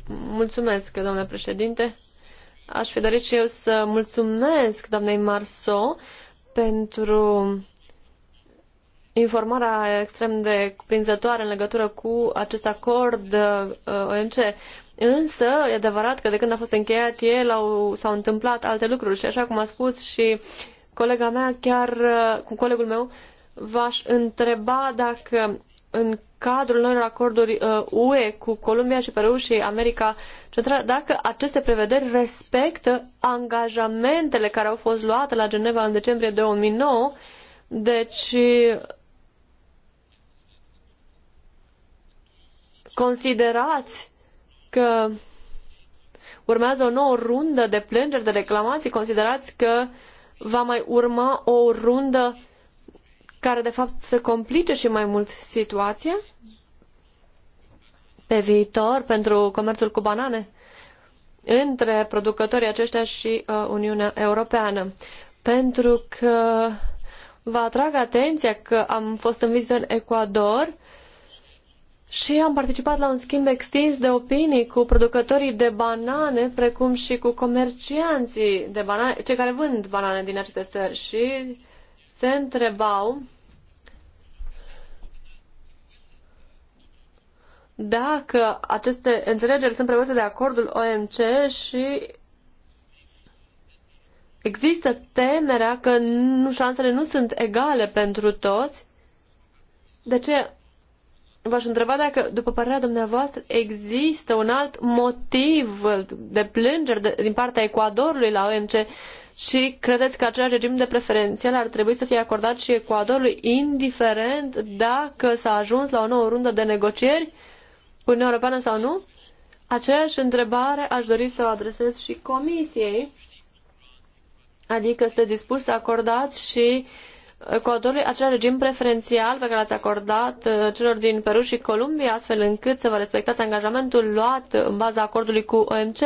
Mulțumesc, domnule președinte. Aș fi dorit și eu să mulțumesc doamnei Marso pentru informarea extrem de cuprinzătoare în legătură cu acest acord uh, OMC. Însă, e adevărat că de când a fost încheiat el au, s-au întâmplat alte lucruri și așa cum a spus și uh, Colega mea, chiar uh, cu colegul meu, v-aș întreba dacă în cadrul noilor acorduri UE uh, cu Columbia și Peru și America Centrală, dacă aceste prevederi respectă angajamentele care au fost luate la Geneva în decembrie 2009, deci considerați că urmează o nouă rundă de plângeri, de reclamații, considerați că uh, va mai urma o rundă care de fapt să complice și mai mult situația pe viitor pentru comerțul cu banane între producătorii aceștia și uh, Uniunea Europeană. Pentru că vă atrag atenția că am fost în vizită în Ecuador și am participat la un schimb extins de opinii cu producătorii de banane, precum și cu comercianții de banane, cei care vând banane din aceste țări și se întrebau dacă aceste înțelegeri sunt prevăzute de acordul OMC și există temerea că nu, șansele nu sunt egale pentru toți. De ce v-aș întreba dacă, după părerea dumneavoastră, există un alt motiv de plângeri de, din partea Ecuadorului la OMC și credeți că același regim de preferențial ar trebui să fie acordat și Ecuadorului, indiferent dacă s-a ajuns la o nouă rundă de negocieri cu Uniunea Europeană sau nu? Aceeași întrebare aș dori să o adresez și Comisiei, adică sunteți dispus să acordați și uh, Ecuadorului acel regim preferențial pe care l-ați acordat uh, celor din Peru și Columbia, astfel încât să vă respectați angajamentul luat în baza acordului cu OMC,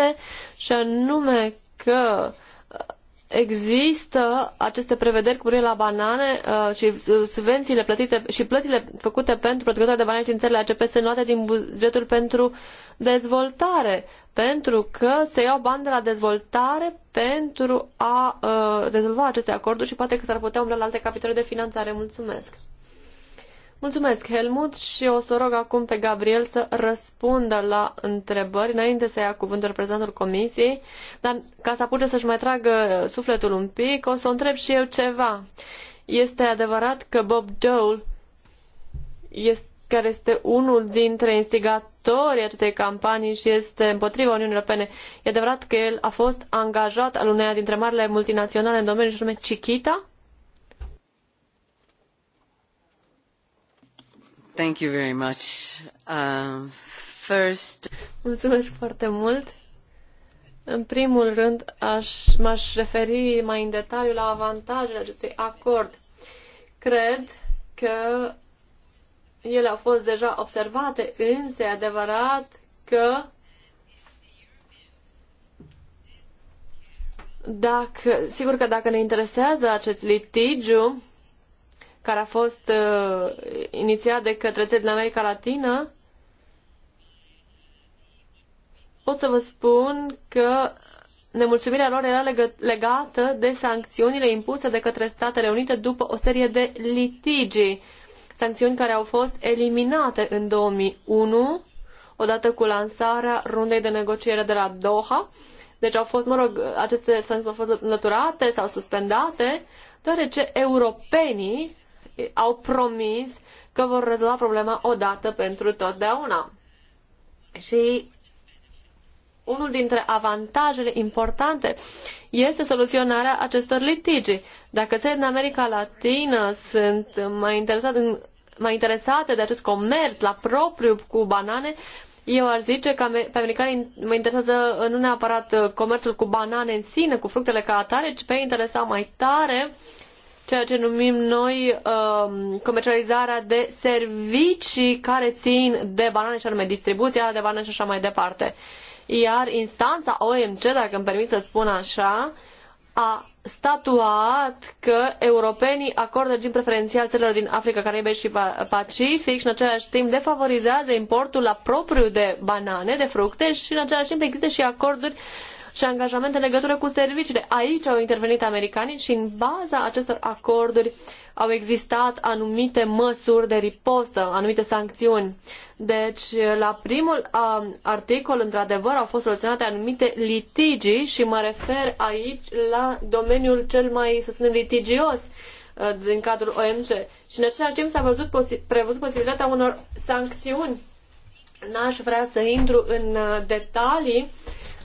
și anume că uh, există aceste prevederi cu privire la banane uh, și subvențiile plătite și plățile făcute pentru producători de banane din țările ACP sunt luate din bugetul pentru dezvoltare pentru că se iau bani de la dezvoltare pentru a uh, rezolva aceste acorduri și poate că s-ar putea umbla la alte capitole de finanțare. Mulțumesc! Mulțumesc, Helmut, și o să rog acum pe Gabriel să răspundă la întrebări înainte să ia cuvântul reprezentantul comisiei, dar ca să apute să-și mai tragă sufletul un pic, o să o întreb și eu ceva. Este adevărat că Bob Dole este care este unul dintre instigatorii acestei campanii și este împotriva Uniunii Europene. E adevărat că el a fost angajat al uneia dintre marile multinaționale în domeniu și nume Chiquita? Thank you very much. Uh, first... Mulțumesc foarte mult. În primul rând, aș, m-aș referi mai în detaliu la avantajele acestui acord. Cred că ele au fost deja observate, însă e adevărat că dacă, sigur că dacă ne interesează acest litigiu care a fost uh, inițiat de către țări din America Latină, pot să vă spun că nemulțumirea lor era legă, legată de sancțiunile impuse de către Statele Unite după o serie de litigii sancțiuni care au fost eliminate în 2001, odată cu lansarea rundei de negociere de la Doha. Deci au fost, mă rog, aceste sancțiuni au fost înlăturate sau suspendate, deoarece europenii au promis că vor rezolva problema odată pentru totdeauna. Și unul dintre avantajele importante este soluționarea acestor litigi. Dacă țările din America Latină sunt mai interesate, mai interesate de acest comerț la propriu cu banane, eu ar zice că pe americani mă interesează uh, nu neapărat uh, comerțul cu banane în sine, cu fructele ca atare, ci pe ei interesa mai tare ceea ce numim noi um, comercializarea de servicii care țin de banane și anume distribuția de banane și așa mai departe iar instanța OMC, dacă îmi permit să spun așa, a statuat că europenii acordă regim preferențial țărilor din Africa, Caribe și Pacific și în același timp defavorizează importul la propriu de banane, de fructe și în același timp există și acorduri și angajamente în legătură cu serviciile. Aici au intervenit americanii și în baza acestor acorduri au existat anumite măsuri de ripostă, anumite sancțiuni. Deci, la primul um, articol, într-adevăr, au fost soluționate anumite litigii și mă refer aici la domeniul cel mai, să spunem, litigios uh, din cadrul OMC. Și în același timp s-a văzut posi- prevăzut posibilitatea unor sancțiuni. N-aș vrea să intru în uh, detalii,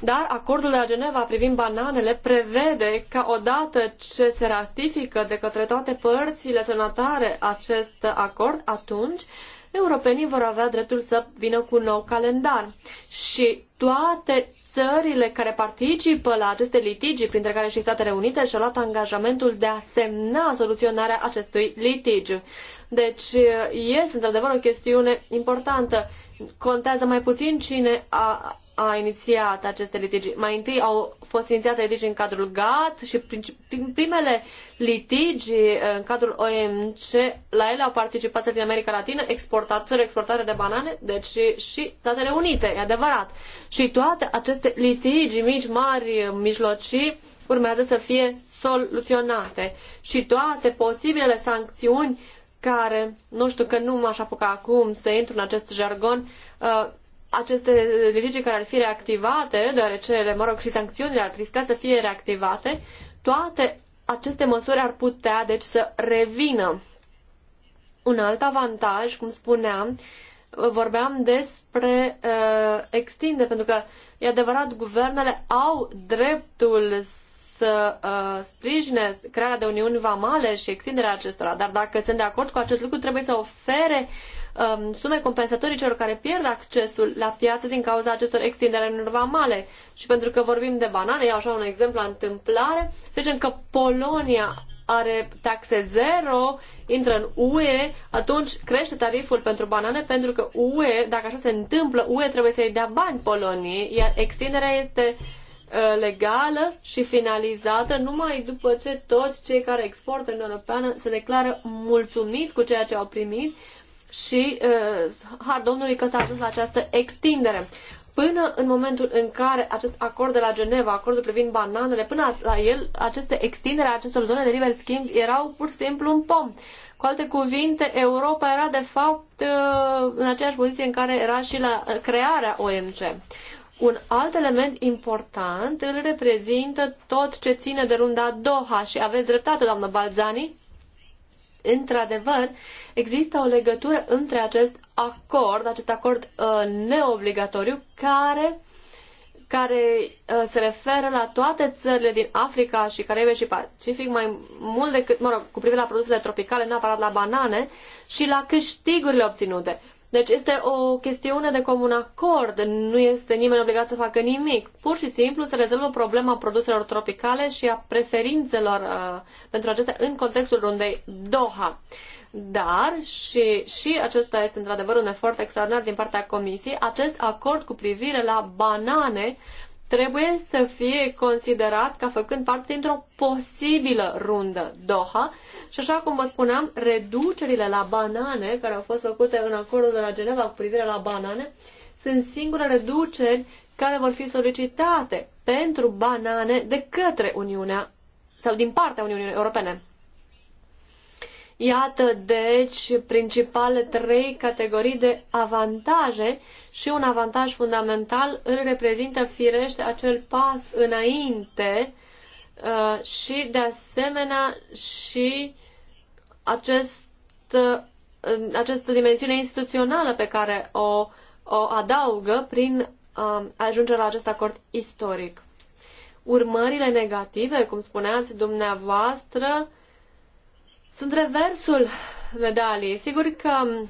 dar acordul de la Geneva privind bananele prevede că odată ce se ratifică de către toate părțile semnatare acest acord, atunci uh, europenii vor avea dreptul să vină cu un nou calendar. Și toate țările care participă la aceste litigi, printre care și Statele Unite, și-au luat angajamentul de a semna soluționarea acestui litigiu. Deci este într-adevăr o chestiune importantă. Contează mai puțin cine a a inițiat aceste litigi. Mai întâi au fost inițiate litigi în cadrul GATT și prin primele litigi uh, în cadrul OMC, la ele au participat țări din America Latină, exportatori, exportare de banane, deci și Statele Unite, e adevărat. Și toate aceste litigi mici, mari, mijlocii, urmează să fie soluționate. Și toate posibilele sancțiuni care, nu știu că nu m-aș apuca acum să intru în acest jargon, uh, aceste religii care ar fi reactivate, deoarece ele, mă rog, și sancțiunile ar risca să fie reactivate, toate aceste măsuri ar putea, deci, să revină. Un alt avantaj, cum spuneam, vorbeam despre uh, extinde, pentru că, e adevărat, guvernele au dreptul să uh, sprijine crearea de uniuni vamale și extinderea acestora, dar dacă sunt de acord cu acest lucru, trebuie să ofere um, sume compensatorii celor care pierd accesul la piață din cauza acestor extindere în vamale. Și pentru că vorbim de banane, iau așa un exemplu la întâmplare, să zicem că Polonia are taxe zero, intră în UE, atunci crește tariful pentru banane pentru că UE, dacă așa se întâmplă, UE trebuie să-i dea bani Poloniei, iar extinderea este uh, legală și finalizată numai după ce toți cei care exportă în Europeană se declară mulțumit cu ceea ce au primit și uh, har Domnului că s-a ajuns la această extindere. Până în momentul în care acest acord de la Geneva, acordul privind bananele, până la el, aceste extindere a acestor zone de liber schimb erau pur și simplu un pom. Cu alte cuvinte, Europa era de fapt uh, în aceeași poziție în care era și la crearea OMC. Un alt element important îl reprezintă tot ce ține de runda Doha și aveți dreptate, doamnă Balzani, într-adevăr, există o legătură între acest acord, acest acord uh, neobligatoriu, care care uh, se referă la toate țările din Africa și Caraibe și Pacific, mai mult decât, mă rog, cu privire la produsele tropicale, neapărat la banane, și la câștigurile obținute. Deci este o chestiune de comun acord, nu este nimeni obligat să facă nimic. Pur și simplu se rezolvă problema produselor tropicale și a preferințelor uh, pentru acestea în contextul rundei Doha. Dar, și, și acesta este într-adevăr un efort extraordinar din partea Comisiei, acest acord cu privire la banane trebuie să fie considerat ca făcând parte dintr-o posibilă rundă Doha și așa cum vă spuneam, reducerile la banane care au fost făcute în acordul de la Geneva cu privire la banane sunt singure reduceri care vor fi solicitate pentru banane de către Uniunea sau din partea Uniunii Europene. Iată, deci, principale trei categorii de avantaje și un avantaj fundamental îl reprezintă firește acel pas înainte uh, și, de asemenea, și acest, uh, această dimensiune instituțională pe care o, o adaugă prin uh, ajungerea la acest acord istoric. Urmările negative, cum spuneați dumneavoastră, uh, sunt reversul medaliei. Sigur că um,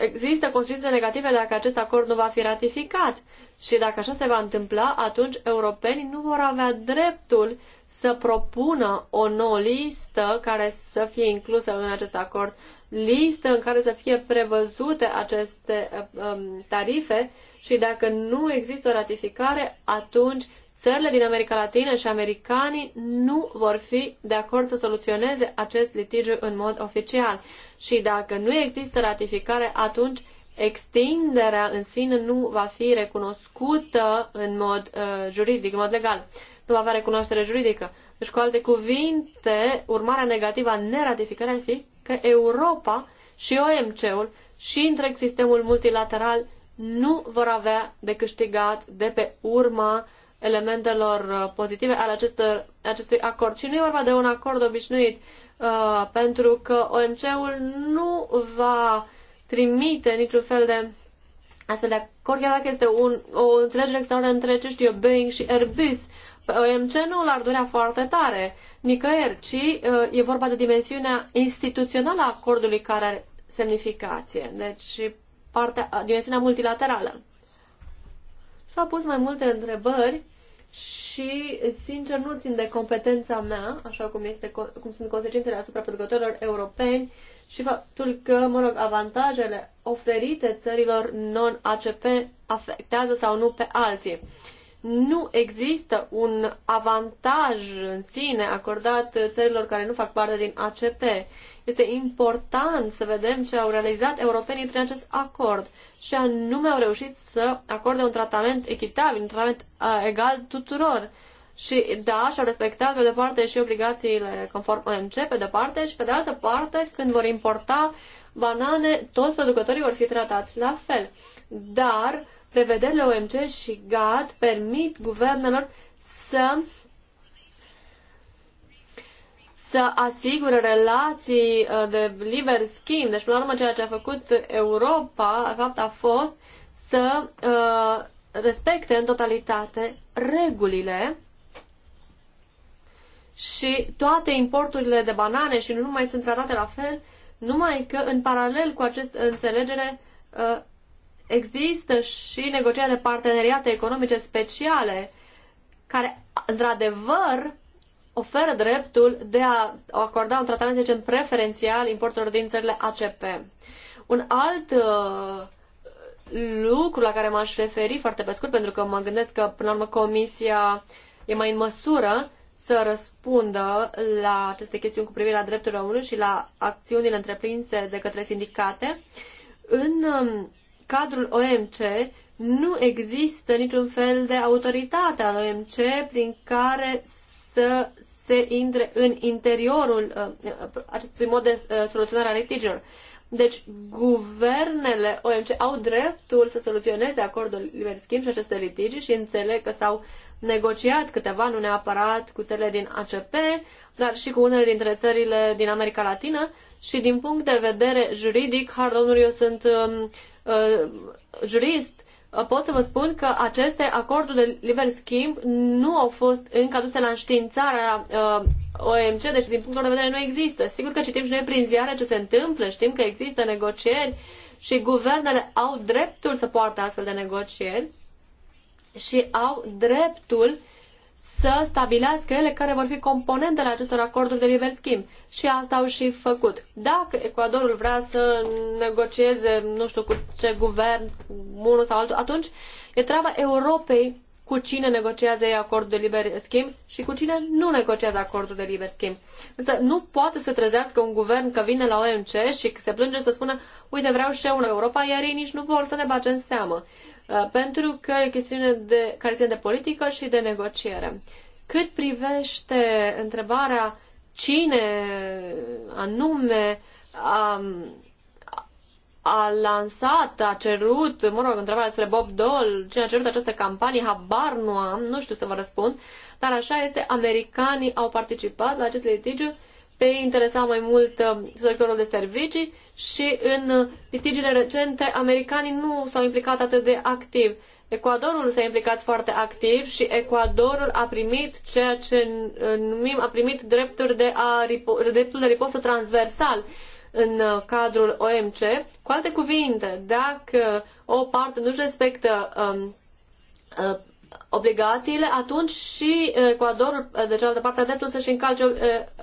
există consecințe negative dacă acest acord nu va fi ratificat. Și dacă așa se va întâmpla, atunci europenii nu vor avea dreptul să propună o nouă listă care să fie inclusă în acest acord, listă în care să fie prevăzute aceste um, tarife și dacă nu există ratificare, atunci țările din America Latină și americanii nu vor fi de acord să soluționeze acest litigiu în mod oficial. Și dacă nu există ratificare, atunci extinderea în sine nu va fi recunoscută în mod uh, juridic, în mod legal. Nu va avea recunoaștere juridică. Deci, cu alte cuvinte, urmarea negativă a neratificării ar fi că Europa și OMC-ul și întreg sistemul multilateral nu vor avea de câștigat de pe urma uh, elementelor uh, pozitive ale acestor, acestui acord. Și nu e vorba de un acord obișnuit, uh, pentru că OMC-ul nu va trimite niciun fel de astfel de acord, chiar dacă este un, o înțelegere extraordinară între, ce știu eu, Boeing și Airbus. Pe OMC nu l-ar durea foarte tare, nicăieri, ci uh, e vorba de dimensiunea instituțională a acordului care are semnificație, deci partea, dimensiunea multilaterală. S-au pus mai multe întrebări și, sincer, nu țin de competența mea, așa cum, este, cum sunt consecințele asupra producătorilor europeni și faptul că, mă rog, avantajele oferite țărilor non-ACP afectează sau nu pe alții nu există un avantaj în sine acordat țărilor care nu fac parte din ACP. Este important să vedem ce au realizat europenii prin acest acord și anume au reușit să acorde un tratament echitabil, un tratament uh, egal tuturor. Și da, și-au respectat pe de parte și obligațiile conform OMC, pe de parte și pe de altă parte, când vor importa banane, toți producătorii vor fi tratați la fel. Dar prevederile OMC și GATT permit guvernelor să să asigure relații uh, de liber schimb. Deci, până la urmă, ceea ce a făcut Europa, de fapt, a fost să uh, respecte în totalitate regulile și toate importurile de banane și nu numai sunt tratate la fel, numai că în paralel cu această înțelegere uh, există și negocieri de parteneriate economice speciale care, într-adevăr, oferă dreptul de a acorda un tratament, să zicem, preferențial importurilor din țările ACP. Un alt uh, lucru la care m-aș referi foarte pe scurt, pentru că mă gândesc că, până la urmă, Comisia e mai în măsură să răspundă la aceste chestiuni cu privire la drepturile omului și la acțiunile întreprinse de către sindicate. În um, cadrul OMC nu există niciun fel de autoritate al OMC prin care să se intre în interiorul uh, uh, acestui mod de uh, soluționare a litigiilor. Deci, guvernele OMC au dreptul să soluționeze acordul liber schimb și aceste litigi și înțeleg că s-au negociat câteva, nu neapărat cu țările din ACP, dar și cu unele dintre țările din America Latină și din punct de vedere juridic, har domnului, eu sunt uh, Uh, jurist, uh, pot să vă spun că aceste acorduri de liber schimb nu au fost încă aduse la înștiințarea uh, OMC, deci din punctul de vedere nu există. Sigur că citim și noi prin ziare ce se întâmplă, știm că există negocieri și guvernele au dreptul să poartă astfel de negocieri și au dreptul să stabilească ele care vor fi componentele acestor acorduri de liber schimb. Și asta au și făcut. Dacă Ecuadorul vrea să negocieze, nu știu cu ce guvern, unul sau altul, atunci e treaba Europei cu cine negociază ei acordul de liber schimb și cu cine nu negociază acordul de liber schimb. Însă nu poate să trezească un guvern că vine la OMC și că se plânge să spună uite vreau și eu în Europa, iar ei nici nu vor să ne bage în seamă. Uh, pentru că e chestiune de, care ține de politică și de negociere. Cât privește întrebarea cine anume a, a lansat, a cerut, mă rog, întrebarea despre Bob Dole, cine a cerut această campanie, habar nu am, nu știu să vă răspund, dar așa este, americanii au participat la acest litigiu pe ei interesa mai mult uh, sectorul de servicii și în uh, litigiile recente americanii nu s-au implicat atât de activ. Ecuadorul s-a implicat foarte activ și Ecuadorul a primit ceea ce uh, numim, a primit drepturi de a, dreptul de ripostă transversal în cadrul OMC. Cu alte cuvinte, dacă o parte nu-și respectă um, obligațiile, atunci și Ecuadorul, de cealaltă parte, a dreptul să-și încalce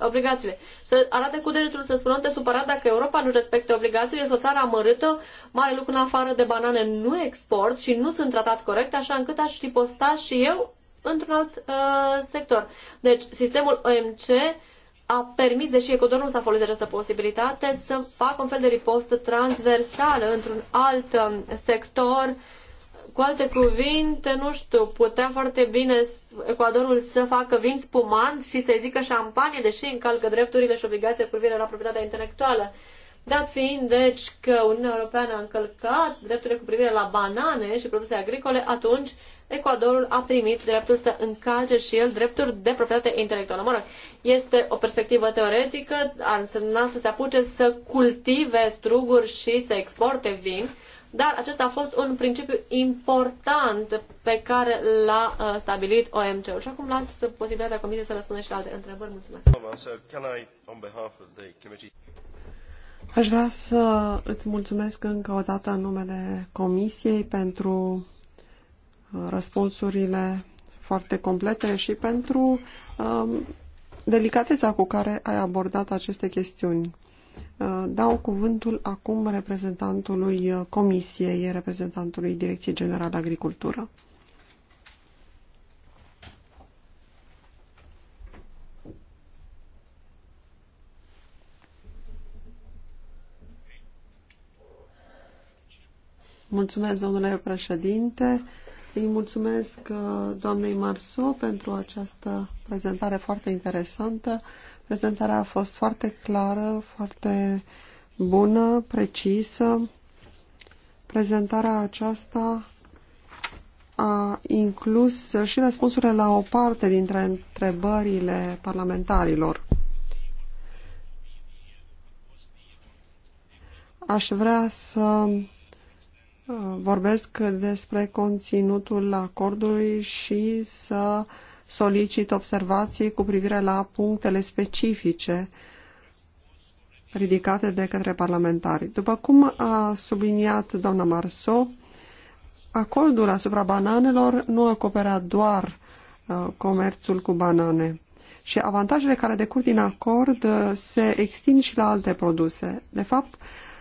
obligațiile. Să arate cu dreptul să spună, te supărat dacă Europa nu respecte obligațiile, este o țară amărâtă, mare lucru în afară de banane nu export și nu sunt tratat corect, așa încât aș riposta și eu într-un alt uh, sector. Deci, sistemul OMC a permis, deși Ecuador nu s-a folosit această posibilitate, să facă un fel de ripostă transversală într-un alt sector uh, cu alte cuvinte, nu știu, putea foarte bine Ecuadorul să facă vin spumant și să-i zică șampanie, deși încalcă drepturile și obligațiile cu privire la proprietatea intelectuală. Dat fiind, deci, că Uniunea Europeană a încălcat drepturile cu privire la banane și produse agricole, atunci Ecuadorul a primit dreptul să încalce și el drepturi de proprietate intelectuală. Mă rog, este o perspectivă teoretică, ar însemna să se apuce să cultive struguri și să exporte vin, dar acesta a fost un principiu important pe care l-a uh, stabilit OMC-ul. Și acum las posibilitatea Comisiei să răspundă și la alte întrebări. Mulțumesc! Aș vrea să îți mulțumesc încă o dată în numele Comisiei pentru uh, răspunsurile foarte complete și pentru um, delicatețea cu care ai abordat aceste chestiuni. Uh, dau cuvântul acum reprezentantului uh, Comisiei, reprezentantului Direcției Generale Agricultură. Mulțumesc, domnule președinte. Îi mulțumesc uh, doamnei Marso pentru această prezentare foarte interesantă. Prezentarea a fost foarte clară, foarte bună, precisă. Prezentarea aceasta a inclus și răspunsurile la o parte dintre întrebările parlamentarilor. Aș vrea să vorbesc despre conținutul acordului și să solicit observații cu privire la punctele specifice ridicate de către parlamentari. După cum a subliniat doamna Marso, acordul asupra bananelor nu acoperea doar uh, comerțul cu banane și avantajele care decurg din acord uh, se extind și la alte produse. De fapt,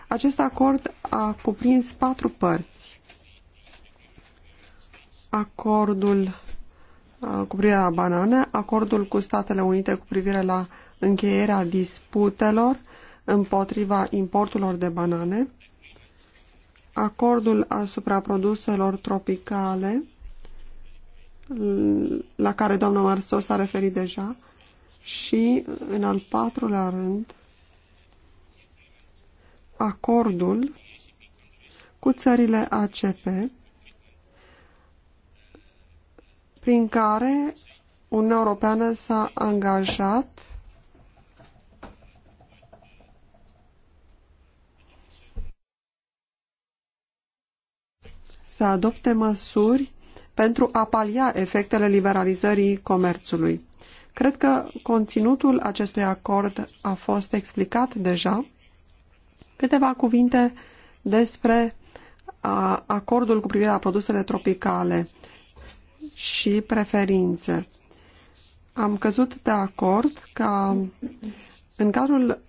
acest acord a cuprins patru părți. Acordul uh, cu privire la banane, acordul cu Statele Unite cu privire la încheierea disputelor împotriva importurilor de banane, acordul asupra produselor tropicale, la care doamna Marsos s-a referit deja, și, în al patrulea rând, acordul cu țările ACP prin care Uniunea Europeană s-a angajat să adopte măsuri pentru a palia efectele liberalizării comerțului. Cred că conținutul acestui acord a fost explicat deja. Câteva cuvinte despre acordul cu privire la produsele tropicale și preferințe. Am căzut de acord ca în cadrul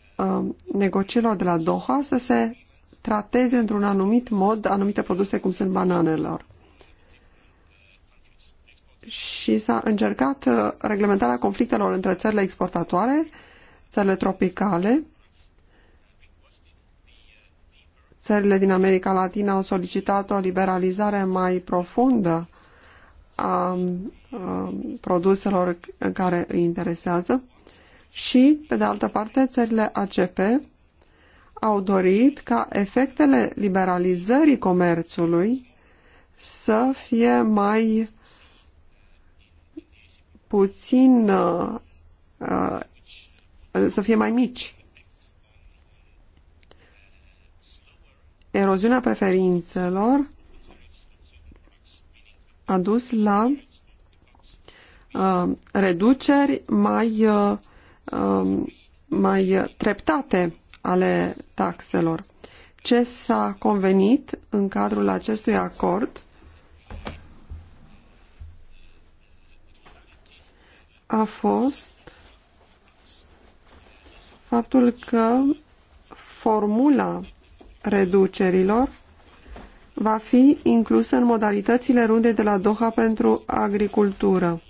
negocierilor de la Doha să se trateze într-un anumit mod anumite produse cum sunt bananelor. Și s-a încercat reglementarea conflictelor între țările exportatoare, țările tropicale Țările din America Latina au solicitat o liberalizare mai profundă a um, produselor care îi interesează și, pe de altă parte, țările ACP au dorit ca efectele liberalizării comerțului să fie mai uh, puțin uh, uh, să fie mai mici. eroziunea preferințelor a dus la uh, reduceri mai, uh, um, mai treptate ale taxelor. Ce s-a convenit în cadrul acestui acord a fost faptul că formula reducerilor va fi inclusă în modalitățile runde de la Doha pentru agricultură.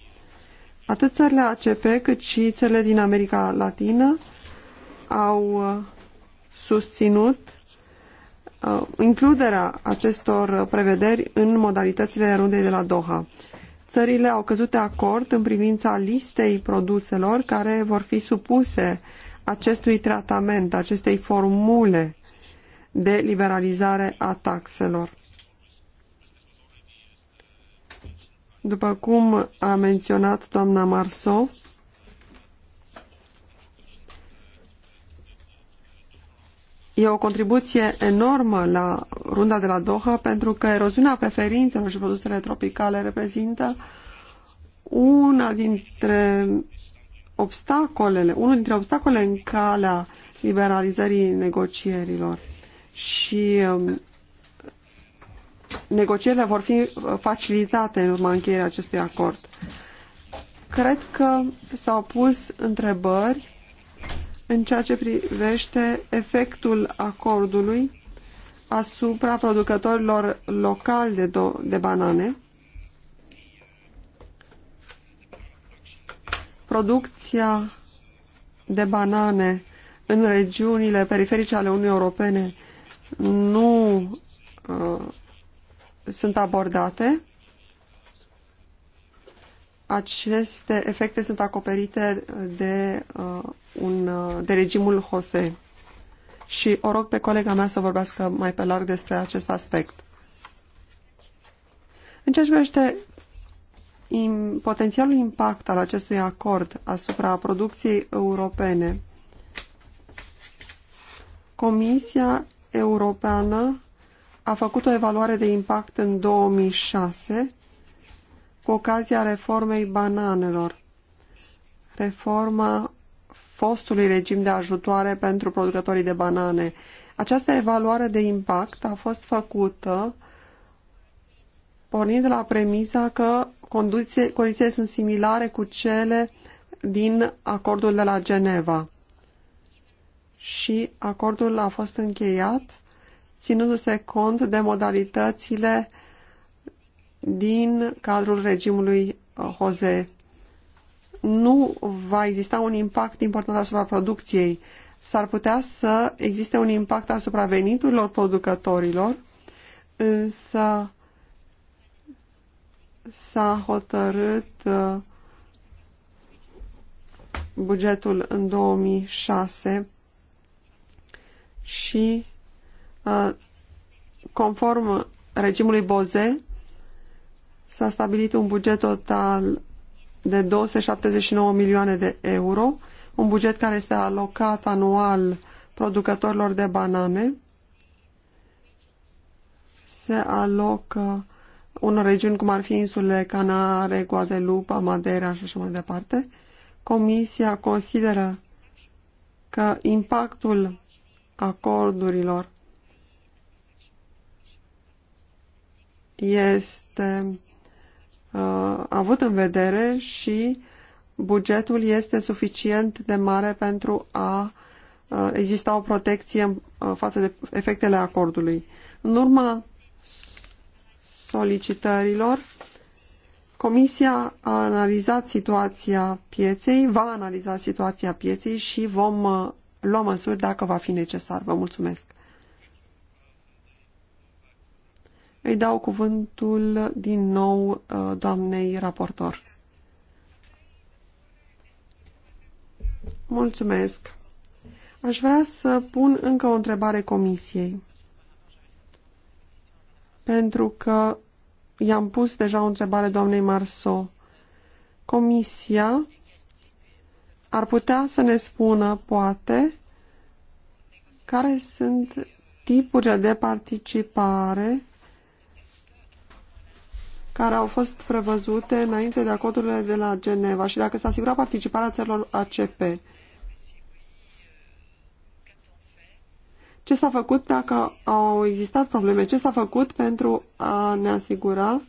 Atât țările ACP cât și țările din America Latină au uh, susținut uh, includerea acestor prevederi în modalitățile rundei de la Doha. Țările au căzut de acord în privința listei produselor care vor fi supuse acestui tratament, acestei formule de liberalizare a taxelor. După cum a menționat doamna Marso, e o contribuție enormă la runda de la Doha pentru că eroziunea preferințelor și produsele tropicale reprezintă una dintre obstacolele, unul dintre obstacole în calea liberalizării negocierilor și um, negocierile vor fi uh, facilitate în urma încheierii acestui acord. Cred că s-au pus întrebări în ceea ce privește efectul acordului asupra producătorilor locali de, de banane. Producția de banane în regiunile periferice ale Uniunii Europene nu uh, sunt abordate, aceste efecte sunt acoperite de, uh, un, uh, de regimul Jose. Și o rog pe colega mea să vorbească mai pe larg despre acest aspect. În ceea ce privește potențialul impact al acestui acord asupra producției europene, Comisia Europeană a făcut o evaluare de impact în 2006 cu ocazia reformei bananelor. Reforma fostului regim de ajutoare pentru producătorii de banane. Această evaluare de impact a fost făcută pornind de la premisa că condiții, condițiile sunt similare cu cele din acordul de la Geneva și acordul a fost încheiat ținându-se cont de modalitățile din cadrul regimului uh, Jose. Nu va exista un impact important asupra producției. S-ar putea să existe un impact asupra veniturilor producătorilor, însă s-a hotărât uh, bugetul în 2006 și conform regimului Boze s-a stabilit un buget total de 279 milioane de euro, un buget care este alocat anual producătorilor de banane. Se alocă unor regiuni cum ar fi insulele Canare, Guadeloupe, Madeira și așa mai departe. Comisia consideră că impactul acordurilor este uh, avut în vedere și bugetul este suficient de mare pentru a uh, exista o protecție uh, față de efectele acordului. În urma solicitărilor, Comisia a analizat situația pieței, va analiza situația pieței și vom uh, lua măsuri dacă va fi necesar. Vă mulțumesc. Îi dau cuvântul din nou uh, doamnei raportor. Mulțumesc. Aș vrea să pun încă o întrebare comisiei. Pentru că i-am pus deja o întrebare doamnei Marso. Comisia ar putea să ne spună, poate, care sunt tipurile de participare care au fost prevăzute înainte de acordurile de la Geneva și dacă s-a asigurat participarea țărilor ACP. Ce s-a făcut dacă au existat probleme? Ce s-a făcut pentru a ne asigura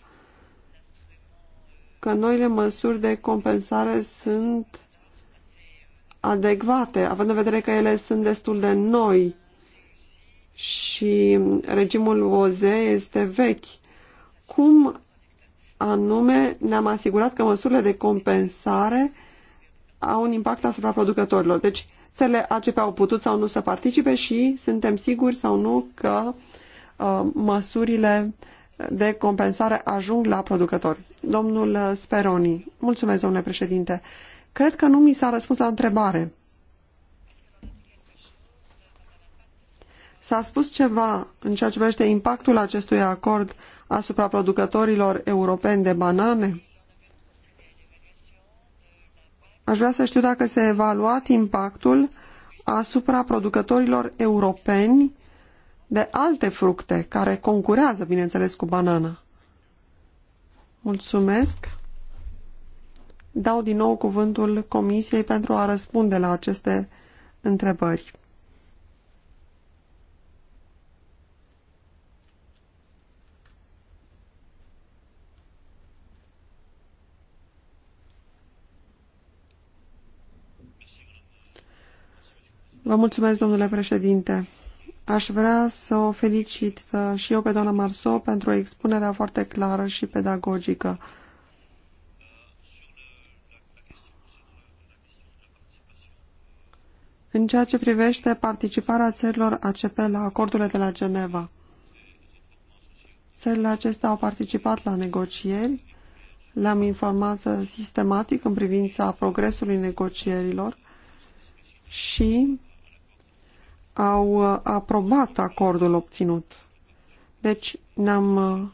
că noile măsuri de compensare sunt adecvate, având în vedere că ele sunt destul de noi și regimul OZE este vechi. Cum anume ne-am asigurat că măsurile de compensare au un impact asupra producătorilor? Deci, țările ACP au putut sau nu să participe și suntem siguri sau nu că uh, măsurile de compensare ajung la producători. Domnul Speroni. Mulțumesc, domnule președinte. Uh, Cred că nu mi s-a răspuns la întrebare. S-a spus ceva în ceea ce privește impactul acestui acord asupra producătorilor europeni de banane? Aș vrea să știu dacă s-a evaluat impactul asupra producătorilor europeni de alte fructe care concurează, bineînțeles, cu banana. Mulțumesc dau din nou cuvântul Comisiei pentru a răspunde la aceste întrebări. Vă mulțumesc, domnule președinte. Aș vrea să o felicit uh, și eu pe doamna Marso pentru expunerea foarte clară și pedagogică. în ceea ce privește participarea țărilor ACP la acordurile de la Geneva. Țările acestea au participat la negocieri, le-am informat uh, sistematic în privința progresului negocierilor și au uh, aprobat acordul obținut. Deci ne-am uh,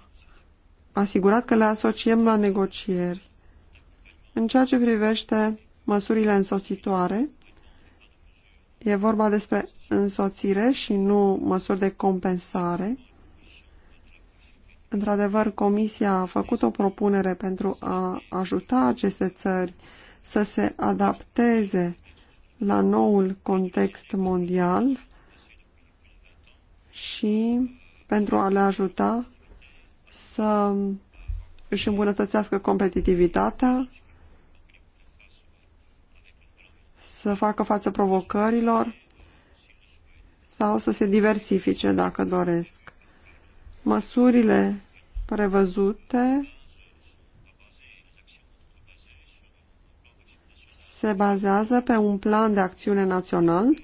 asigurat că le asociem la negocieri. În ceea ce privește măsurile însoțitoare, E vorba despre însoțire și nu măsuri de compensare. Într-adevăr, Comisia a făcut o propunere pentru a ajuta aceste țări să se adapteze la noul context mondial și pentru a le ajuta să își îmbunătățească competitivitatea, să facă față provocărilor sau să se diversifice dacă doresc. Măsurile prevăzute se bazează pe un plan de acțiune național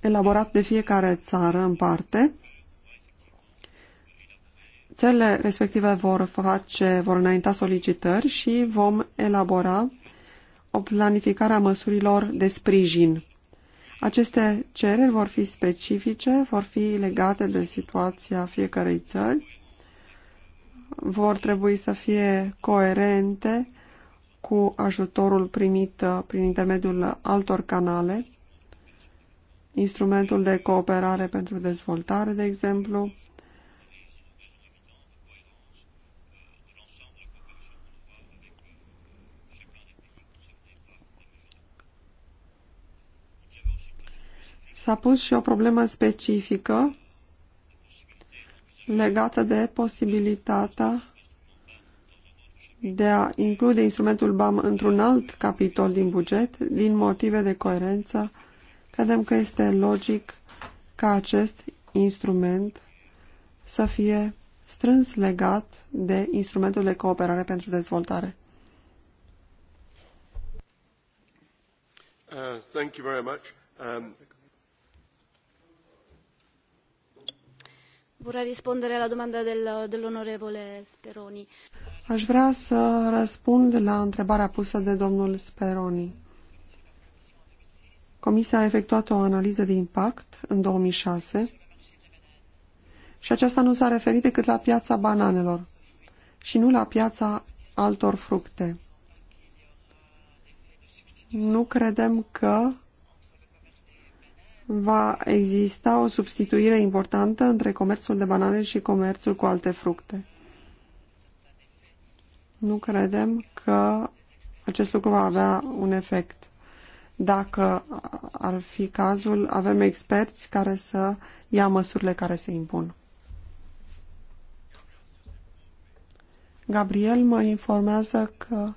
elaborat de fiecare țară în parte cele respective vor face, vor înainta solicitări și vom elabora o planificare a măsurilor de sprijin. Aceste cereri vor fi specifice, vor fi legate de situația fiecărei țări, vor trebui să fie coerente cu ajutorul primit prin intermediul altor canale, instrumentul de cooperare pentru dezvoltare, de exemplu, S-a pus și o problemă specifică legată de posibilitatea de a include instrumentul BAM într-un alt capitol din buget, din motive de coerență, credem că este logic ca acest instrument să fie strâns legat de instrumentul de cooperare pentru dezvoltare. Uh, thank you very much. Um... Vorrei rispondere alla domanda del, dell'onorevole Speroni. Aș vrea să răspund la întrebarea pusă de domnul Speroni. Comisia a efectuat o analiză de impact în 2006 și aceasta nu s-a referit decât la piața bananelor și nu la piața altor fructe. Nu credem că va exista o substituire importantă între comerțul de banane și comerțul cu alte fructe. Nu credem că acest lucru va avea un efect. Dacă ar fi cazul, avem experți care să ia măsurile care se impun. Gabriel mă informează că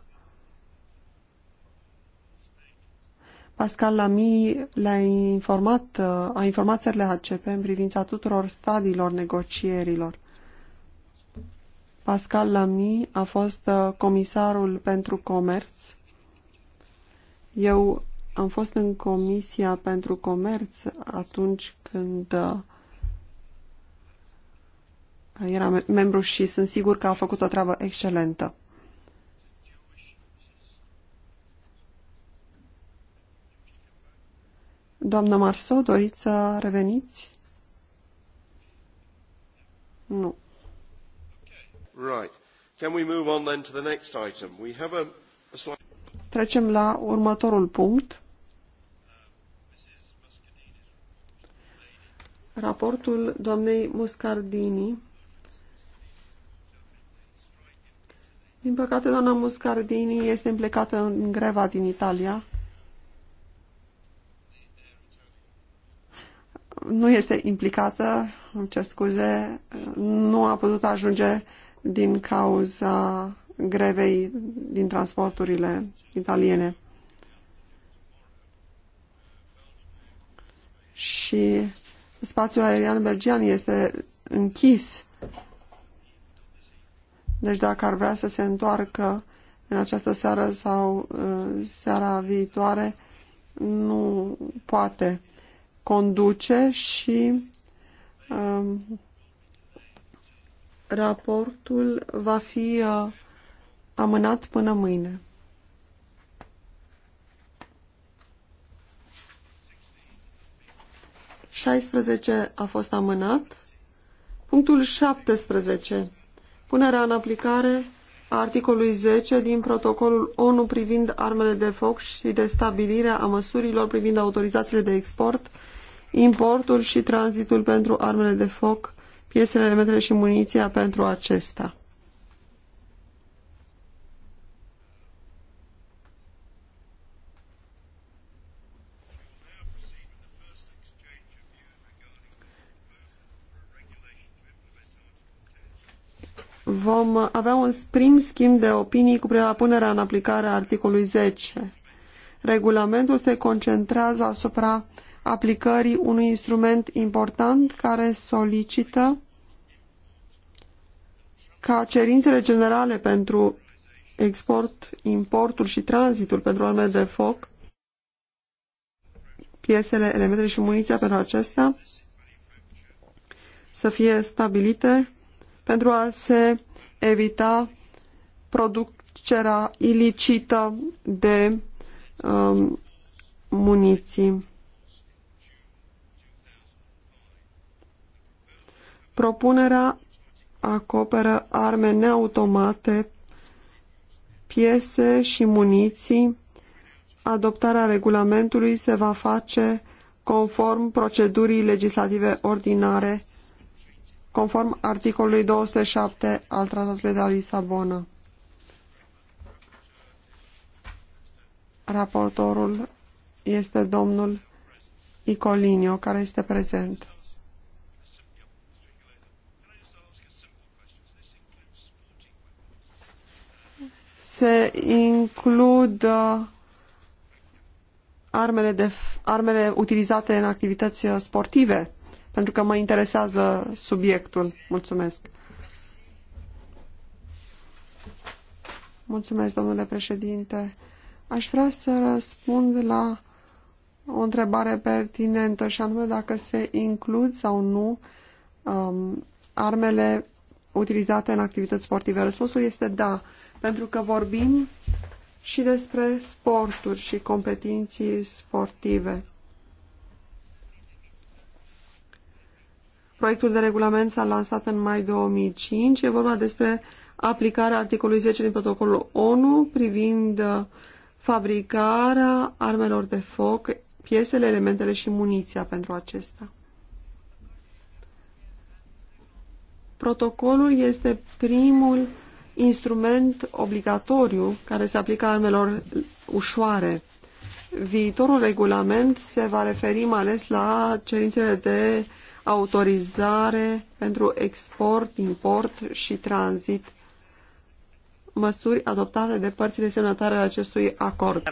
Pascal Lamy le-a informat, uh, a informat țările ACP în privința tuturor stadiilor negocierilor. Pascal Lamy a fost uh, comisarul pentru comerț. Eu am fost în Comisia pentru Comerț atunci când uh, era membru și sunt sigur că a făcut o treabă excelentă. Doamna Marso, doriți să reveniți? Nu. Right. Can we move on then to the next item? We have a, a slide... Trecem la următorul punct. Raportul doamnei Muscardini. Din păcate, doamna Muscardini este implicată în greva din Italia nu este implicată, îmi cer scuze, nu a putut ajunge din cauza grevei din transporturile italiene. Și spațiul aerian belgian este închis. Deci dacă ar vrea să se întoarcă în această seară sau uh, seara viitoare, nu poate conduce și um, raportul va fi uh, amânat până mâine. Șaisprezece a fost amânat. Punctul 17. Punerea în aplicare a articolului 10 din protocolul ONU privind armele de foc și de stabilire a măsurilor privind autorizațiile de export, importul și tranzitul pentru armele de foc, piesele, elementele și muniția pentru acesta. vom avea un prim schimb de opinii cu privire la punerea în aplicare a articolului 10. Regulamentul se concentrează asupra aplicării unui instrument important care solicită ca cerințele generale pentru export, importul și tranzitul pentru arme de foc, piesele, elementele și muniția pentru acestea, să fie stabilite pentru a se evita producerea ilicită de um, muniții. Propunerea acoperă arme neautomate, piese și muniții. Adoptarea regulamentului se va face conform procedurii legislative ordinare conform articolului 207 al Tratatului de la Lisabona. Raportorul este domnul Icolinio, care este prezent. Se includ uh, armele, de, armele utilizate în activități uh, sportive pentru că mă interesează subiectul. Mulțumesc. Mulțumesc, domnule președinte. Aș vrea să răspund la o întrebare pertinentă și anume dacă se includ sau nu um, armele utilizate în activități sportive. Răspunsul este da, pentru că vorbim și despre sporturi și competiții sportive. Proiectul de regulament s-a lansat în mai 2005. E vorba despre aplicarea articolului 10 din protocolul ONU privind uh, fabricarea armelor de foc, piesele, elementele și muniția pentru acesta. Protocolul este primul instrument obligatoriu care se aplică armelor ușoare. Viitorul regulament se va referi mai ales la cerințele de uh, autorizare pentru export, import și tranzit măsuri adoptate de părțile semnatare ale acestui acord.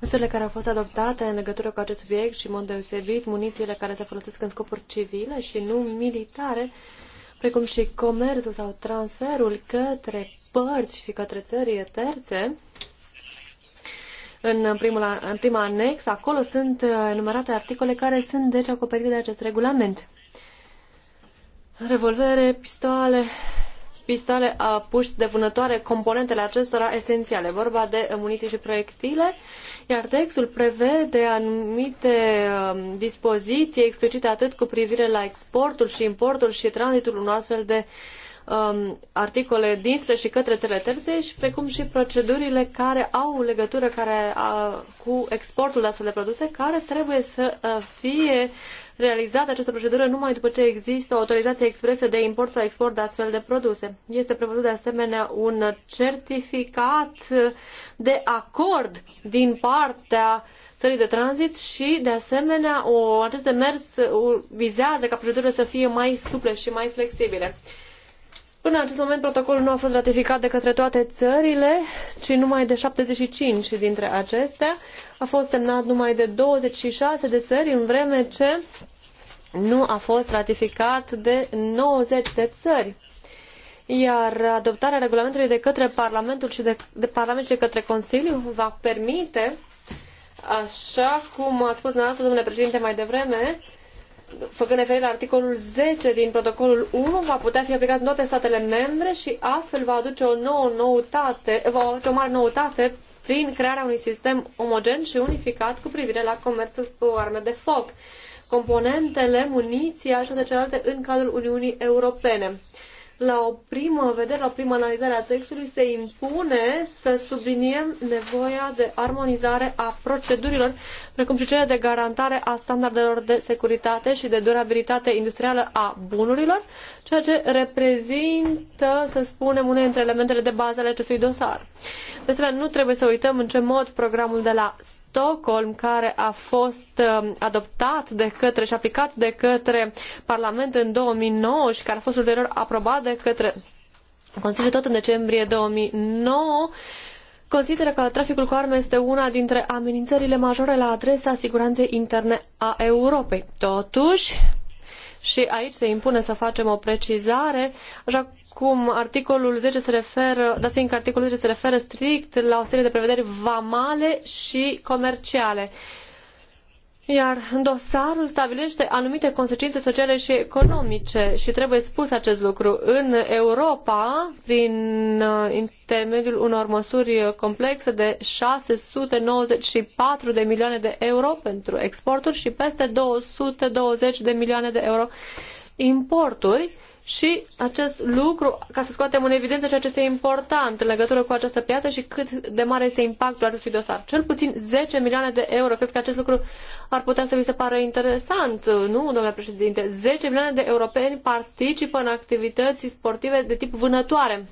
Măsurile care au fost adoptate în legătură cu acest subiect și, în mod deosebit, munițiile care se folosesc în scopuri civile și nu militare, precum și comerțul sau transferul către părți și către țările terțe, în, primul, în prima anex, acolo sunt uh, enumerate articole care sunt deci acoperite de acest regulament. Revolvere, pistoale, pistoale a puști de vânătoare, componentele acestora esențiale. Vorba de muniții și proiectile, iar textul prevede anumite um, dispoziții explicite atât cu privire la exportul și importul și tranzitul unor astfel de uh, um, articole dinspre și către țările terțe și precum și procedurile care au legătură care, a, cu exportul de astfel de produse care trebuie să uh, fie realizată această procedură numai după ce există o autorizație expresă de import sau export de astfel de produse. Este prevăzut de asemenea un certificat de acord din partea țării de tranzit și, de asemenea, o, acest demers vizează ca procedurile să fie mai suple și mai flexibile. Până în acest moment, protocolul nu a fost ratificat de către toate țările, ci numai de 75 dintre acestea. A fost semnat numai de 26 de țări, în vreme ce nu a fost ratificat de 90 de țări. Iar adoptarea regulamentului de către Parlamentul și de, de Parlament și de către Consiliu va permite, așa cum a spus dumneavoastră, domnule președinte, mai devreme, făcând referire la articolul 10 din protocolul 1, va putea fi aplicat în toate statele membre și astfel va aduce o nouă noutate, va aduce o mare noutate prin crearea unui sistem omogen și unificat cu privire la comerțul cu arme de foc, componentele, muniția și de celelalte în cadrul Uniunii Europene. La o primă vedere, la o primă analizare a textului, se impune să subliniem nevoia de armonizare a procedurilor precum și cele de garantare a standardelor de securitate și de durabilitate industrială a bunurilor, ceea ce reprezintă, să spunem, unele dintre elementele de bază ale acestui dosar. De asemenea, nu trebuie să uităm în ce mod programul de la Stockholm, care a fost um, adoptat de către și aplicat de către Parlament în 2009 și care a fost ulterior aprobat de către Consiliul tot în decembrie 2009, consideră că traficul cu arme este una dintre amenințările majore la adresa siguranței interne a Europei. Totuși, și aici se impune să facem o precizare, așa cum articolul 10 se referă, dat fiindcă articolul 10 se referă strict la o serie de prevederi vamale și comerciale. Iar dosarul stabilește anumite consecințe sociale și economice și trebuie spus acest lucru. În Europa, prin uh, intermediul unor măsuri complexe de 694 de milioane de euro pentru exporturi și peste 220 de milioane de euro importuri, și acest lucru, ca să scoatem în evidență ceea ce este important în legătură cu această piață și cât de mare este impactul acestui dosar. Cel puțin 10 milioane de euro. Cred că acest lucru ar putea să vi se pară interesant, nu, domnule președinte? 10 milioane de europeni participă în activități sportive de tip vânătoare.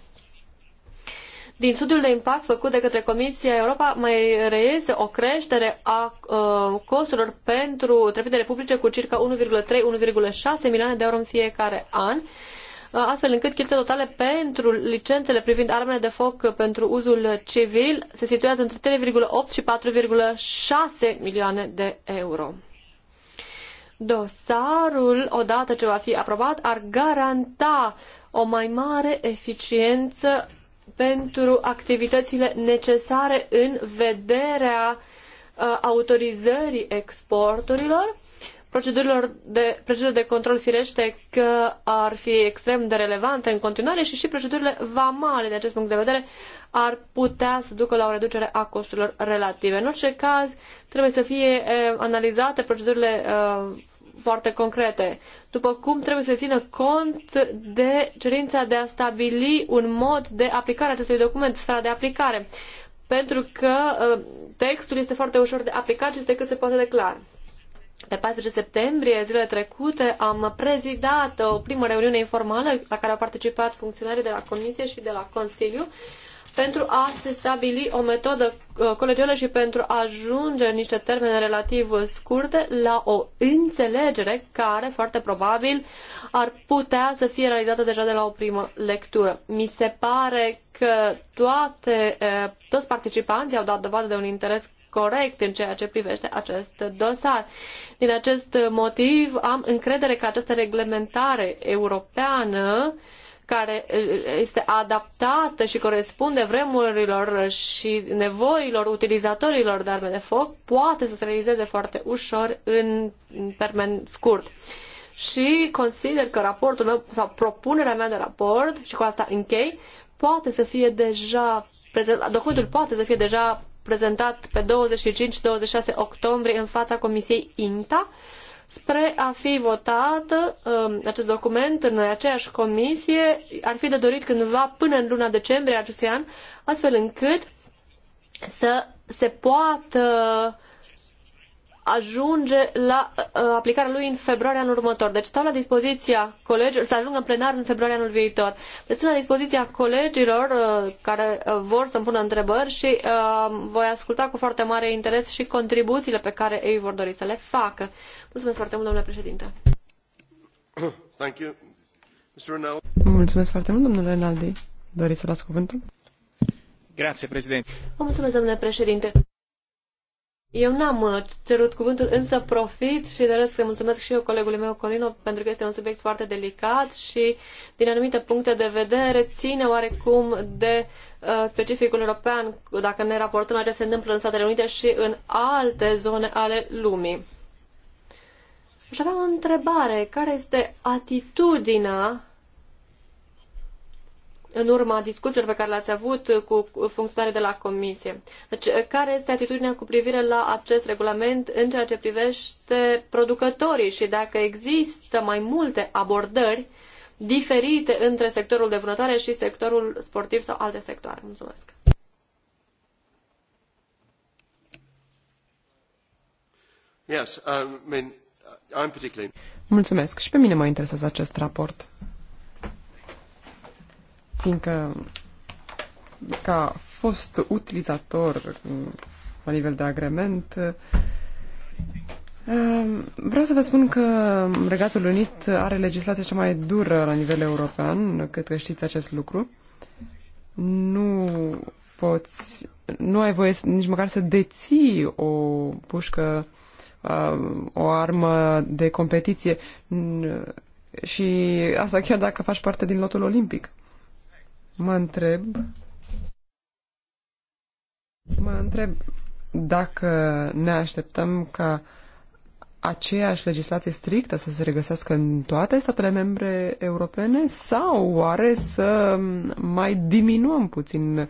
Din studiul de impact făcut de către Comisia Europa mai reiese o creștere a uh, costurilor pentru întreprinderile publice cu circa 1,3-1,6 milioane de euro în fiecare an uh, astfel încât cheltuielile totale pentru licențele privind armele de foc pentru uzul civil se situează între 3,8 și 4,6 milioane de euro. Dosarul, odată ce va fi aprobat, ar garanta o mai mare eficiență pentru activitățile necesare în vederea uh, autorizării exporturilor, procedurilor de, procedurile de control firește că ar fi extrem de relevante în continuare și și procedurile vamale, de acest punct de vedere, ar putea să ducă la o reducere a costurilor relative. În orice caz, trebuie să fie uh, analizate procedurile uh, foarte concrete. După cum trebuie să țină cont de cerința de a stabili un mod de aplicare a acestui document, sfera de aplicare, pentru că uh, textul este foarte ușor de aplicat și este cât se poate de clar. Pe 14 septembrie, zilele trecute, am prezidat o primă reuniune informală la care au participat funcționarii de la Comisie și de la Consiliu pentru a se stabili o metodă uh, colegială și pentru a ajunge în niște termene relativ scurte la o înțelegere care foarte probabil ar putea să fie realizată deja de la o primă lectură. Mi se pare că toate, uh, toți participanții au dat dovadă de un interes corect în ceea ce privește acest dosar. Din acest motiv am încredere că această reglementare europeană uh, care uh, este adaptată și corespunde vremurilor și nevoilor utilizatorilor de arme de foc, poate să se realizeze foarte ușor în termen scurt și consider că raportul meu sau propunerea mea de raport și cu asta închei, poate să fie deja prezent, documentul poate să fie deja prezentat pe 25-26 octombrie în fața Comisiei INTA spre a fi votat um, acest document în aceeași comisie. Ar fi de dorit cândva până în luna decembrie acestui an, astfel încât să se poată ajunge la uh, uh, aplicarea lui în februarie anul următor. Deci stau la dispoziția colegilor, să ajungă în plenar în februarie anul viitor. Deci sunt la dispoziția colegilor uh, care vor să-mi pună întrebări și voi asculta cu foarte mare interes și contribuțiile pe care ei vor dori să le facă. Mulțumesc foarte mult, domnule președinte. Thank you. Mr. Mulțumesc foarte mult, domnule Rinaldi. Doriți să luați cuvântul? Grazie, președinte. Vă mulțumesc, domnule președinte. Eu n-am uh, cerut cuvântul, însă profit și doresc să mulțumesc și eu colegului meu, Colino, pentru că este un subiect foarte delicat și, din anumite puncte de vedere, ține oarecum de uh, specificul european, dacă ne raportăm la ce se întâmplă în Statele Unite și în alte zone ale lumii. Și aveam o întrebare. Care este atitudinea în urma discuțiilor pe care le-ați avut cu funcționarii de la Comisie. Deci, care este atitudinea cu privire la acest regulament în ceea ce privește producătorii și dacă există mai multe abordări diferite între sectorul de vânătoare și sectorul sportiv sau alte sectoare? Mulțumesc! Yes, um, I mean, I'm particularly... Mulțumesc! Și pe mine mă interesează acest raport fiindcă ca fost utilizator la nivel de agrement, ehm, vreau să vă spun că Regatul Unit are legislația cea mai dură la nivel european, cât că știți acest lucru. Nu poți, nu ai voie nici măcar să deții o pușcă, ehm, o armă de competiție și asta chiar dacă faci parte din lotul olimpic. Mă întreb... Mă întreb dacă ne așteptăm ca aceeași legislație strictă să se regăsească în toate statele membre europene sau oare să mai diminuăm puțin uh,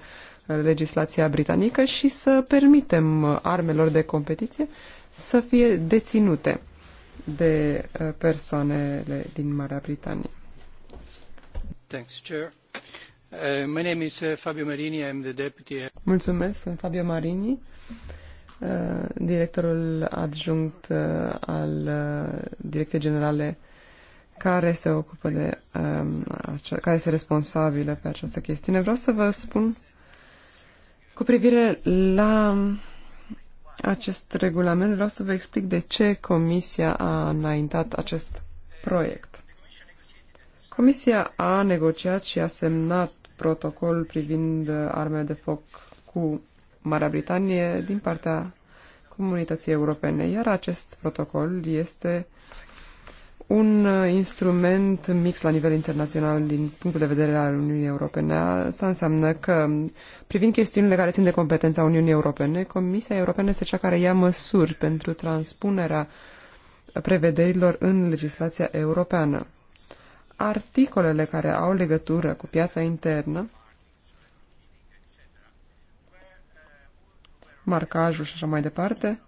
legislația britanică și să permitem armelor de competiție să fie deținute de uh, persoanele din Marea Britanie. Thanks, Chair. Uh, uh, Fabio Marini. Uh, sunt Fabio Marini, directorul adjunct al Direcției Generale care se ocupă de, um, care este responsabilă pe această chestiune. Vreau să vă spun cu privire la acest regulament, vreau să vă explic de ce Comisia a înaintat acest proiect. Comisia a negociat și a semnat protocol privind uh, arme de foc cu Marea Britanie din partea comunității europene, iar acest protocol este un uh, instrument mix la nivel internațional din punctul de vedere al Uniunii Europene. Asta înseamnă că, privind chestiunile care țin de competența Uniunii Europene, Comisia Europeană este cea care ia măsuri pentru transpunerea prevederilor în legislația europeană articolele care au legătură cu piața internă, marcajul și așa mai departe,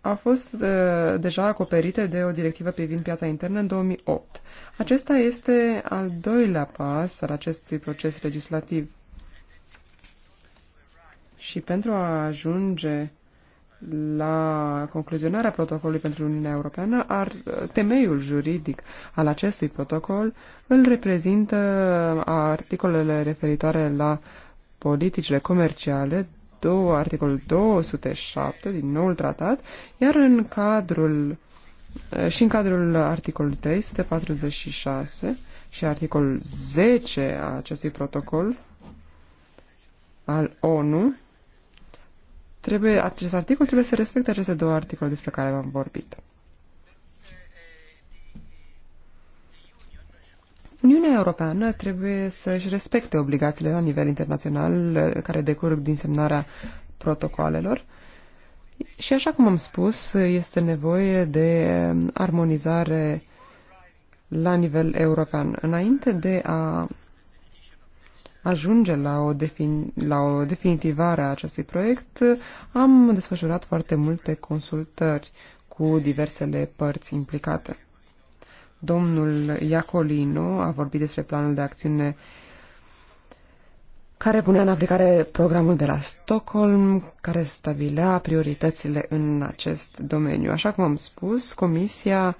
a fost uh, deja acoperite de o directivă privind piața internă în 2008. Acesta este al doilea pas al acestui proces legislativ. Și pentru a ajunge la concluzionarea protocolului pentru Uniunea Europeană, ar, temeiul juridic al acestui protocol îl reprezintă articolele referitoare la politicile comerciale, două, articolul 207 din noul tratat, iar în cadrul și în cadrul articolului 346 și articolul 10 a acestui protocol al ONU, Trebuie, acest articol trebuie să respecte aceste două articole despre care am vorbit. Uniunea Europeană trebuie să-și respecte obligațiile la nivel internațional eh, care decurg din semnarea protocoalelor și așa cum am spus, este nevoie de armonizare la nivel european. Înainte de a ajunge la o, defin, la o definitivare a acestui proiect, am desfășurat foarte multe consultări cu diversele părți implicate. Domnul Iacolino a vorbit despre planul de acțiune care punea în aplicare programul de la Stockholm, care stabilea prioritățile în acest domeniu. Așa cum am spus, Comisia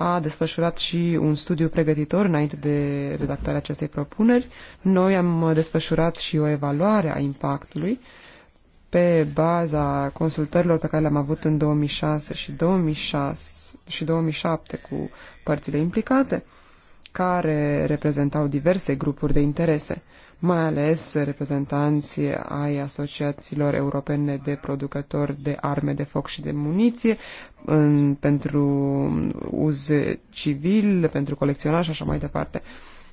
a desfășurat și un studiu pregătitor înainte de redactarea acestei propuneri. Noi am desfășurat și o evaluare a impactului pe baza consultărilor pe care le-am avut în 2006 și 2006 și 2007 cu părțile implicate, care reprezentau diverse grupuri de interese mai ales reprezentanții ai asociațiilor europene de producători de arme de foc și de muniție în, pentru uz civil, pentru colecționar și așa mai departe.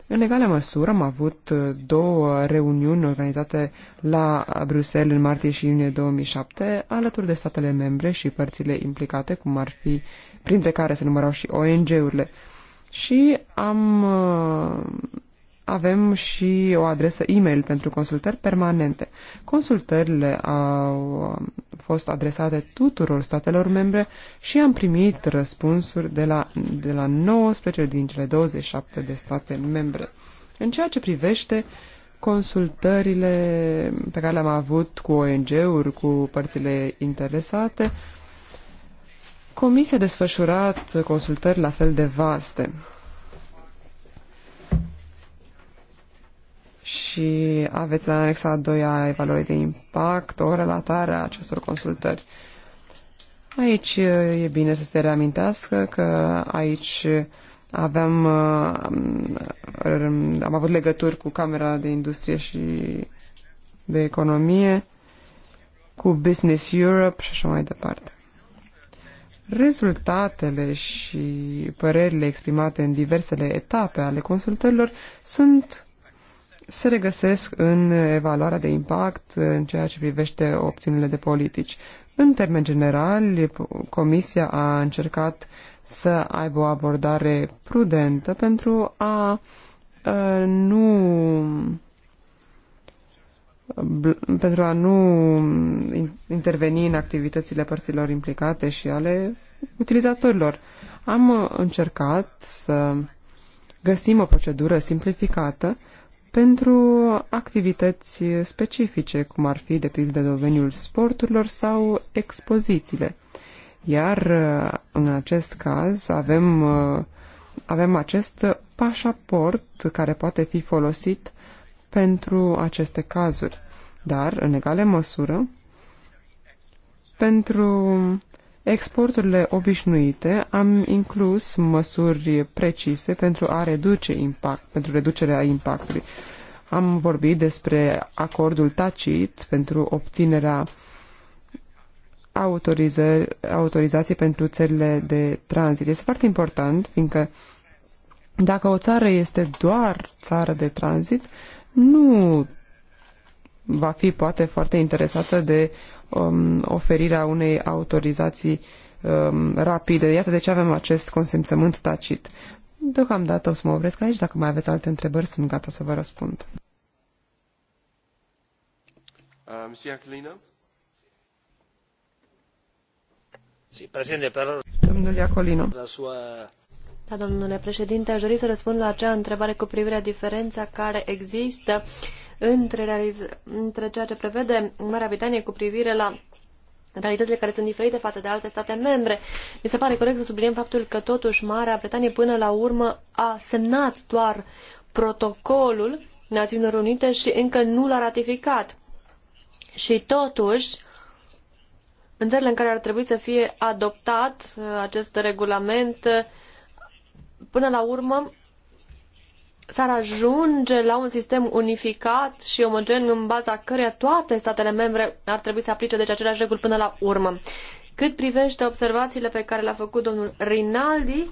În egală măsură am avut două reuniuni organizate la Bruxelles în martie și iunie 2007, alături de statele membre și părțile implicate, cum ar fi, printre care se numărau și ONG-urile. Și am avem și o adresă e-mail pentru consultări permanente. Consultările au um, fost adresate tuturor statelor membre și am primit răspunsuri de la, de la 19 din cele 27 de state membre. În ceea ce privește consultările pe care le-am avut cu ONG-uri, cu părțile interesate, Comisia a desfășurat consultări la fel de vaste. și aveți la anexa a doua evaluare de impact o relatare a acestor consultări. Aici uh, e bine să se reamintească că aici uh, aveam, uh, um, am avut legături cu Camera de Industrie și de Economie, cu Business Europe și așa mai departe. Rezultatele și părerile exprimate în diversele etape ale consultărilor sunt se regăsesc în evaluarea de impact în ceea ce privește opțiunile de politici. În termen general, Comisia a încercat să aibă o abordare prudentă pentru a nu pentru a nu interveni în activitățile părților implicate și ale utilizatorilor. Am încercat să găsim o procedură simplificată pentru activități specifice, cum ar fi, de pildă, domeniul sporturilor sau expozițiile. Iar uh, în acest caz avem, uh, avem acest pașaport care poate fi folosit pentru aceste cazuri, dar în egală măsură pentru exporturile obișnuite, am inclus măsuri precise pentru a reduce impact, pentru reducerea impactului. Am vorbit despre acordul tacit pentru obținerea autorizației pentru țările de tranzit. Este foarte important, fiindcă dacă o țară este doar țară de tranzit, nu va fi poate foarte interesată de um, oferirea unei autorizații um, rapide. Iată de ce avem acest consimțământ tacit. Deocamdată o să mă opresc aici. Dacă mai aveți alte întrebări, sunt gata să vă răspund. Uh, Domnul Iacolino. Da, domnule președinte, aș dori să răspund la acea întrebare cu privire la diferența care există între, între ceea ce prevede Marea Britanie cu privire la realitățile care sunt diferite față de alte state membre. Mi se pare corect să subliniem faptul că totuși Marea Britanie până la urmă a semnat doar protocolul Națiunilor Unite și încă nu l-a ratificat. Și totuși, în țările în care ar trebui să fie adoptat uh, acest regulament, uh, până la urmă, s-ar ajunge la un sistem unificat și omogen în baza căreia toate statele membre ar trebui să aplice deci aceleași reguli până la urmă. Cât privește observațiile pe care le-a făcut domnul Rinaldi,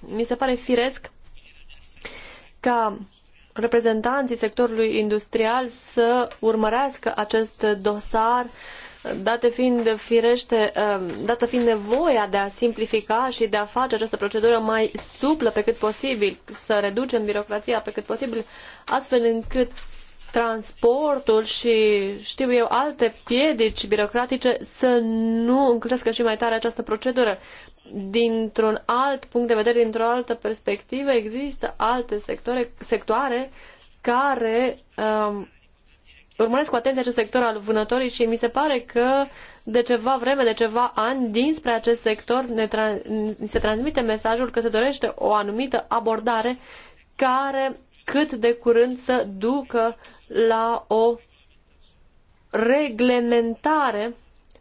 mi se pare firesc ca reprezentanții sectorului industrial să urmărească acest dosar uh, date fiind firește, um, dată fiind nevoia de a simplifica și de a face această procedură mai suplă pe cât posibil, să reducem birocrația pe cât posibil, astfel încât transportul și, știu eu, alte piedici birocratice să nu încrescă și mai tare această procedură. Dintr-un alt punct de vedere, dintr-o altă perspectivă, există alte sectoare, sectoare care um, urmăresc cu atenție acest sector al vânătorii și mi se pare că de ceva vreme, de ceva ani, dinspre acest sector ne tra- se transmite mesajul că se dorește o anumită abordare care cât de curând să ducă la o reglementare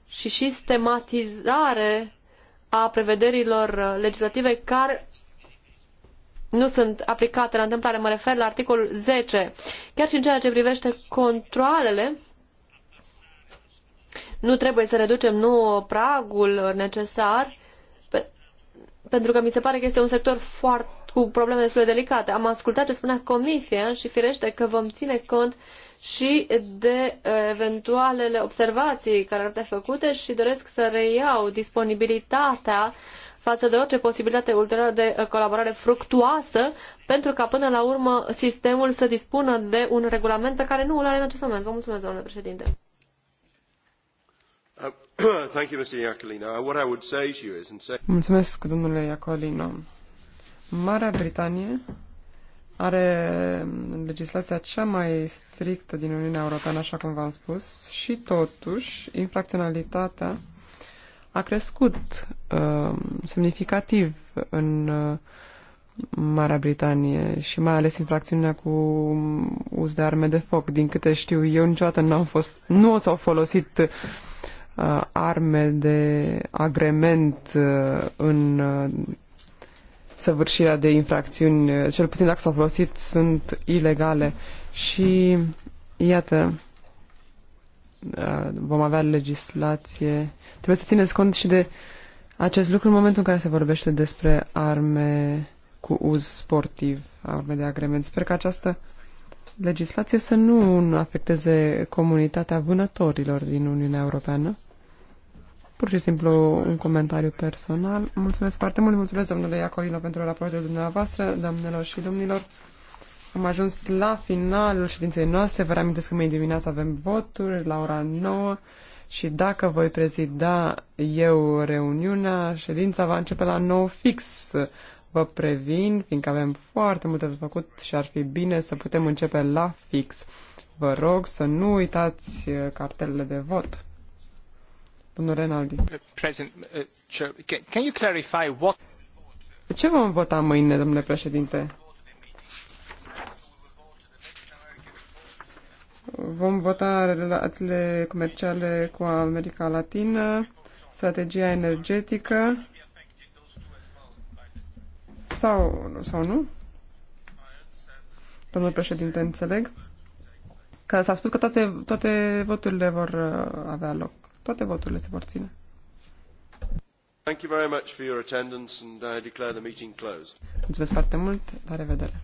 și sistematizare a prevederilor legislative care nu sunt aplicate la întâmplare, mă refer la articolul 10. Chiar și în ceea ce privește controlele, nu trebuie să reducem nu pragul necesar, pe, pentru că mi se pare că este un sector foarte cu probleme destul de delicate. Am ascultat ce spunea Comisia și firește că vom ține cont și de eventualele observații care ar fi făcute și doresc să reiau disponibilitatea uh, față de orice posibilitate ulterioară de uh, colaborare fructuoasă, pentru ca până la urmă sistemul să dispună de un regulament pe care nu îl are în acest moment. Vă mulțumesc, domnule președinte. Uh, uh, mulțumesc, domnule Iacolino. Marea Britanie are legislația cea mai strictă din Uniunea Europeană, așa cum v-am spus, și totuși infracționalitatea a crescut uh, semnificativ în uh, Marea Britanie și mai ales infracțiunea cu um, uz de arme de foc. Din câte știu eu, niciodată n-au fost, nu s-au folosit uh, arme de agrement uh, în uh, săvârșirea de infracțiuni, cel puțin dacă s-au folosit, sunt ilegale. Și iată, uh, vom avea legislație Trebuie să țineți cont și de acest lucru în momentul în care se vorbește despre arme cu uz sportiv, arme de agrement. Sper că această legislație să nu afecteze comunitatea vânătorilor din Uniunea Europeană. Pur și simplu un comentariu personal. Mulțumesc foarte mult, mulțumesc domnule Iacolino pentru raportul dumneavoastră, doamnelor și domnilor. Am ajuns la finalul ședinței noastre. Vă reamintesc că mâine dimineață avem voturi la ora 9 și dacă voi prezida eu reuniunea, ședința va începe la nou fix. Vă previn, fiindcă avem foarte multe de făcut și ar fi bine să putem începe la fix. Vă rog să nu uitați uh, cartelele de vot. Domnul Renaldi. Uh, can you clarify what... Ce vom vota mâine, domnule președinte? Vom vota relațiile comerciale cu America Latină, strategia energetică sau, sau nu? Domnul președinte, înțeleg că s-a spus că toate, toate voturile vor uh, avea loc. Toate voturile se vor ține. Thank you very much for your attendance and I declare the meeting closed. Mulțumesc foarte mult. La revedere.